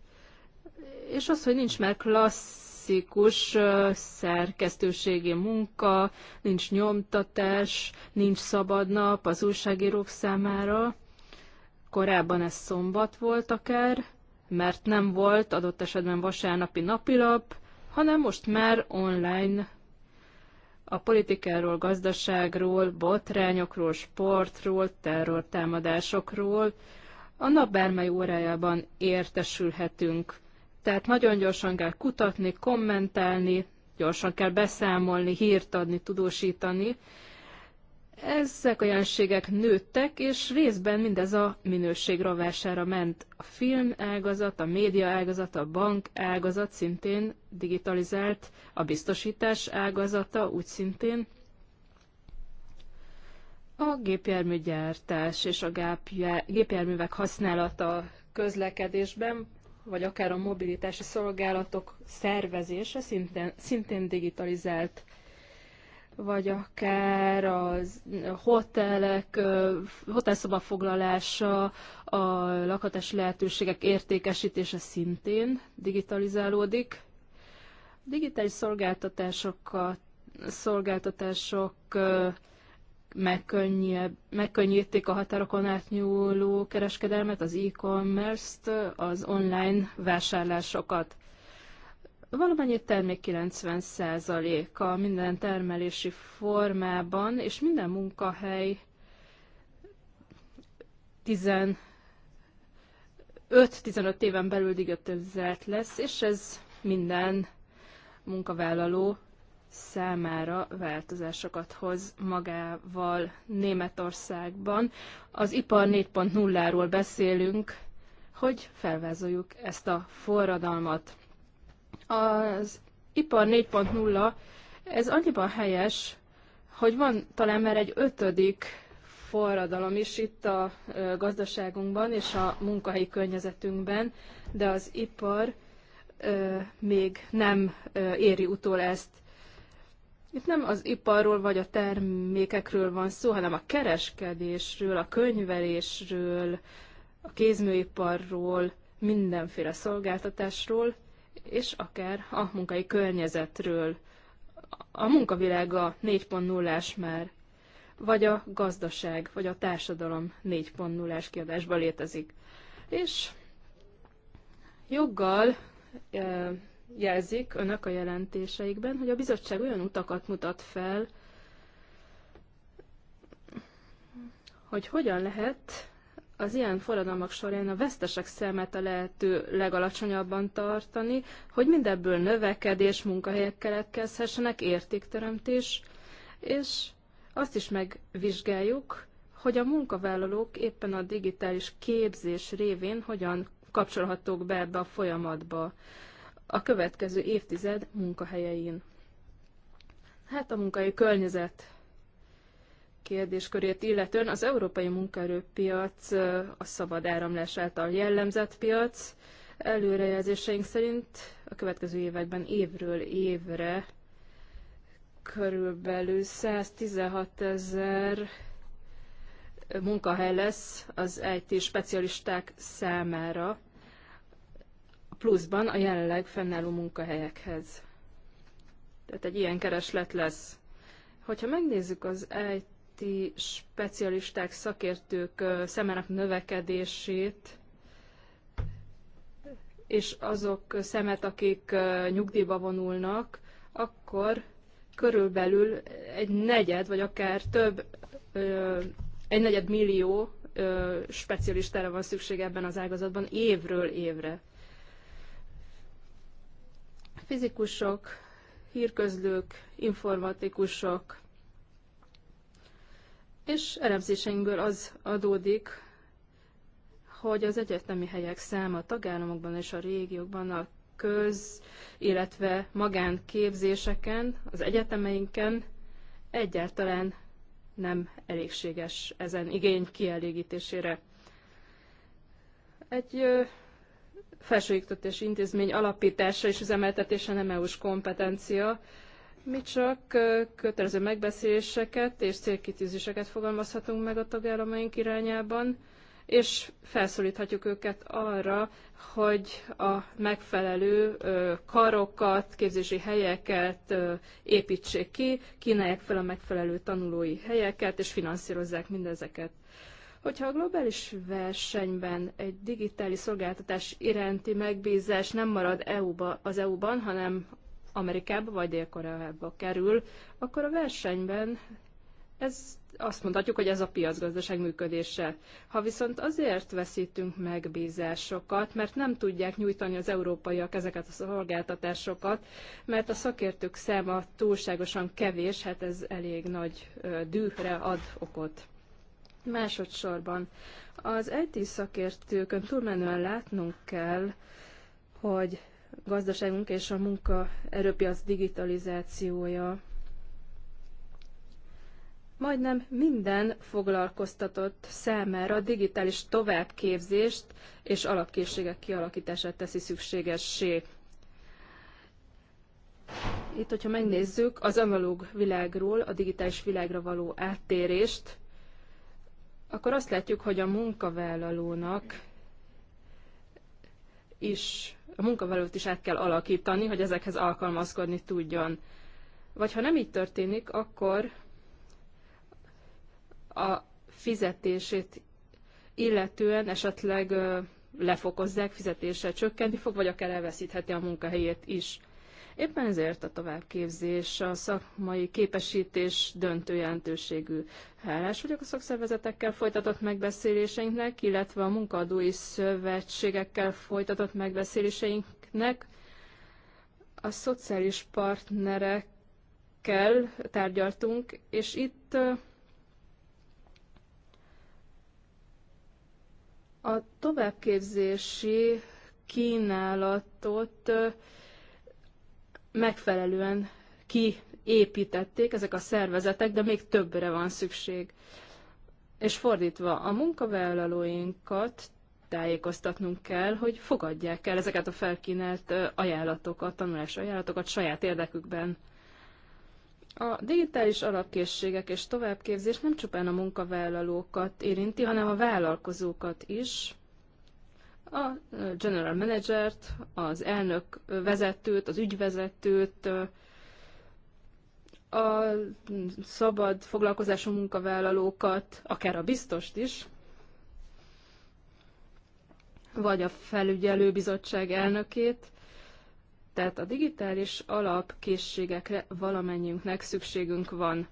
és az, hogy nincs már klassz klasszikus szerkesztőségi munka, nincs nyomtatás, nincs szabad nap az újságírók számára. Korábban ez szombat volt akár, mert nem volt adott esetben vasárnapi napilap, hanem most már online a politikáról, gazdaságról, botrányokról, sportról, terrortámadásokról a nap bármely órájában értesülhetünk. Tehát nagyon gyorsan kell kutatni, kommentálni, gyorsan kell beszámolni, hírt adni, tudósítani. Ezek a jelenségek nőttek, és részben mindez a minőség rovására ment. A film ágazat, a média ágazat, a bank ágazat szintén digitalizált, a biztosítás ágazata úgy szintén. A gépjárműgyártás és a gépjárművek használata közlekedésben vagy akár a mobilitási szolgálatok szervezése szintén, szintén digitalizált, vagy akár a hotelek, hotelszobafoglalása, a lakhatás lehetőségek értékesítése szintén digitalizálódik. Digitális szolgáltatásokat, szolgáltatások, szolgáltatások megkönnyítik a határokon átnyúló kereskedelmet, az e-commerce-t, az online vásárlásokat. Valamennyi termék 90%-a minden termelési formában, és minden munkahely 5-15 éven belül digitalizált lesz, és ez minden munkavállaló számára változásokat hoz magával Németországban. Az ipar 4.0-ról beszélünk, hogy felvázoljuk ezt a forradalmat. Az ipar 4.0, ez annyiban helyes, hogy van talán már egy ötödik forradalom is itt a gazdaságunkban és a munkahelyi környezetünkben, de az ipar ö, még nem ö, éri utol ezt. Itt nem az iparról vagy a termékekről van szó, hanem a kereskedésről, a könyvelésről, a kézműiparról, mindenféle szolgáltatásról, és akár a munkai környezetről. A munkavilága 4.0-ás már, vagy a gazdaság, vagy a társadalom 4.0-ás kiadásban létezik. És joggal eh, jelzik önök a jelentéseikben, hogy a bizottság olyan utakat mutat fel, hogy hogyan lehet az ilyen forradalmak során a vesztesek szemet a lehető legalacsonyabban tartani, hogy mindebből növekedés, munkahelyek keletkezhessenek, értékteremtés, és azt is megvizsgáljuk, hogy a munkavállalók éppen a digitális képzés révén hogyan kapcsolhatók be ebbe a folyamatba a következő évtized munkahelyein. Hát a munkai környezet kérdéskörét illetően az európai munkaerőpiac a szabad áramlás által jellemzett piac. Előrejelzéseink szerint a következő években évről évre körülbelül 116 ezer munkahely lesz az IT specialisták számára pluszban a jelenleg fennálló munkahelyekhez. Tehát egy ilyen kereslet lesz. Hogyha megnézzük az IT specialisták, szakértők szemének növekedését, és azok szemet, akik nyugdíjba vonulnak, akkor körülbelül egy negyed, vagy akár több, egy negyed millió specialistára van szükség ebben az ágazatban évről évre. Fizikusok, hírközlők, informatikusok, és elemzéseinkből az adódik, hogy az egyetemi helyek száma a tagállamokban és a régiókban a köz, illetve magánképzéseken, az egyetemeinken egyáltalán nem elégséges ezen igény kielégítésére. Egy felsőoktatási intézmény alapítása és üzemeltetése nem EU-s kompetencia. Mi csak kötelező megbeszéléseket és célkitűzéseket fogalmazhatunk meg a tagállamaink irányában, és felszólíthatjuk őket arra, hogy a megfelelő karokat, képzési helyeket építsék ki, kínálják fel a megfelelő tanulói helyeket, és finanszírozzák mindezeket. Hogyha a globális versenyben egy digitális szolgáltatás iránti megbízás nem marad EU-ba, az EU-ban, hanem Amerikába vagy Dél-Koreába kerül, akkor a versenyben ez azt mondhatjuk, hogy ez a piacgazdaság működése. Ha viszont azért veszítünk megbízásokat, mert nem tudják nyújtani az európaiak ezeket a szolgáltatásokat, mert a szakértők száma túlságosan kevés, hát ez elég nagy dühre ad okot. Másodszorban az IT szakértőkön túlmenően látnunk kell, hogy gazdaságunk és a munka erőpiac digitalizációja majdnem minden foglalkoztatott számára digitális továbbképzést és alapkészségek kialakítását teszi szükségessé. Itt, hogyha megnézzük az analóg világról a digitális világra való áttérést, akkor azt látjuk, hogy a munkavállalónak is, a munkavállalót is át kell alakítani, hogy ezekhez alkalmazkodni tudjon. Vagy ha nem így történik, akkor a fizetését illetően esetleg lefokozzák, fizetése csökkenni fog, vagy akár elveszítheti a munkahelyét is. Éppen ezért a továbbképzés, a szakmai képesítés döntő jelentőségű. Hálás vagyok a szakszervezetekkel folytatott megbeszéléseinknek, illetve a munkaadói szövetségekkel folytatott megbeszéléseinknek. A szociális partnerekkel tárgyaltunk, és itt uh, a továbbképzési kínálatot uh, megfelelően kiépítették ezek a szervezetek, de még többre van szükség. És fordítva, a munkavállalóinkat tájékoztatnunk kell, hogy fogadják el ezeket a felkínált ajánlatokat, tanulási ajánlatokat saját érdekükben. A digitális alapkészségek és továbbképzés nem csupán a munkavállalókat érinti, hanem a vállalkozókat is, a general managert, az elnök vezetőt, az ügyvezetőt, a szabad foglalkozású munkavállalókat, akár a biztost is, vagy a felügyelőbizottság elnökét. Tehát a digitális alapkészségekre valamennyiünknek szükségünk van.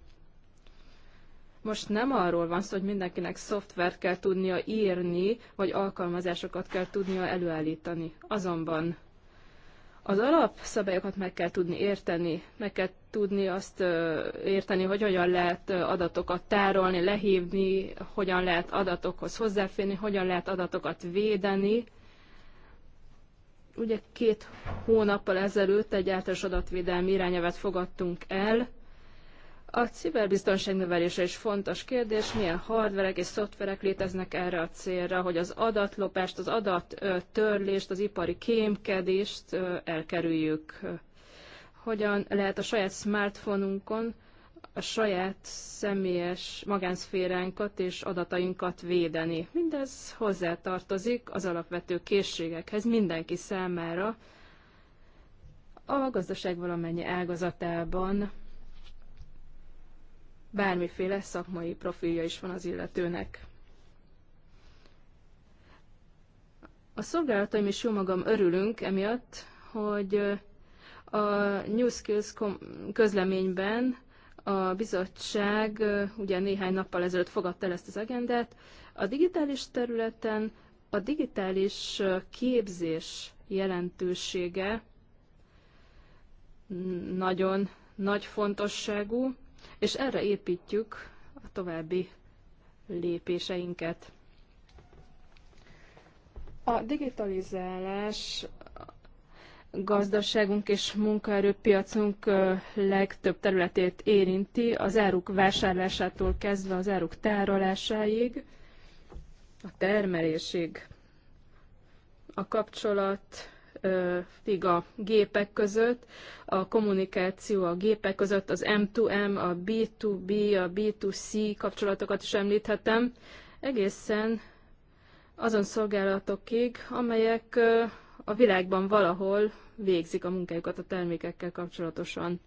Most nem arról van szó, hogy mindenkinek szoftvert kell tudnia írni, vagy alkalmazásokat kell tudnia előállítani. Azonban az alapszabályokat meg kell tudni érteni, meg kell tudni azt érteni, hogy hogyan lehet adatokat tárolni, lehívni, hogyan lehet adatokhoz hozzáférni, hogyan lehet adatokat védeni. Ugye két hónappal ezelőtt egy általános adatvédelmi irányelvet fogadtunk el, a ciberbiztonság növelése is fontos kérdés, milyen hardverek és szoftverek léteznek erre a célra, hogy az adatlopást, az adattörlést, az ipari kémkedést elkerüljük. Hogyan lehet a saját smartphoneunkon a saját személyes magánszféránkat és adatainkat védeni. Mindez hozzátartozik az alapvető készségekhez mindenki számára a gazdaság valamennyi ágazatában bármiféle szakmai profilja is van az illetőnek. A szolgálataim és jó magam örülünk emiatt, hogy a New Skills közleményben a bizottság ugye néhány nappal ezelőtt fogadta el ezt az agendát. A digitális területen a digitális képzés jelentősége nagyon nagy fontosságú, és erre építjük a további lépéseinket. A digitalizálás gazdaságunk és munkaerőpiacunk legtöbb területét érinti, az áruk vásárlásától kezdve az áruk tárolásáig, a termelésig, a kapcsolat a gépek között, a kommunikáció a gépek között, az M2M, a B2B, a B2C kapcsolatokat is említhetem, egészen azon szolgálatokig, amelyek a világban valahol végzik a munkájukat a termékekkel kapcsolatosan.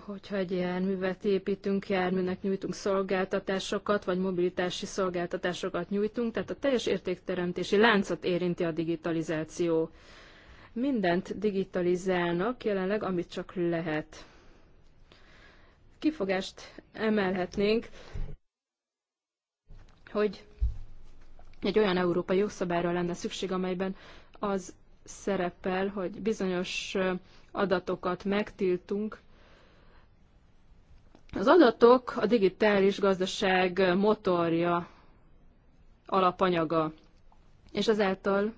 hogyha egy járművet építünk, járműnek nyújtunk szolgáltatásokat, vagy mobilitási szolgáltatásokat nyújtunk, tehát a teljes értékteremtési láncot érinti a digitalizáció. Mindent digitalizálnak jelenleg, amit csak lehet. Kifogást emelhetnénk, hogy egy olyan európai jogszabályra lenne szükség, amelyben az szerepel, hogy bizonyos adatokat megtiltunk, az adatok a digitális gazdaság motorja, alapanyaga, és ezáltal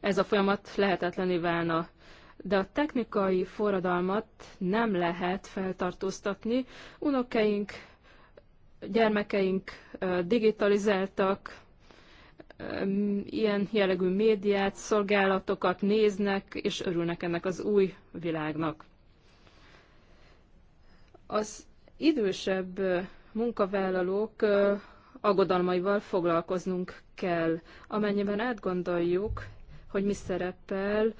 ez a folyamat lehetetlené válna. De a technikai forradalmat nem lehet feltartóztatni. Unokeink, gyermekeink digitalizáltak, ilyen jellegű médiát, szolgálatokat néznek, és örülnek ennek az új világnak. Az idősebb munkavállalók aggodalmaival foglalkoznunk kell, amennyiben átgondoljuk, hogy mi szerepel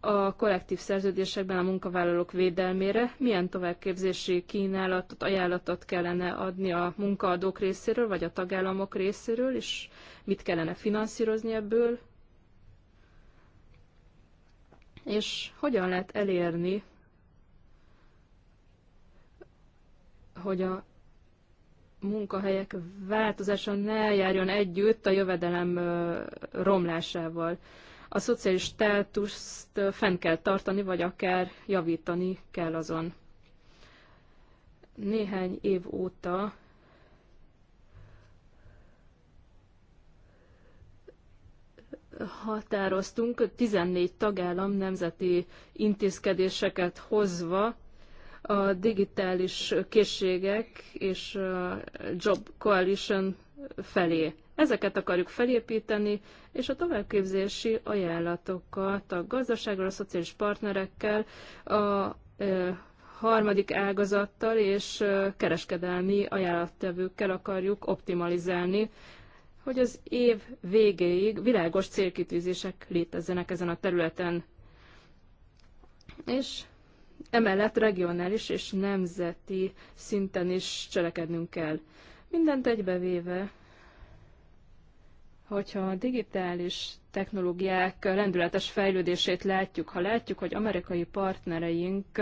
a kollektív szerződésekben a munkavállalók védelmére, milyen továbbképzési kínálatot, ajánlatot kellene adni a munkaadók részéről, vagy a tagállamok részéről, és mit kellene finanszírozni ebből, és hogyan lehet elérni hogy a munkahelyek változása ne járjon együtt a jövedelem romlásával. A szociális státuszt fenn kell tartani, vagy akár javítani kell azon. Néhány év óta határoztunk 14 tagállam nemzeti intézkedéseket hozva, a digitális készségek és a Job Coalition felé. Ezeket akarjuk felépíteni, és a továbbképzési ajánlatokat a gazdaságról a szociális partnerekkel, a harmadik ágazattal és kereskedelmi ajánlattevőkkel akarjuk optimalizálni, hogy az év végéig világos célkitűzések létezzenek ezen a területen. És Emellett regionális és nemzeti szinten is cselekednünk kell. Mindent egybevéve, hogyha a digitális technológiák rendületes fejlődését látjuk, ha látjuk, hogy amerikai partnereink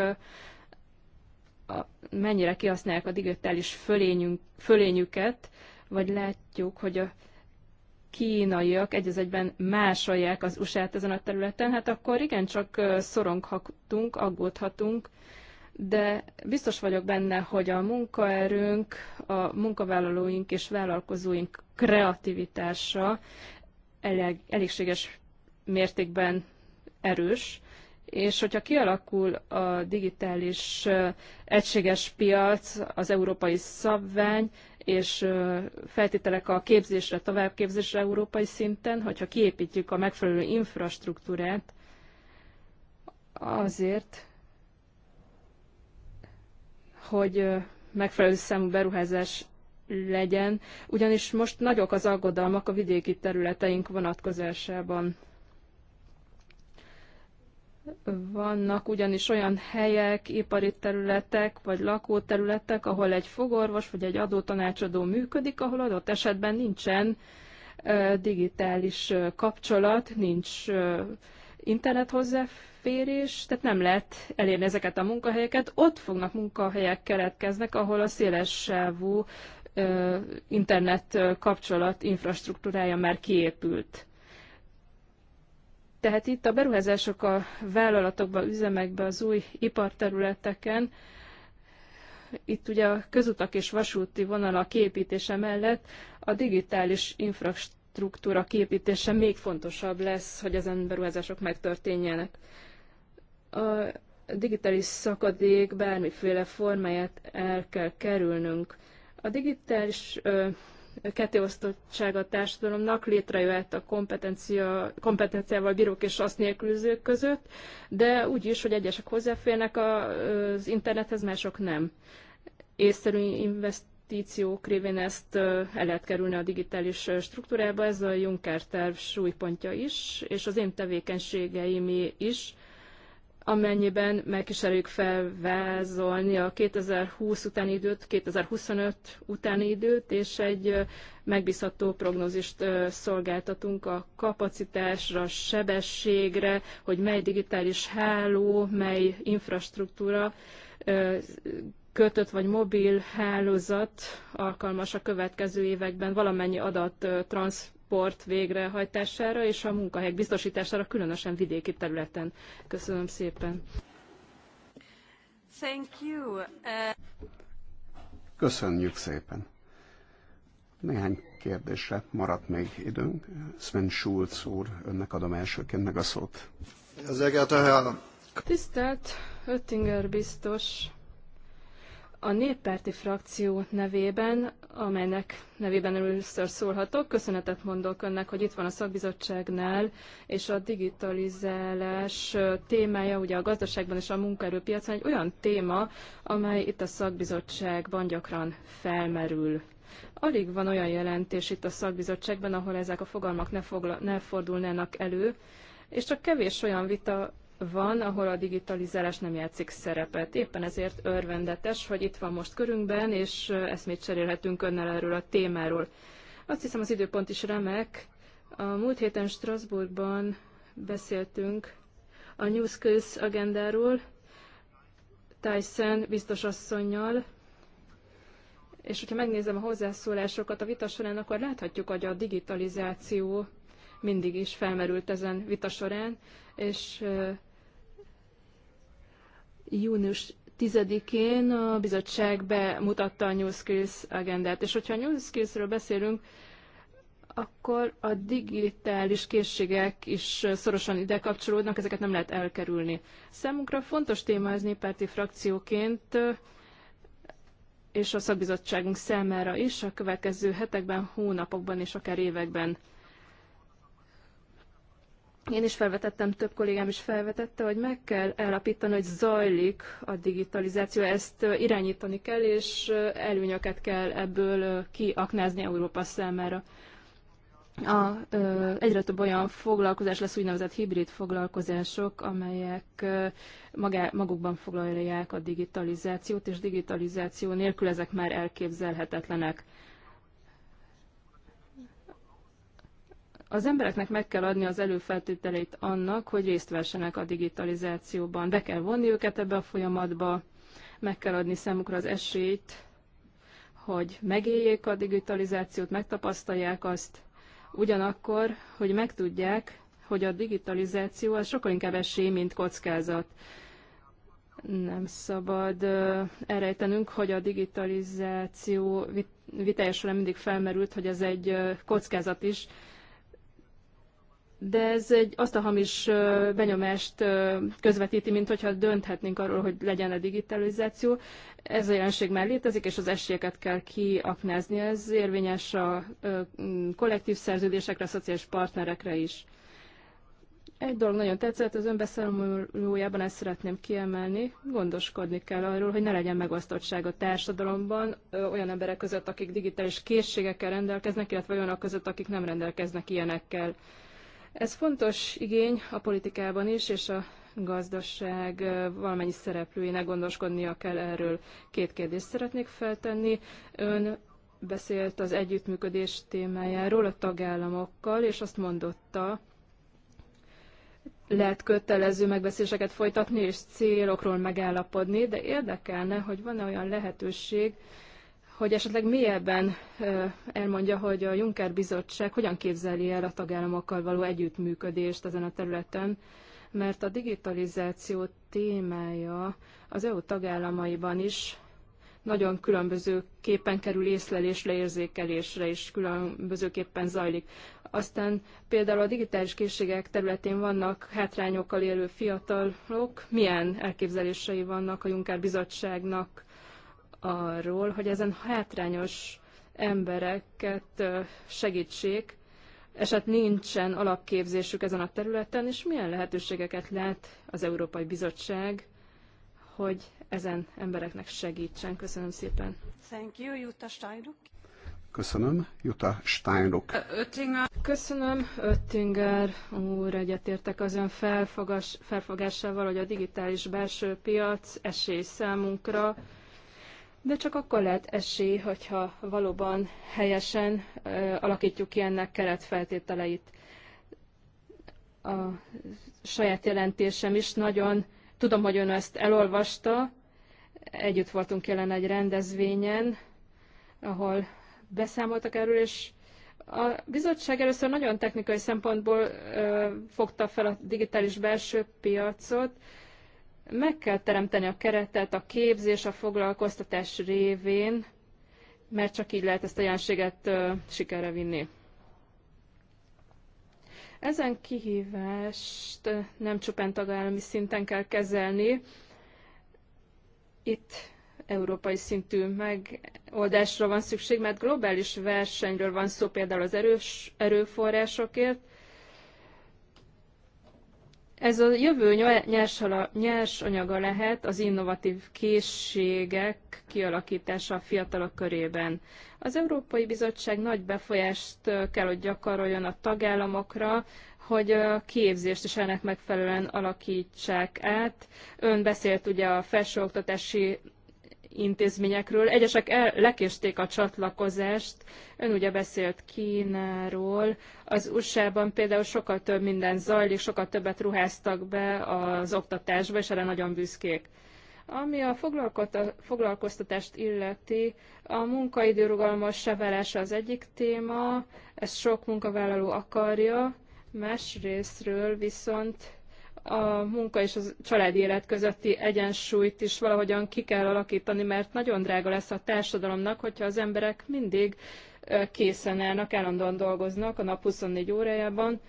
mennyire kihasználják a digitális fölényünk, fölényüket, vagy látjuk, hogy a kínaiak egy egyben másolják az usa ezen a területen, hát akkor igencsak szoronghatunk, aggódhatunk, de biztos vagyok benne, hogy a munkaerőnk, a munkavállalóink és vállalkozóink kreativitása elég, elégséges mértékben erős, és hogyha kialakul a digitális egységes piac, az európai szabvány, és feltételek a képzésre, továbbképzésre európai szinten, hogyha kiépítjük a megfelelő infrastruktúrát azért, hogy megfelelő számú beruházás legyen, ugyanis most nagyok az aggodalmak a vidéki területeink vonatkozásában. Vannak ugyanis olyan helyek, ipari területek, vagy lakóterületek, ahol egy fogorvos vagy egy adótanácsadó működik, ahol adott esetben nincsen digitális kapcsolat, nincs internet hozzáférés, tehát nem lehet elérni ezeket a munkahelyeket. Ott fognak munkahelyek keletkeznek, ahol a széles sávú internet kapcsolat infrastruktúrája már kiépült. Tehát itt a beruházások a vállalatokba, üzemekbe, az új iparterületeken, itt ugye a közutak és vasúti vonala képítése mellett a digitális infrastruktúra képítése még fontosabb lesz, hogy ezen beruházások megtörténjenek. A digitális szakadék bármiféle formáját el kell kerülnünk. A digitális kettéosztottság a társadalomnak létrejöhet a kompetencia, kompetenciával bírók és azt nélkülözők között, de úgy is, hogy egyesek hozzáférnek az internethez, mások nem. Észszerű investíciók révén ezt el lehet kerülni a digitális struktúrába, ez a Juncker terv súlypontja is, és az én tevékenységeim is, amennyiben megkísérjük felvázolni a 2020 utáni időt, 2025 utáni időt, és egy megbízható prognózist szolgáltatunk a kapacitásra, a sebességre, hogy mely digitális háló, mely infrastruktúra kötött vagy mobil hálózat alkalmas a következő években valamennyi adat transz sport végrehajtására és a munkahelyek biztosítására, különösen vidéki területen. Köszönöm szépen. Thank you. Uh... Köszönjük szépen. Néhány kérdésre maradt még időnk. Sven Schulz úr, önnek adom elsőként meg a szót. Tisztelt Öttinger biztos, a néppárti frakció nevében, amelynek nevében először szólhatok, köszönetet mondok önnek, hogy itt van a szakbizottságnál, és a digitalizálás témája ugye a gazdaságban és a munkaerőpiacon egy olyan téma, amely itt a szakbizottságban gyakran felmerül. Alig van olyan jelentés itt a szakbizottságban, ahol ezek a fogalmak ne, fogla, ne fordulnának elő, és csak kevés olyan vita van, ahol a digitalizálás nem játszik szerepet. Éppen ezért örvendetes, hogy itt van most körünkben, és eszmét cserélhetünk önnel erről a témáról. Azt hiszem az időpont is remek. A múlt héten Strasbourgban beszéltünk a New agendáról, Tyson biztos és hogyha megnézem a hozzászólásokat a vita során, akkor láthatjuk, hogy a digitalizáció mindig is felmerült ezen vita során, és június 10-én a bizottság bemutatta a New Skills agendát. És hogyha a New Skills-ről beszélünk, akkor a digitális készségek is szorosan ide kapcsolódnak, ezeket nem lehet elkerülni. Számunkra fontos téma ez néppárti frakcióként, és a szakbizottságunk számára is a következő hetekben, hónapokban és akár években. Én is felvetettem, több kollégám is felvetette, hogy meg kell elapítani, hogy zajlik a digitalizáció, ezt irányítani kell, és előnyöket kell ebből kiaknázni Európa számára. A, ö, egyre több olyan foglalkozás lesz, úgynevezett hibrid foglalkozások, amelyek ö, magá, magukban foglalják a digitalizációt, és digitalizáció nélkül ezek már elképzelhetetlenek. Az embereknek meg kell adni az előfeltételeit annak, hogy részt vessenek a digitalizációban. Be kell vonni őket ebbe a folyamatba, meg kell adni számukra az esélyt, hogy megéljék a digitalizációt, megtapasztalják azt, ugyanakkor, hogy megtudják, hogy a digitalizáció az sokkal inkább esély, mint kockázat. Nem szabad uh, elrejtenünk, hogy a digitalizáció vitájásra mindig felmerült, hogy ez egy uh, kockázat is, de ez egy, azt a hamis benyomást közvetíti, mint hogyha dönthetnénk arról, hogy legyen a digitalizáció. Ez a jelenség már létezik, és az esélyeket kell kiaknázni. Ez érvényes a kollektív szerződésekre, a szociális partnerekre is. Egy dolog nagyon tetszett, az önbeszámolójában ezt szeretném kiemelni, gondoskodni kell arról, hogy ne legyen megosztottság a társadalomban olyan emberek között, akik digitális készségekkel rendelkeznek, illetve olyanok között, akik nem rendelkeznek ilyenekkel. Ez fontos igény a politikában is, és a gazdaság valamennyi szereplőinek gondoskodnia kell erről. Két kérdést szeretnék feltenni. Ön beszélt az együttműködés témájáról a tagállamokkal, és azt mondotta, lehet kötelező megbeszéléseket folytatni és célokról megállapodni, de érdekelne, hogy van-e olyan lehetőség, hogy esetleg mélyebben elmondja, hogy a Juncker Bizottság hogyan képzeli el a tagállamokkal való együttműködést ezen a területen, mert a digitalizáció témája az EU tagállamaiban is nagyon különbözőképpen kerül észlelésre, érzékelésre, és különbözőképpen zajlik. Aztán például a digitális készségek területén vannak hátrányokkal élő fiatalok. Milyen elképzelései vannak a Juncker Bizottságnak arról, hogy ezen hátrányos embereket segítsék, eset nincsen alapképzésük ezen a területen, és milyen lehetőségeket lát az Európai Bizottság, hogy ezen embereknek segítsen. Köszönöm szépen. Thank you, Jutta Steinruck. Köszönöm, Jutta Steinruck. Öttinger. Köszönöm, Öttinger úr, egyetértek az ön felfogás, felfogásával, hogy a digitális belső piac esély számunkra, de csak akkor lehet esély, hogyha valóban helyesen ö, alakítjuk ki ennek keretfeltételeit. A saját jelentésem is nagyon, tudom, hogy ön ezt elolvasta, együtt voltunk jelen egy rendezvényen, ahol beszámoltak erről, és a bizottság először nagyon technikai szempontból ö, fogta fel a digitális belső piacot, meg kell teremteni a keretet a képzés, a foglalkoztatás révén, mert csak így lehet ezt a jelenséget sikerre vinni. Ezen kihívást nem csupán tagállami szinten kell kezelni, itt európai szintű megoldásra van szükség, mert globális versenyről van szó például az erős erőforrásokért, ez a jövő nyersanyaga lehet az innovatív készségek kialakítása a fiatalok körében. Az Európai Bizottság nagy befolyást kell, hogy gyakoroljon a tagállamokra, hogy a képzést is ennek megfelelően alakítsák át. Ön beszélt ugye a felsőoktatási intézményekről. Egyesek el, lekésték a csatlakozást. Ön ugye beszélt Kínáról. Az USA-ban például sokkal több minden zajlik, sokkal többet ruháztak be az oktatásba, és erre nagyon büszkék. Ami a foglalkoztatást illeti, a munkaidőrugalmas rugalmassá az egyik téma, ezt sok munkavállaló akarja, más részről viszont a munka és a családi élet közötti egyensúlyt is valahogyan ki kell alakítani, mert nagyon drága lesz a társadalomnak, hogyha az emberek mindig készen állnak, állandóan dolgoznak a nap 24 órájában,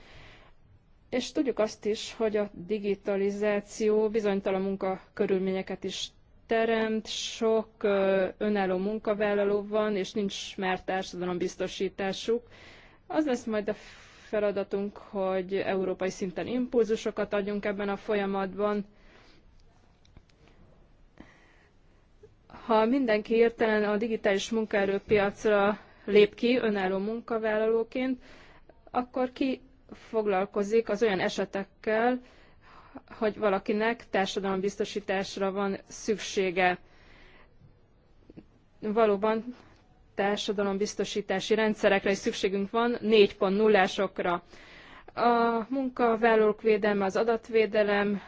és tudjuk azt is, hogy a digitalizáció bizonytalan körülményeket is teremt, sok önálló munkavállaló van, és nincs már társadalombiztosításuk. Az lesz majd a feladatunk, hogy európai szinten impulzusokat adjunk ebben a folyamatban. Ha mindenki értelen a digitális munkaerőpiacra lép ki önálló munkavállalóként, akkor ki foglalkozik az olyan esetekkel, hogy valakinek társadalombiztosításra van szüksége. Valóban társadalombiztosítási rendszerekre is szükségünk van, 40 ásokra A munkavállalók védelme, az adatvédelem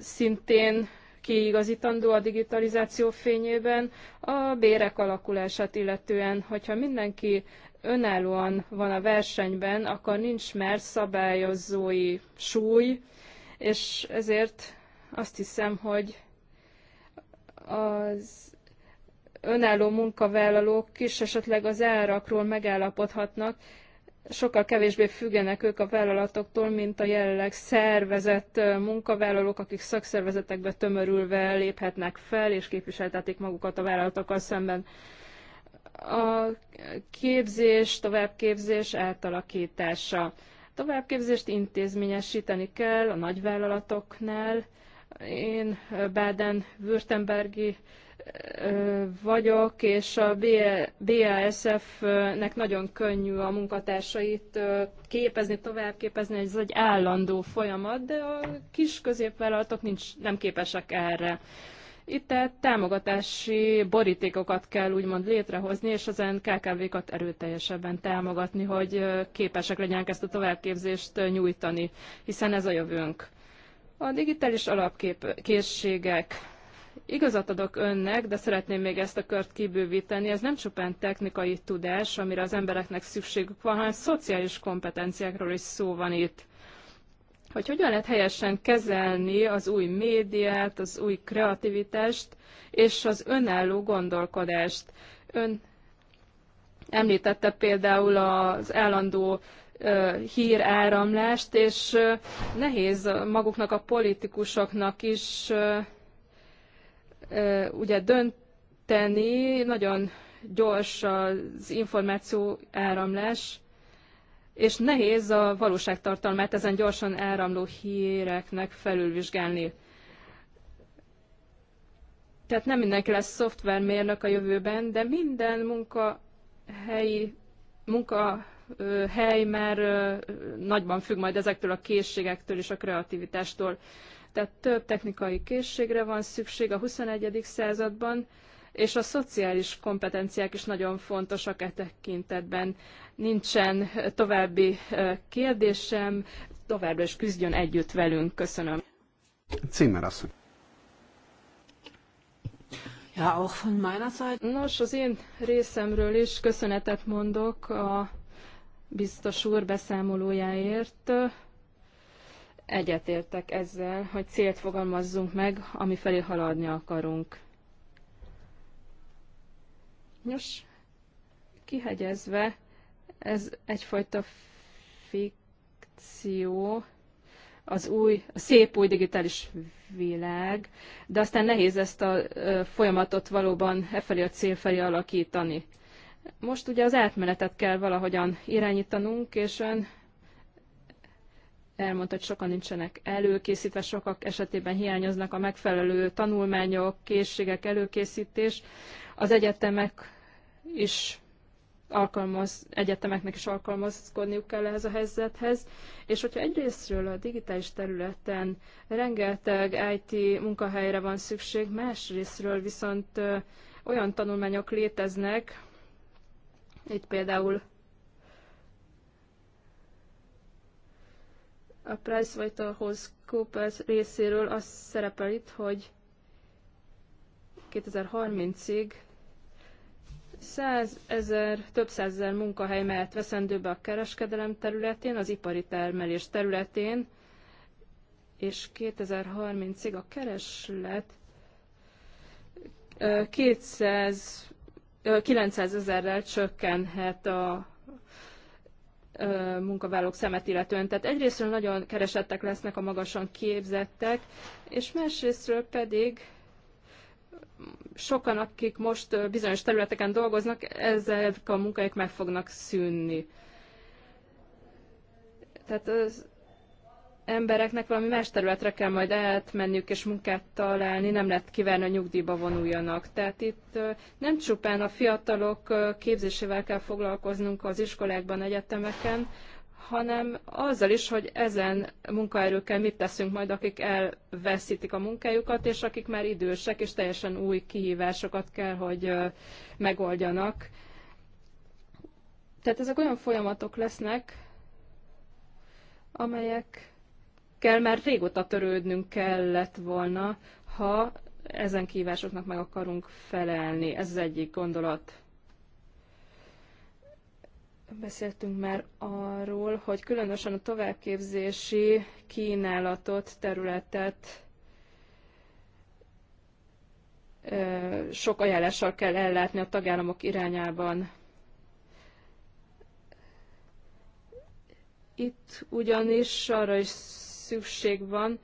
szintén kiigazítandó a digitalizáció fényében, a bérek alakulását illetően, hogyha mindenki önállóan van a versenyben, akkor nincs már szabályozói súly, és ezért azt hiszem, hogy az önálló munkavállalók kis esetleg az árakról megállapodhatnak, sokkal kevésbé függenek ők a vállalatoktól, mint a jelenleg szervezett munkavállalók, akik szakszervezetekbe tömörülve léphetnek fel, és képviseltetik magukat a vállalatokkal szemben. A képzés, továbbképzés átalakítása. Továbbképzést intézményesíteni kell a nagyvállalatoknál. Én Baden-Württembergi vagyok, és a BASF-nek e, e nagyon könnyű a munkatársait képezni, tovább képezni ez egy állandó folyamat, de a kis középvállalatok nincs, nem képesek erre. Itt tehát támogatási borítékokat kell úgymond létrehozni, és az nkkv kat erőteljesebben támogatni, hogy képesek legyenek ezt a továbbképzést nyújtani, hiszen ez a jövőnk. A digitális alapkészségek Igazat adok önnek, de szeretném még ezt a kört kibővíteni. Ez nem csupán technikai tudás, amire az embereknek szükségük van, hanem szociális kompetenciákról is szó van itt. Hogy hogyan lehet helyesen kezelni az új médiát, az új kreativitást és az önálló gondolkodást. Ön említette például az állandó híráramlást, és nehéz maguknak a politikusoknak is ugye dönteni, nagyon gyors az információ áramlás, és nehéz a valóságtartalmát ezen gyorsan áramló híreknek felülvizsgálni. Tehát nem mindenki lesz szoftvermérnök a jövőben, de minden munkahelyi munkahely már nagyban függ majd ezektől a készségektől és a kreativitástól tehát több technikai készségre van szükség a 21. században, és a szociális kompetenciák is nagyon fontosak e tekintetben. Nincsen további kérdésem, továbbra is küzdjön együtt velünk. Köszönöm. Címer asszony. Ja, auch von meiner Seite. Nos, az én részemről is köszönetet mondok a biztos úr beszámolójáért. Egyetértek ezzel, hogy célt fogalmazzunk meg, ami felé haladni akarunk. Nos, kihegyezve, ez egyfajta fikció, az új, a szép új digitális világ, de aztán nehéz ezt a folyamatot valóban e felé a cél felé alakítani. Most ugye az átmenetet kell valahogyan irányítanunk, és ön elmondta, hogy sokan nincsenek előkészítve, sokak esetében hiányoznak a megfelelő tanulmányok, készségek, előkészítés. Az egyetemek is alkalmaz, egyetemeknek is alkalmazkodniuk kell ehhez a helyzethez, és hogyha egyrésztről a digitális területen rengeteg IT munkahelyre van szükség, másrésztről viszont olyan tanulmányok léteznek, itt például A PricewaterhouseCoopers részéről az szerepel itt, hogy 2030-ig 100 ezer, több százezer munkahely mehet veszendőbe a kereskedelem területén, az ipari termelés területén, és 2030-ig a kereslet 200, 900 ezerrel csökkenhet a munkavállalók szemet illetően. Tehát egyrésztről nagyon keresettek lesznek a magasan képzettek, és másrésztről pedig sokan, akik most bizonyos területeken dolgoznak, ezek a munkaik meg fognak szűnni. Tehát az embereknek valami más területre kell majd átmenniük és munkát találni, nem lehet kivárni, hogy nyugdíjba vonuljanak. Tehát itt nem csupán a fiatalok képzésével kell foglalkoznunk az iskolákban, egyetemeken, hanem azzal is, hogy ezen munkaerőkkel mit teszünk majd, akik elveszítik a munkájukat, és akik már idősek, és teljesen új kihívásokat kell, hogy megoldjanak. Tehát ezek olyan folyamatok lesznek, amelyek ezekkel már régóta törődnünk kellett volna, ha ezen kívásoknak meg akarunk felelni. Ez az egyik gondolat. Beszéltünk már arról, hogy különösen a továbbképzési kínálatot, területet sok ajánlással kell ellátni a tagállamok irányában. Itt ugyanis arra is szükség van,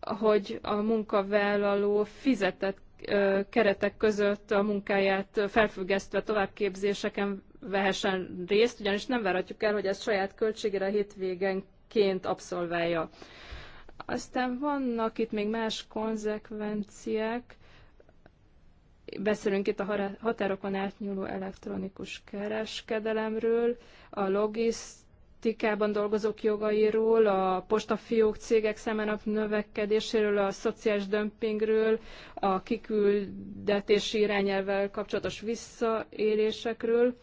hogy a munkavállaló fizetett keretek között a munkáját felfüggesztve továbbképzéseken vehessen részt, ugyanis nem várhatjuk el, hogy ez saját költségére hétvégenként abszolválja. Aztán vannak itt még más konzekvenciák. Beszélünk itt a határokon átnyúló elektronikus kereskedelemről, a logisztikai politikában dolgozók jogairól, a postafiók cégek számának növekedéséről, a szociális dömpingről, a kiküldetési irányelvvel kapcsolatos visszaélésekről,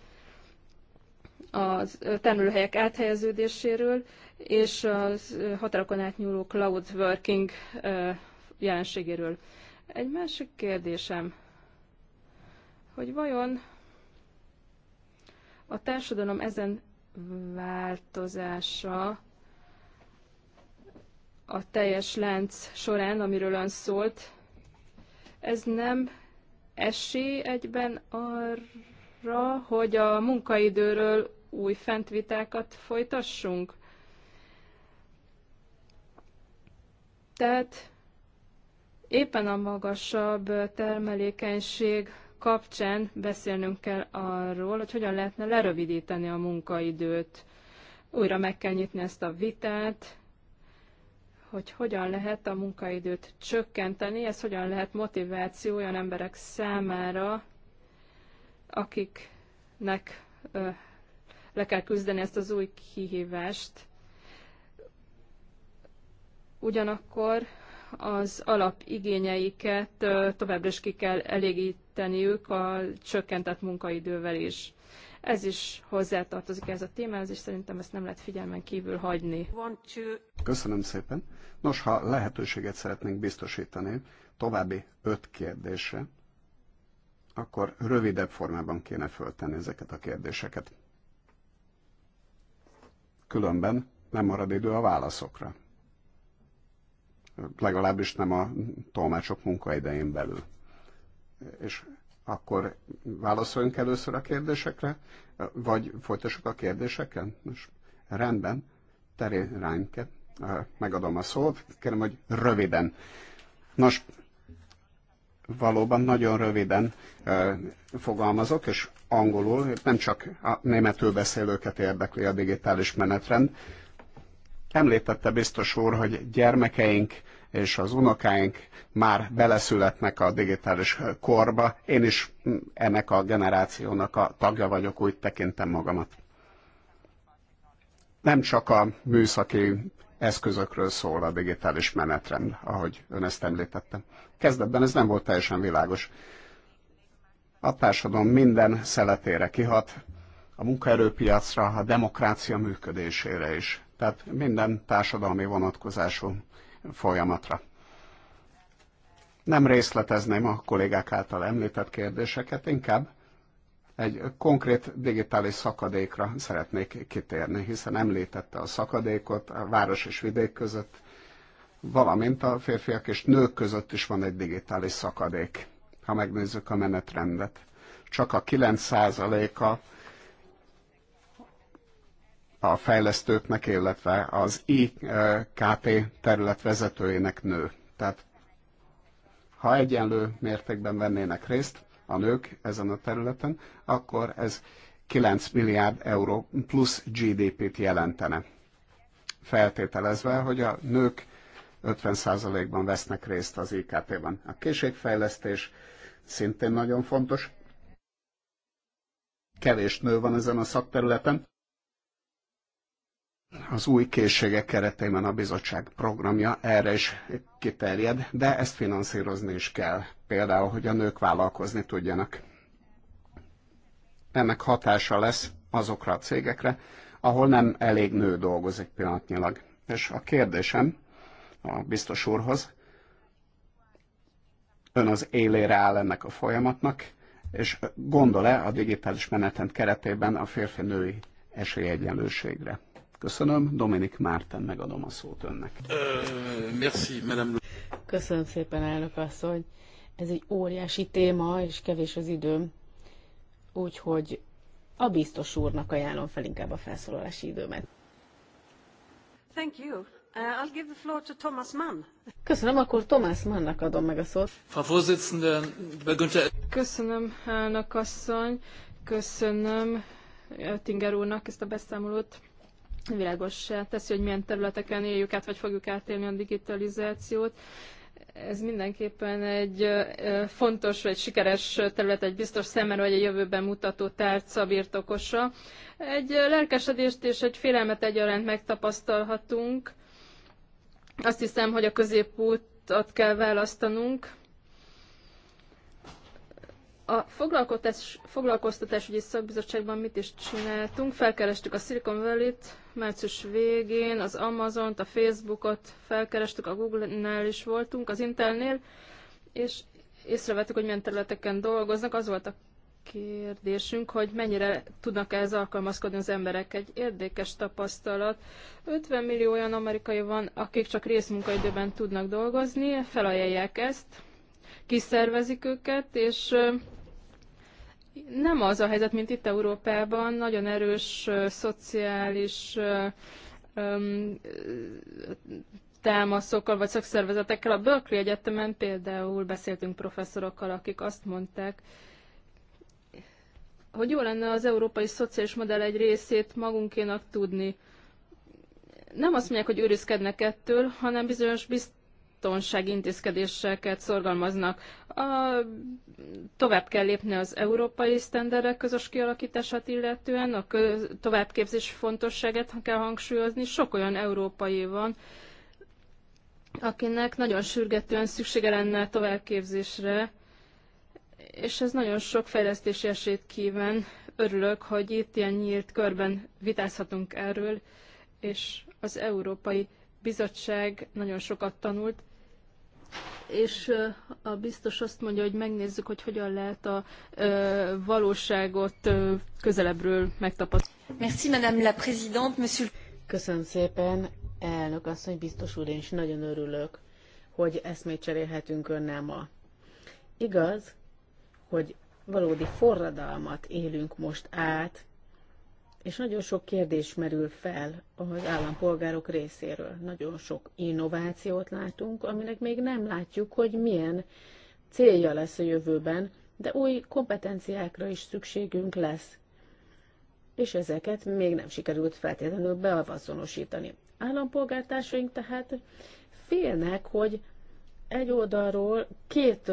a termelőhelyek áthelyeződéséről, és a határokon átnyúló cloud working jelenségéről. Egy másik kérdésem, hogy vajon a társadalom ezen változása a teljes lánc során, amiről ön szólt, ez nem esély egyben arra, hogy a munkaidőről új fentvitákat folytassunk? Tehát éppen a magasabb termelékenység kapcsán beszélnünk kell arról, hogy hogyan lehetne lerövidíteni a munkaidőt. Újra meg kell nyitni ezt a vitát, hogy hogyan lehet a munkaidőt csökkenteni, ez hogyan lehet motiváció olyan emberek számára, akiknek ö, le kell küzdeni ezt az új kihívást. Ugyanakkor az alapigényeiket továbbra is ki kell elégít, tenniük a csökkentett munkaidővel is. Ez is hozzátartozik ez a témához, és szerintem ezt nem lehet figyelmen kívül hagyni. Köszönöm szépen. Nos, ha lehetőséget szeretnénk biztosítani további öt kérdésre, akkor rövidebb formában kéne föltenni ezeket a kérdéseket. Különben nem marad idő a válaszokra. Legalábbis nem a tolmácsok munkaidején belül és akkor válaszoljunk először a kérdésekre, vagy folytassuk a kérdésekkel? Most rendben, Teré Ránke, eh, megadom a szót, kérem, hogy röviden. Nos, valóban nagyon röviden eh, fogalmazok, és angolul, nem csak a németül beszélőket érdekli a digitális menetrend. Említette biztos úr, hogy gyermekeink és az unokáink már beleszületnek a digitális korba. Én is ennek a generációnak a tagja vagyok, úgy tekintem magamat. Nem csak a műszaki eszközökről szól a digitális menetrend, ahogy ön ezt említette. Kezdetben ez nem volt teljesen világos. A társadalom minden szeletére kihat, a munkaerőpiacra, a demokrácia működésére is. Tehát minden társadalmi vonatkozású folyamatra. Nem részletezném a kollégák által említett kérdéseket, inkább egy konkrét digitális szakadékra szeretnék kitérni, hiszen említette a szakadékot a város és vidék között, valamint a férfiak és nők között is van egy digitális szakadék, ha megnézzük a menetrendet. Csak a 9%-a a fejlesztőknek, illetve az IKT terület vezetőjének nő. Tehát ha egyenlő mértékben vennének részt a nők ezen a területen, akkor ez 9 milliárd euró plusz GDP-t jelentene. Feltételezve, hogy a nők 50%-ban vesznek részt az ikt ban A készségfejlesztés szintén nagyon fontos. Kevés nő van ezen a szakterületen az új készségek keretében a bizottság programja erre is kiterjed, de ezt finanszírozni is kell. Például, hogy a nők vállalkozni tudjanak. Ennek hatása lesz azokra a cégekre, ahol nem elég nő dolgozik pillanatnyilag. És a kérdésem a biztos úrhoz, ön az élére áll ennek a folyamatnak, és gondol-e a digitális menetend keretében a férfi-női esélyegyenlőségre? Köszönöm, Dominik Márten, megadom a szót önnek. Merci, madame. Köszönöm szépen, elnök asszony. Ez egy óriási téma, és kevés az időm, úgyhogy a biztos úrnak ajánlom fel inkább a felszólalási időmet. Thank you. Uh, I'll give the floor to Thomas Mann. Köszönöm, akkor Thomas Mannnak adom meg a szót. Köszönöm, elnök asszony. Köszönöm Tinger úrnak ezt a beszámolót világos, teszi, hogy milyen területeken éljük át, vagy fogjuk átélni a digitalizációt. Ez mindenképpen egy fontos, vagy sikeres terület, egy biztos szemmel, vagy a jövőben mutató tárca birtokosa. Egy lelkesedést és egy félelmet egyaránt megtapasztalhatunk. Azt hiszem, hogy a középút kell választanunk, a foglalkoztatás, foglalkoztatásügyi szakbizottságban mit is csináltunk? Felkerestük a Silicon Valley-t március végén, az Amazon-t, a Facebookot, felkerestük, a Google-nál is voltunk, az Intelnél, és észrevettük, hogy milyen területeken dolgoznak. Az volt a kérdésünk, hogy mennyire tudnak -e ez alkalmazkodni az emberek. Egy érdekes tapasztalat. 50 millió olyan amerikai van, akik csak részmunkaidőben tudnak dolgozni, felajánlják ezt, kiszervezik őket, és nem az a helyzet, mint itt Európában, nagyon erős szociális támaszokkal vagy szakszervezetekkel. A Berkeley Egyetemen például beszéltünk professzorokkal, akik azt mondták, hogy jó lenne az európai szociális modell egy részét magunkénak tudni. Nem azt mondják, hogy őrizkednek ettől, hanem bizonyos bizt biztonsági intézkedéseket szorgalmaznak. A, tovább kell lépni az európai sztenderek közös kialakítását illetően, a köz, továbbképzés fontosságát kell hangsúlyozni. Sok olyan európai van, akinek nagyon sürgetően szüksége lenne továbbképzésre, és ez nagyon sok fejlesztési esélyt kíván. Örülök, hogy itt ilyen nyílt körben vitázhatunk erről, és az európai bizottság nagyon sokat tanult, és a biztos azt mondja, hogy megnézzük, hogy hogyan lehet a ö, valóságot ö, közelebbről megtapasztalni. Merci, Madame la Présidente, Monsieur... Köszönöm szépen, elnök asszony, biztos úr, én is nagyon örülök, hogy eszmét cserélhetünk önnel ma. Igaz, hogy valódi forradalmat élünk most át, és nagyon sok kérdés merül fel az állampolgárok részéről. Nagyon sok innovációt látunk, aminek még nem látjuk, hogy milyen célja lesz a jövőben, de új kompetenciákra is szükségünk lesz, és ezeket még nem sikerült feltétlenül beavazonosítani. Állampolgártársaink tehát félnek, hogy egy oldalról két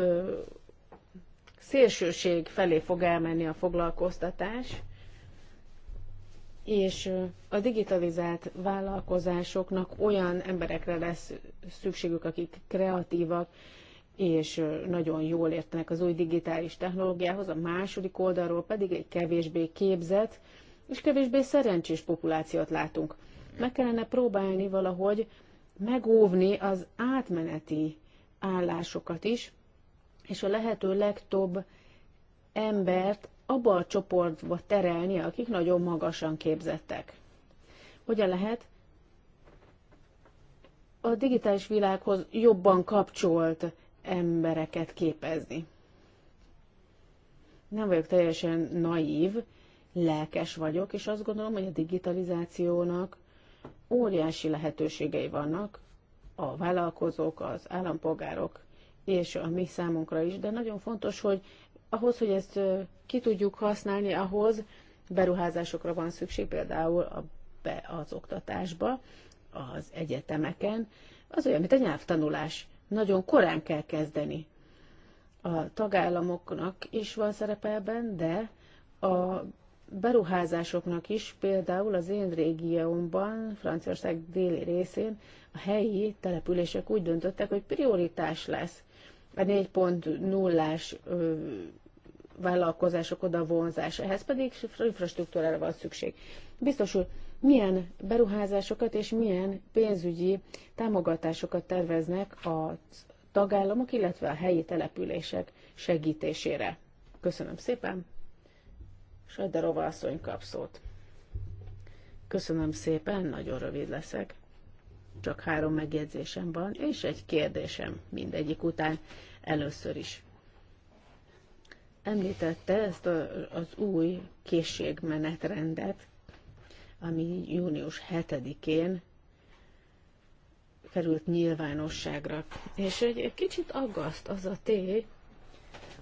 szélsőség felé fog elmenni a foglalkoztatás, és a digitalizált vállalkozásoknak olyan emberekre lesz szükségük, akik kreatívak, és nagyon jól értenek az új digitális technológiához, a második oldalról pedig egy kevésbé képzett és kevésbé szerencsés populációt látunk. Meg kellene próbálni valahogy megóvni az átmeneti állásokat is, és a lehető legtöbb embert abba a csoportba terelni, akik nagyon magasan képzettek. Hogyan lehet a digitális világhoz jobban kapcsolt embereket képezni? Nem vagyok teljesen naív, lelkes vagyok, és azt gondolom, hogy a digitalizációnak óriási lehetőségei vannak a vállalkozók, az állampolgárok és a mi számunkra is, de nagyon fontos, hogy ahhoz, hogy ezt ki tudjuk használni, ahhoz beruházásokra van szükség, például a, be az oktatásba, az egyetemeken. Az olyan, mint a nyelvtanulás. Nagyon korán kell kezdeni. A tagállamoknak is van szerepe ebben, de a beruházásoknak is, például az én régiómban, Franciaország déli részén a helyi települések úgy döntöttek, hogy prioritás lesz a 4.0-as vállalkozások oda vonzás, ehhez pedig infrastruktúrára van szükség. Biztos milyen beruházásokat és milyen pénzügyi támogatásokat terveznek a tagállamok, illetve a helyi települések segítésére? Köszönöm szépen. Sajderova asszony kap szót. Köszönöm szépen, nagyon rövid leszek. Csak három megjegyzésem van, és egy kérdésem mindegyik után először is említette ezt a, az új készségmenetrendet, ami június 7-én került nyilvánosságra. És egy, egy kicsit aggaszt az a tény,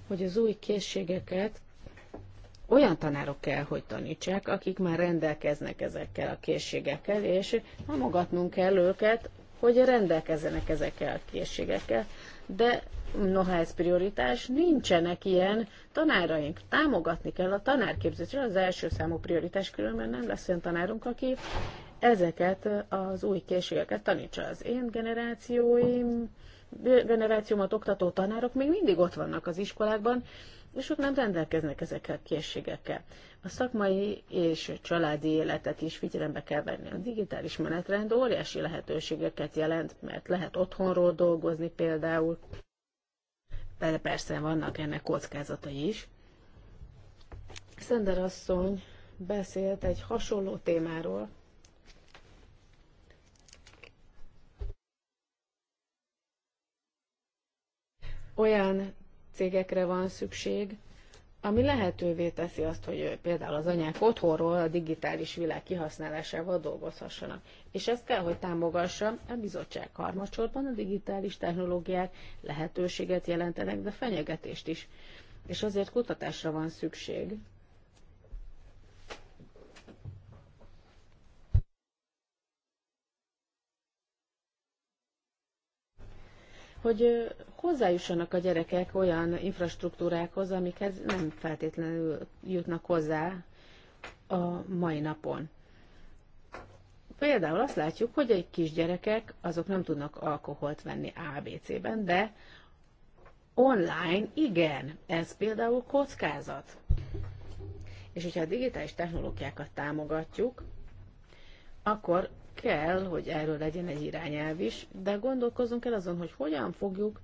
hogy az új készségeket olyan tanárok kell, hogy tanítsák, akik már rendelkeznek ezekkel a készségekkel, és támogatnunk kell őket, hogy rendelkezzenek ezekkel a készségekkel, de noha ez prioritás, nincsenek ilyen tanáraink. Támogatni kell a tanárképzésre, az első számú prioritás, különben nem lesz olyan tanárunk, aki ezeket az új készségeket tanítsa. Az én generációim, generációmat oktató tanárok még mindig ott vannak az iskolákban, és ők nem rendelkeznek ezekkel a készségekkel. A szakmai és családi életet is figyelembe kell venni. A digitális menetrend óriási lehetőségeket jelent, mert lehet otthonról dolgozni például, persze vannak ennek kockázatai is. Szender asszony beszélt egy hasonló témáról, olyan cégekre van szükség, ami lehetővé teszi azt, hogy például az anyák otthonról a digitális világ kihasználásával dolgozhassanak. És ezt kell, hogy támogassa a bizottság harmadsorban a digitális technológiák lehetőséget jelentenek, de fenyegetést is. És azért kutatásra van szükség. Hogy hozzájussanak a gyerekek olyan infrastruktúrákhoz, amikhez nem feltétlenül jutnak hozzá a mai napon. Például azt látjuk, hogy egy kisgyerekek azok nem tudnak alkoholt venni ABC-ben, de online igen, ez például kockázat. És hogyha a digitális technológiákat támogatjuk, akkor kell, hogy erről legyen egy irányelv is, de gondolkozunk el azon, hogy hogyan fogjuk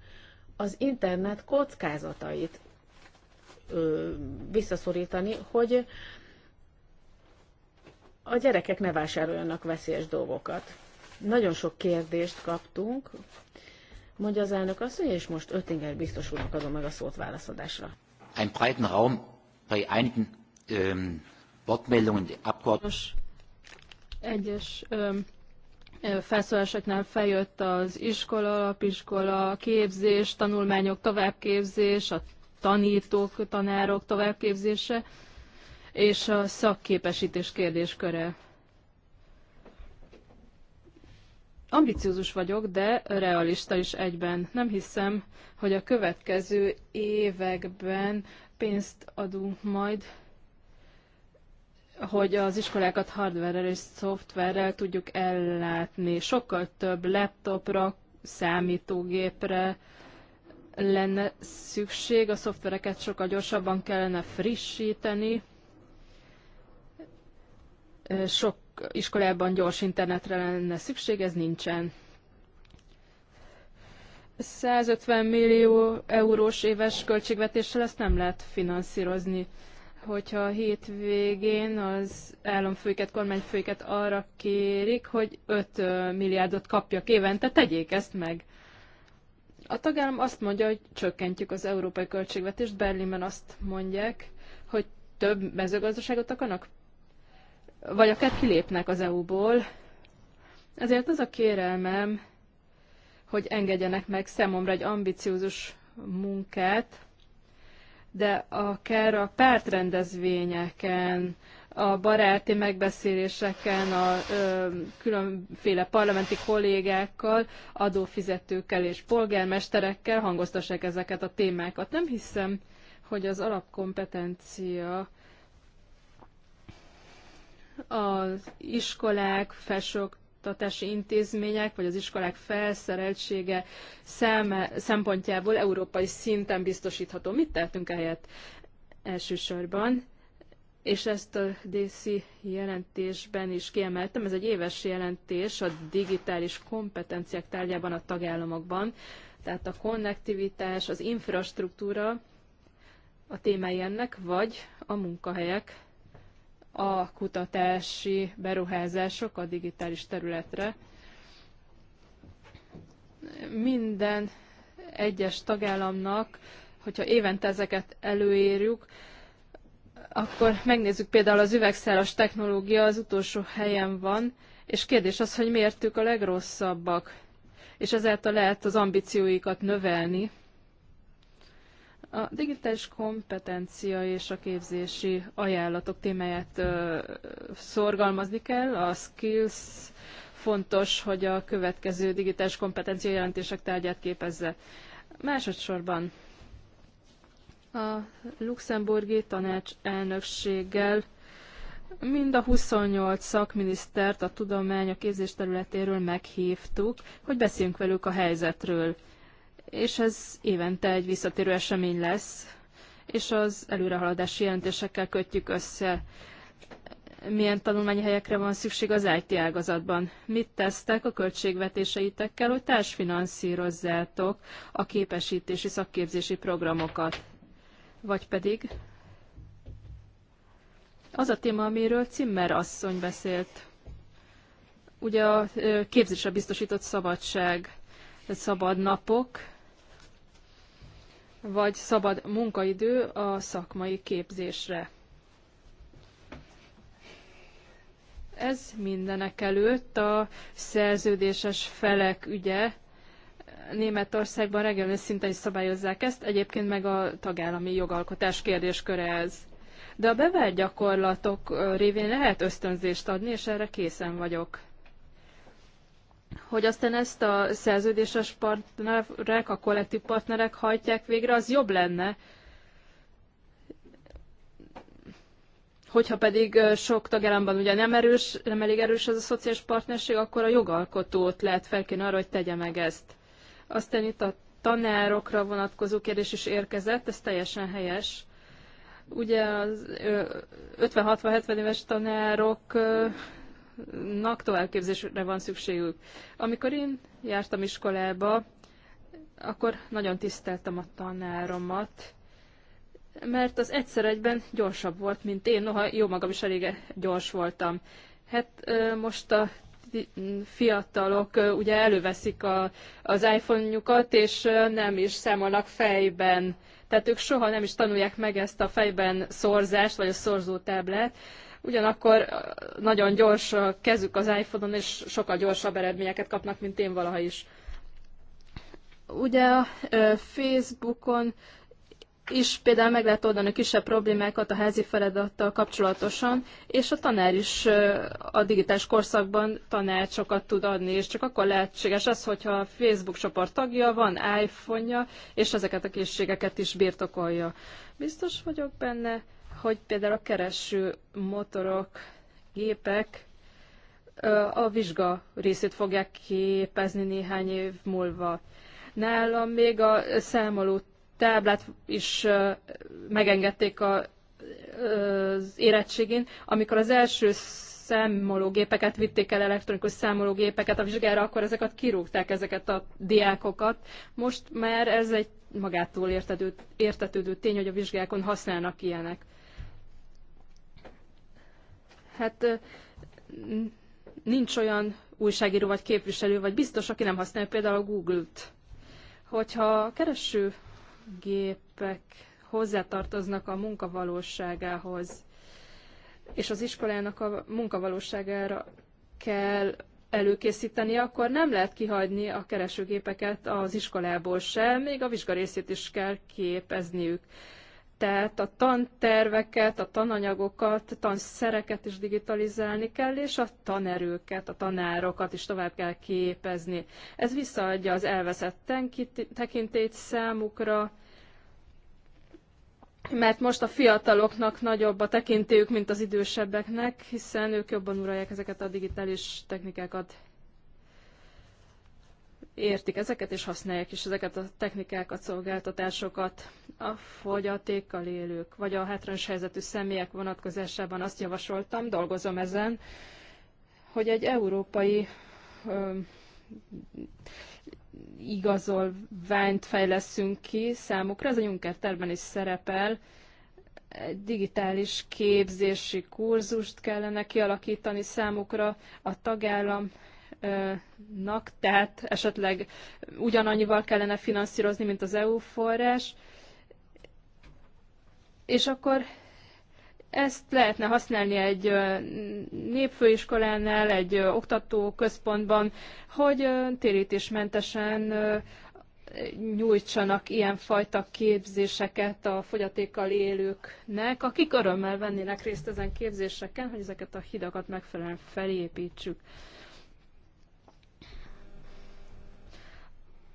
az internet kockázatait ö, visszaszorítani, hogy a gyerekek ne vásároljanak veszélyes dolgokat. Nagyon sok kérdést kaptunk, mondja az elnök asszony, és most Öttinger biztos úrnak adom meg a szót válaszadásra. Ein breiten Raum bei einigen ähm, Wortmeldungen der Egyes ähm, felszólásoknál feljött az iskola, alapiskola, képzés, tanulmányok, továbbképzés, a tanítók, tanárok továbbképzése és a szakképesítés kérdésköre. Ambiciózus vagyok, de realista is egyben. Nem hiszem, hogy a következő években pénzt adunk majd hogy az iskolákat hardverrel és szoftverrel tudjuk ellátni. Sokkal több laptopra, számítógépre lenne szükség, a szoftvereket sokkal gyorsabban kellene frissíteni, sok iskolában gyors internetre lenne szükség, ez nincsen. 150 millió eurós éves költségvetéssel ezt nem lehet finanszírozni hogyha a hétvégén az államfőket, kormányfőket arra kérik, hogy 5 milliárdot kapjak évente, tegyék ezt meg. A tagállam azt mondja, hogy csökkentjük az európai költségvetést, Berlinben azt mondják, hogy több mezőgazdaságot akarnak? Vagy akár kilépnek az EU-ból. Ezért az a kérelmem, hogy engedjenek meg számomra egy ambiciózus munkát, de akár a pártrendezvényeken, a baráti megbeszéléseken, a ö, különféle parlamenti kollégákkal, adófizetőkkel és polgármesterekkel hangoztassák ezeket a témákat. Nem hiszem, hogy az alapkompetencia az iskolák, felsőok, oktatási intézmények vagy az iskolák felszereltsége szeme, szempontjából európai szinten biztosítható. Mit tehetünk ehelyett elsősorban? És ezt a DC jelentésben is kiemeltem, ez egy éves jelentés a digitális kompetenciák tárgyában a tagállamokban, tehát a konnektivitás, az infrastruktúra, a témájának ennek, vagy a munkahelyek a kutatási beruházások a digitális területre. Minden egyes tagállamnak, hogyha évente ezeket előírjuk, akkor megnézzük például az üvegszálas technológia az utolsó helyen van, és kérdés az, hogy miért ők a legrosszabbak, és ezáltal lehet az ambícióikat növelni, a digitális kompetencia és a képzési ajánlatok témáját ö, szorgalmazni kell. A skills fontos, hogy a következő digitális kompetencia jelentések tárgyát képezze. Másodszorban a luxemburgi tanács elnökséggel mind a 28 szakminisztert a tudomány a képzés területéről meghívtuk, hogy beszéljünk velük a helyzetről és ez évente egy visszatérő esemény lesz, és az előrehaladási jelentésekkel kötjük össze milyen tanulmányhelyekre van szükség az IT ágazatban. Mit tesztek a költségvetéseitekkel, hogy társfinanszírozzátok a képesítési szakképzési programokat? Vagy pedig az a téma, amiről Cimmer asszony beszélt. Ugye a képzésre biztosított szabadság, szabad napok, vagy szabad munkaidő a szakmai képzésre. Ez mindenek előtt a szerződéses felek ügye. Németországban reggel szinten is szabályozzák ezt, egyébként meg a tagállami jogalkotás kérdésköre ez. De a bevált gyakorlatok révén lehet ösztönzést adni, és erre készen vagyok hogy aztán ezt a szerződéses partnerek, a kollektív partnerek hajtják végre, az jobb lenne. Hogyha pedig sok tagállamban ugye nem, erős, nem elég erős ez a szociális partnerség, akkor a jogalkotót lehet felkérni arra, hogy tegye meg ezt. Aztán itt a tanárokra vonatkozó kérdés is érkezett, ez teljesen helyes. Ugye az 50-60-70 éves tanárok tanároknak továbbképzésre van szükségük. Amikor én jártam iskolába, akkor nagyon tiszteltem a tanáromat, mert az egyszer egyben gyorsabb volt, mint én, noha jó magam is elég gyors voltam. Hát most a fiatalok ugye előveszik a, az iPhone-jukat, és nem is számolnak fejben. Tehát ők soha nem is tanulják meg ezt a fejben szorzást, vagy a szorzótáblát ugyanakkor nagyon gyors a kezük az iPhone-on, és sokkal gyorsabb eredményeket kapnak, mint én valaha is. Ugye a Facebookon is például meg lehet oldani kisebb problémákat a házi feladattal kapcsolatosan, és a tanár is a digitális korszakban tanácsokat tud adni, és csak akkor lehetséges az, hogyha a Facebook csoport tagja van, iPhone-ja, és ezeket a készségeket is birtokolja. Biztos vagyok benne, hogy például a kereső motorok, gépek a vizsga részét fogják képezni néhány év múlva. Nálam még a számoló táblát is megengedték a, az érettségén, amikor az első számológépeket vitték el, elektronikus számológépeket a vizsgára, akkor ezeket kirúgták, ezeket a diákokat. Most már ez egy magától értetődő, értetődő tény, hogy a vizsgákon használnak ilyenek hát nincs olyan újságíró vagy képviselő vagy biztos, aki nem használja például a Google-t. Hogyha keresőgépek hozzátartoznak a munkavalóságához, és az iskolának a munkavalóságára kell előkészíteni, akkor nem lehet kihagyni a keresőgépeket az iskolából sem, még a vizsgarészét is kell képezniük. Tehát a tanterveket, a tananyagokat, tanszereket is digitalizálni kell, és a tanerőket, a tanárokat is tovább kell képezni. Ez visszaadja az elveszett tekintélyt számukra, mert most a fiataloknak nagyobb a tekintélyük, mint az idősebbeknek, hiszen ők jobban uralják ezeket a digitális technikákat értik ezeket, és használják is ezeket a technikákat, szolgáltatásokat. A fogyatékkal élők, vagy a hátrányos helyzetű személyek vonatkozásában azt javasoltam, dolgozom ezen, hogy egy európai ö, igazolványt fejleszünk ki számukra, ez a Juncker terben is szerepel, egy digitális képzési kurzust kellene kialakítani számukra a tagállam nak, tehát esetleg ugyanannyival kellene finanszírozni, mint az EU forrás, és akkor ezt lehetne használni egy népfőiskolánál, egy oktató központban, hogy térítésmentesen nyújtsanak ilyenfajta képzéseket a fogyatékkal élőknek, akik örömmel vennének részt ezen képzéseken, hogy ezeket a hidakat megfelelően felépítsük.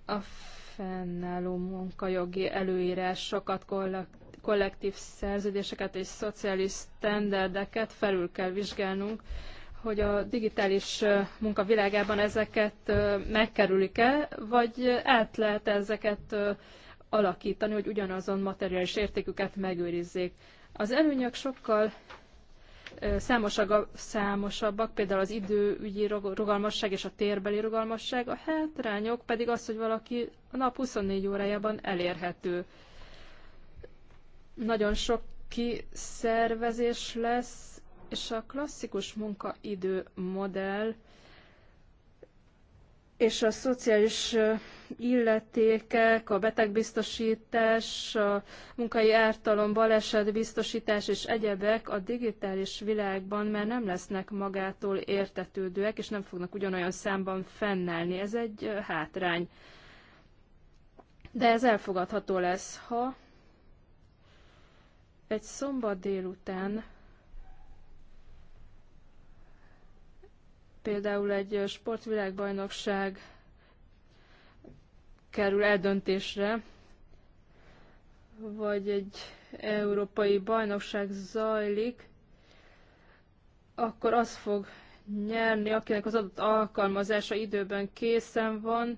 a fennálló munkajogi előírásokat, kollektív szerződéseket és szociális standardeket felül kell vizsgálnunk, hogy a digitális munka világában ezeket megkerülik-e, vagy át lehet ezeket alakítani, hogy ugyanazon materiális értéküket megőrizzék. Az előnyök sokkal számosabbak, például az időügyi rugalmasság és a térbeli rugalmasság, a hátrányok pedig az, hogy valaki a nap 24 órájában elérhető. Nagyon sok kiszervezés lesz, és a klasszikus munkaidő modell és a szociális illetékek, a betegbiztosítás, a munkai ártalom, balesetbiztosítás és egyebek a digitális világban már nem lesznek magától értetődőek, és nem fognak ugyanolyan számban fennállni. Ez egy hátrány. De ez elfogadható lesz, ha egy szombat délután Például egy sportvilágbajnokság kerül eldöntésre, vagy egy európai bajnokság zajlik, akkor az fog nyerni, akinek az adott alkalmazása időben készen van.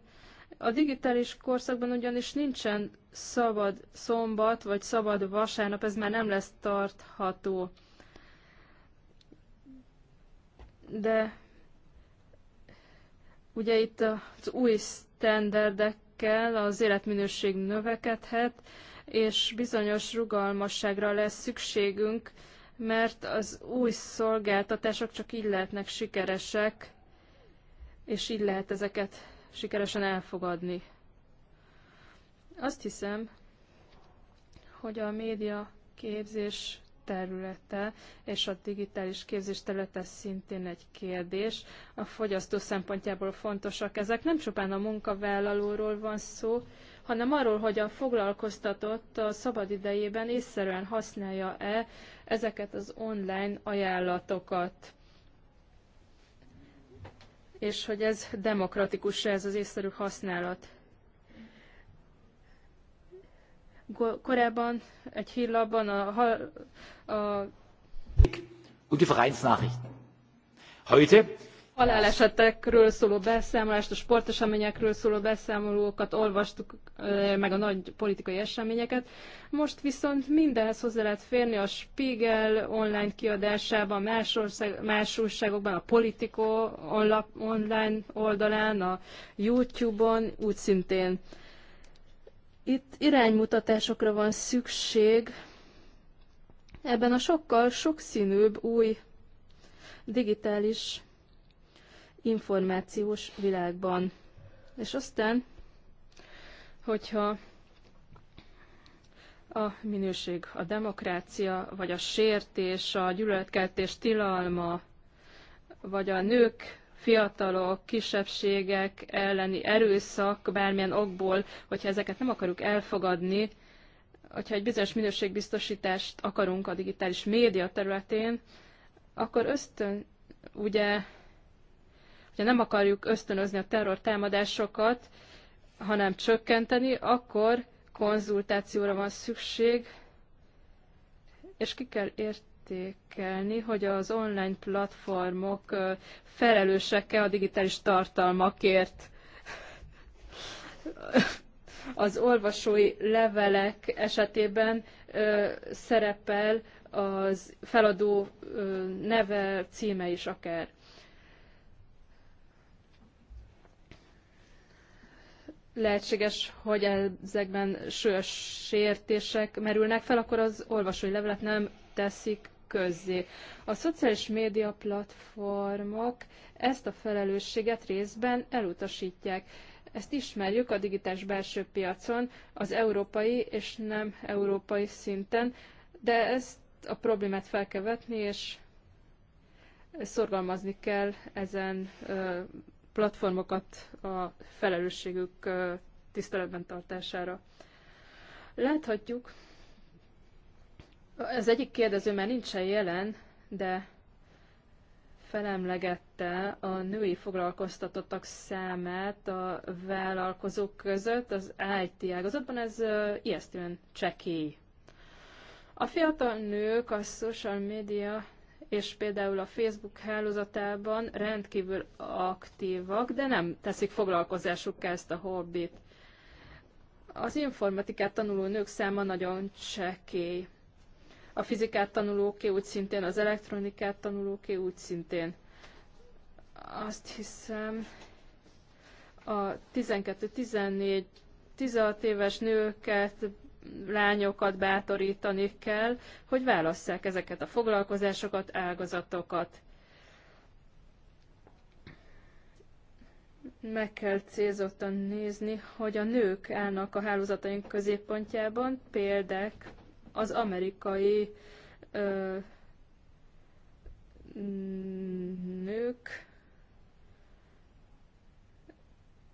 A digitális korszakban ugyanis nincsen szabad szombat vagy szabad vasárnap, ez már nem lesz tartható. De Ugye itt az új sztenderdekkel az életminőség növekedhet, és bizonyos rugalmasságra lesz szükségünk, mert az új szolgáltatások csak így lehetnek sikeresek, és így lehet ezeket sikeresen elfogadni. Azt hiszem, hogy a média képzés területe és a digitális képzés területe szintén egy kérdés. A fogyasztó szempontjából fontosak ezek. Nem csupán a munkavállalóról van szó, hanem arról, hogy a foglalkoztatott a szabadidejében észszerűen használja-e ezeket az online ajánlatokat és hogy ez demokratikus ez az észszerű használat korábban egy hírlapban a, a und die Vereinsnachrichten. Heute halálesetekről szóló beszámolást, a sporteseményekről szóló beszámolókat olvastuk, meg a nagy politikai eseményeket. Most viszont mindenhez hozzá lehet férni a Spiegel online kiadásában, más, ország, más újságokban, a Politico online oldalán, a YouTube-on, úgy szintén. Itt iránymutatásokra van szükség ebben a sokkal sokszínűbb új digitális információs világban. És aztán, hogyha a minőség, a demokrácia, vagy a sértés, a gyűlöletkeltés tilalma, vagy a nők fiatalok, kisebbségek elleni erőszak bármilyen okból, hogyha ezeket nem akarjuk elfogadni, hogyha egy bizonyos minőségbiztosítást akarunk a digitális média területén, akkor ösztön, ugye, hogyha nem akarjuk ösztönözni a terror támadásokat, hanem csökkenteni, akkor konzultációra van szükség, és ki kell ért értékelni, hogy az online platformok felelősek-e a digitális tartalmakért. Az olvasói levelek esetében szerepel az feladó neve, címe is akár. lehetséges, hogy ezekben súlyos sértések merülnek fel, akkor az olvasói levelet nem teszik közzé. A szociális média platformok ezt a felelősséget részben elutasítják. Ezt ismerjük a digitális belső piacon, az európai és nem európai szinten, de ezt a problémát fel kell vetni, és szorgalmazni kell ezen platformokat a felelősségük tiszteletben tartására. Láthatjuk, az egyik kérdező már nincsen jelen, de felemlegette a női foglalkoztatottak számát a vállalkozók között az IT ágazatban, ez ijesztően csekély. A fiatal nők a social media és például a Facebook hálózatában rendkívül aktívak, de nem teszik foglalkozásukká ezt a hobbit. Az informatikát tanuló nők száma nagyon csekély a fizikát tanulóké, úgy szintén az elektronikát tanulóké, úgy szintén. Azt hiszem, a 12, 14, 16 éves nőket, lányokat bátorítani kell, hogy válasszák ezeket a foglalkozásokat, ágazatokat. meg kell célzottan nézni, hogy a nők állnak a hálózataink középpontjában, példák az amerikai ö, nők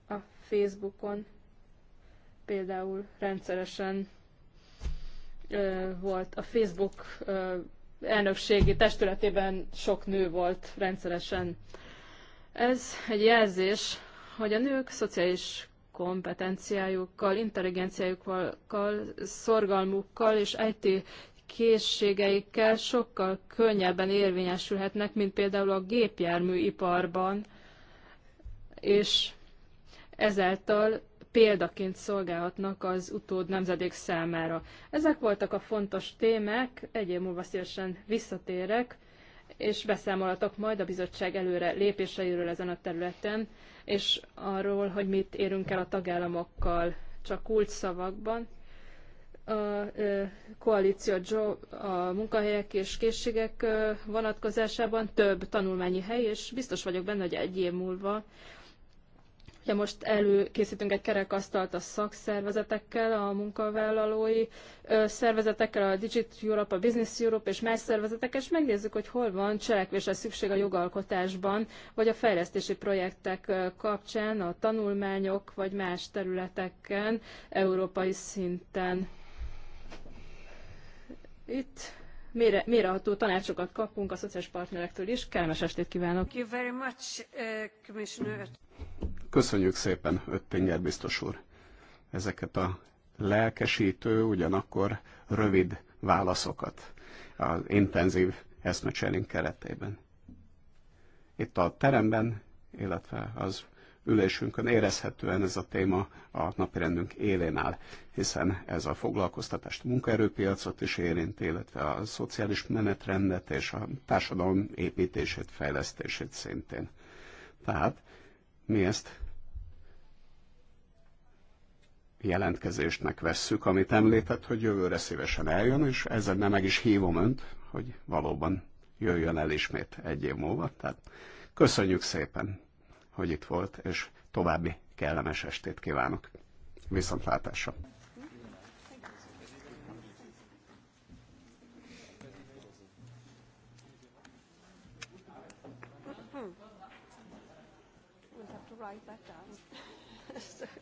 a Facebookon például rendszeresen ö, volt a Facebook ö, elnökségi testületében sok nő volt rendszeresen. Ez egy jelzés, hogy a nők szociális kompetenciájukkal, intelligenciájukkal, szorgalmukkal és IT készségeikkel sokkal könnyebben érvényesülhetnek, mint például a gépjárműiparban, és ezáltal példaként szolgálhatnak az utód nemzedék számára. Ezek voltak a fontos témák, egyéb múlva szívesen visszatérek, és beszámolatok majd a bizottság előre lépéseiről ezen a területen, és arról, hogy mit érünk el a tagállamokkal, csak úgy szavakban. A koalíció a munkahelyek és készségek vonatkozásában több tanulmányi hely, és biztos vagyok benne, hogy egy év múlva Ugye most előkészítünk egy kerekasztalt a szakszervezetekkel, a munkavállalói szervezetekkel, a Digit Europe, a Business Europe és más szervezetekkel, és megnézzük, hogy hol van cselekvésre szükség a jogalkotásban, vagy a fejlesztési projektek kapcsán, a tanulmányok, vagy más területeken, európai szinten. Itt mére, méreható tanácsokat kapunk a szociális partnerektől is. Kellemes estét kívánok! Thank you very much, uh, Köszönjük szépen, Öttinger biztos úr, ezeket a lelkesítő, ugyanakkor rövid válaszokat az intenzív eszmecserénk keretében. Itt a teremben, illetve az ülésünkön érezhetően ez a téma a napirendünk élén áll, hiszen ez a foglalkoztatást, munkaerőpiacot is érint, illetve a szociális menetrendet és a társadalom építését, fejlesztését szintén. Tehát mi ezt jelentkezésnek vesszük, amit említett, hogy jövőre szívesen eljön, és ezzel nem meg is hívom önt, hogy valóban jöjjön el ismét egy év múlva. Tehát köszönjük szépen, hogy itt volt, és további kellemes estét kívánok. Viszontlátásra! iPad [laughs] out.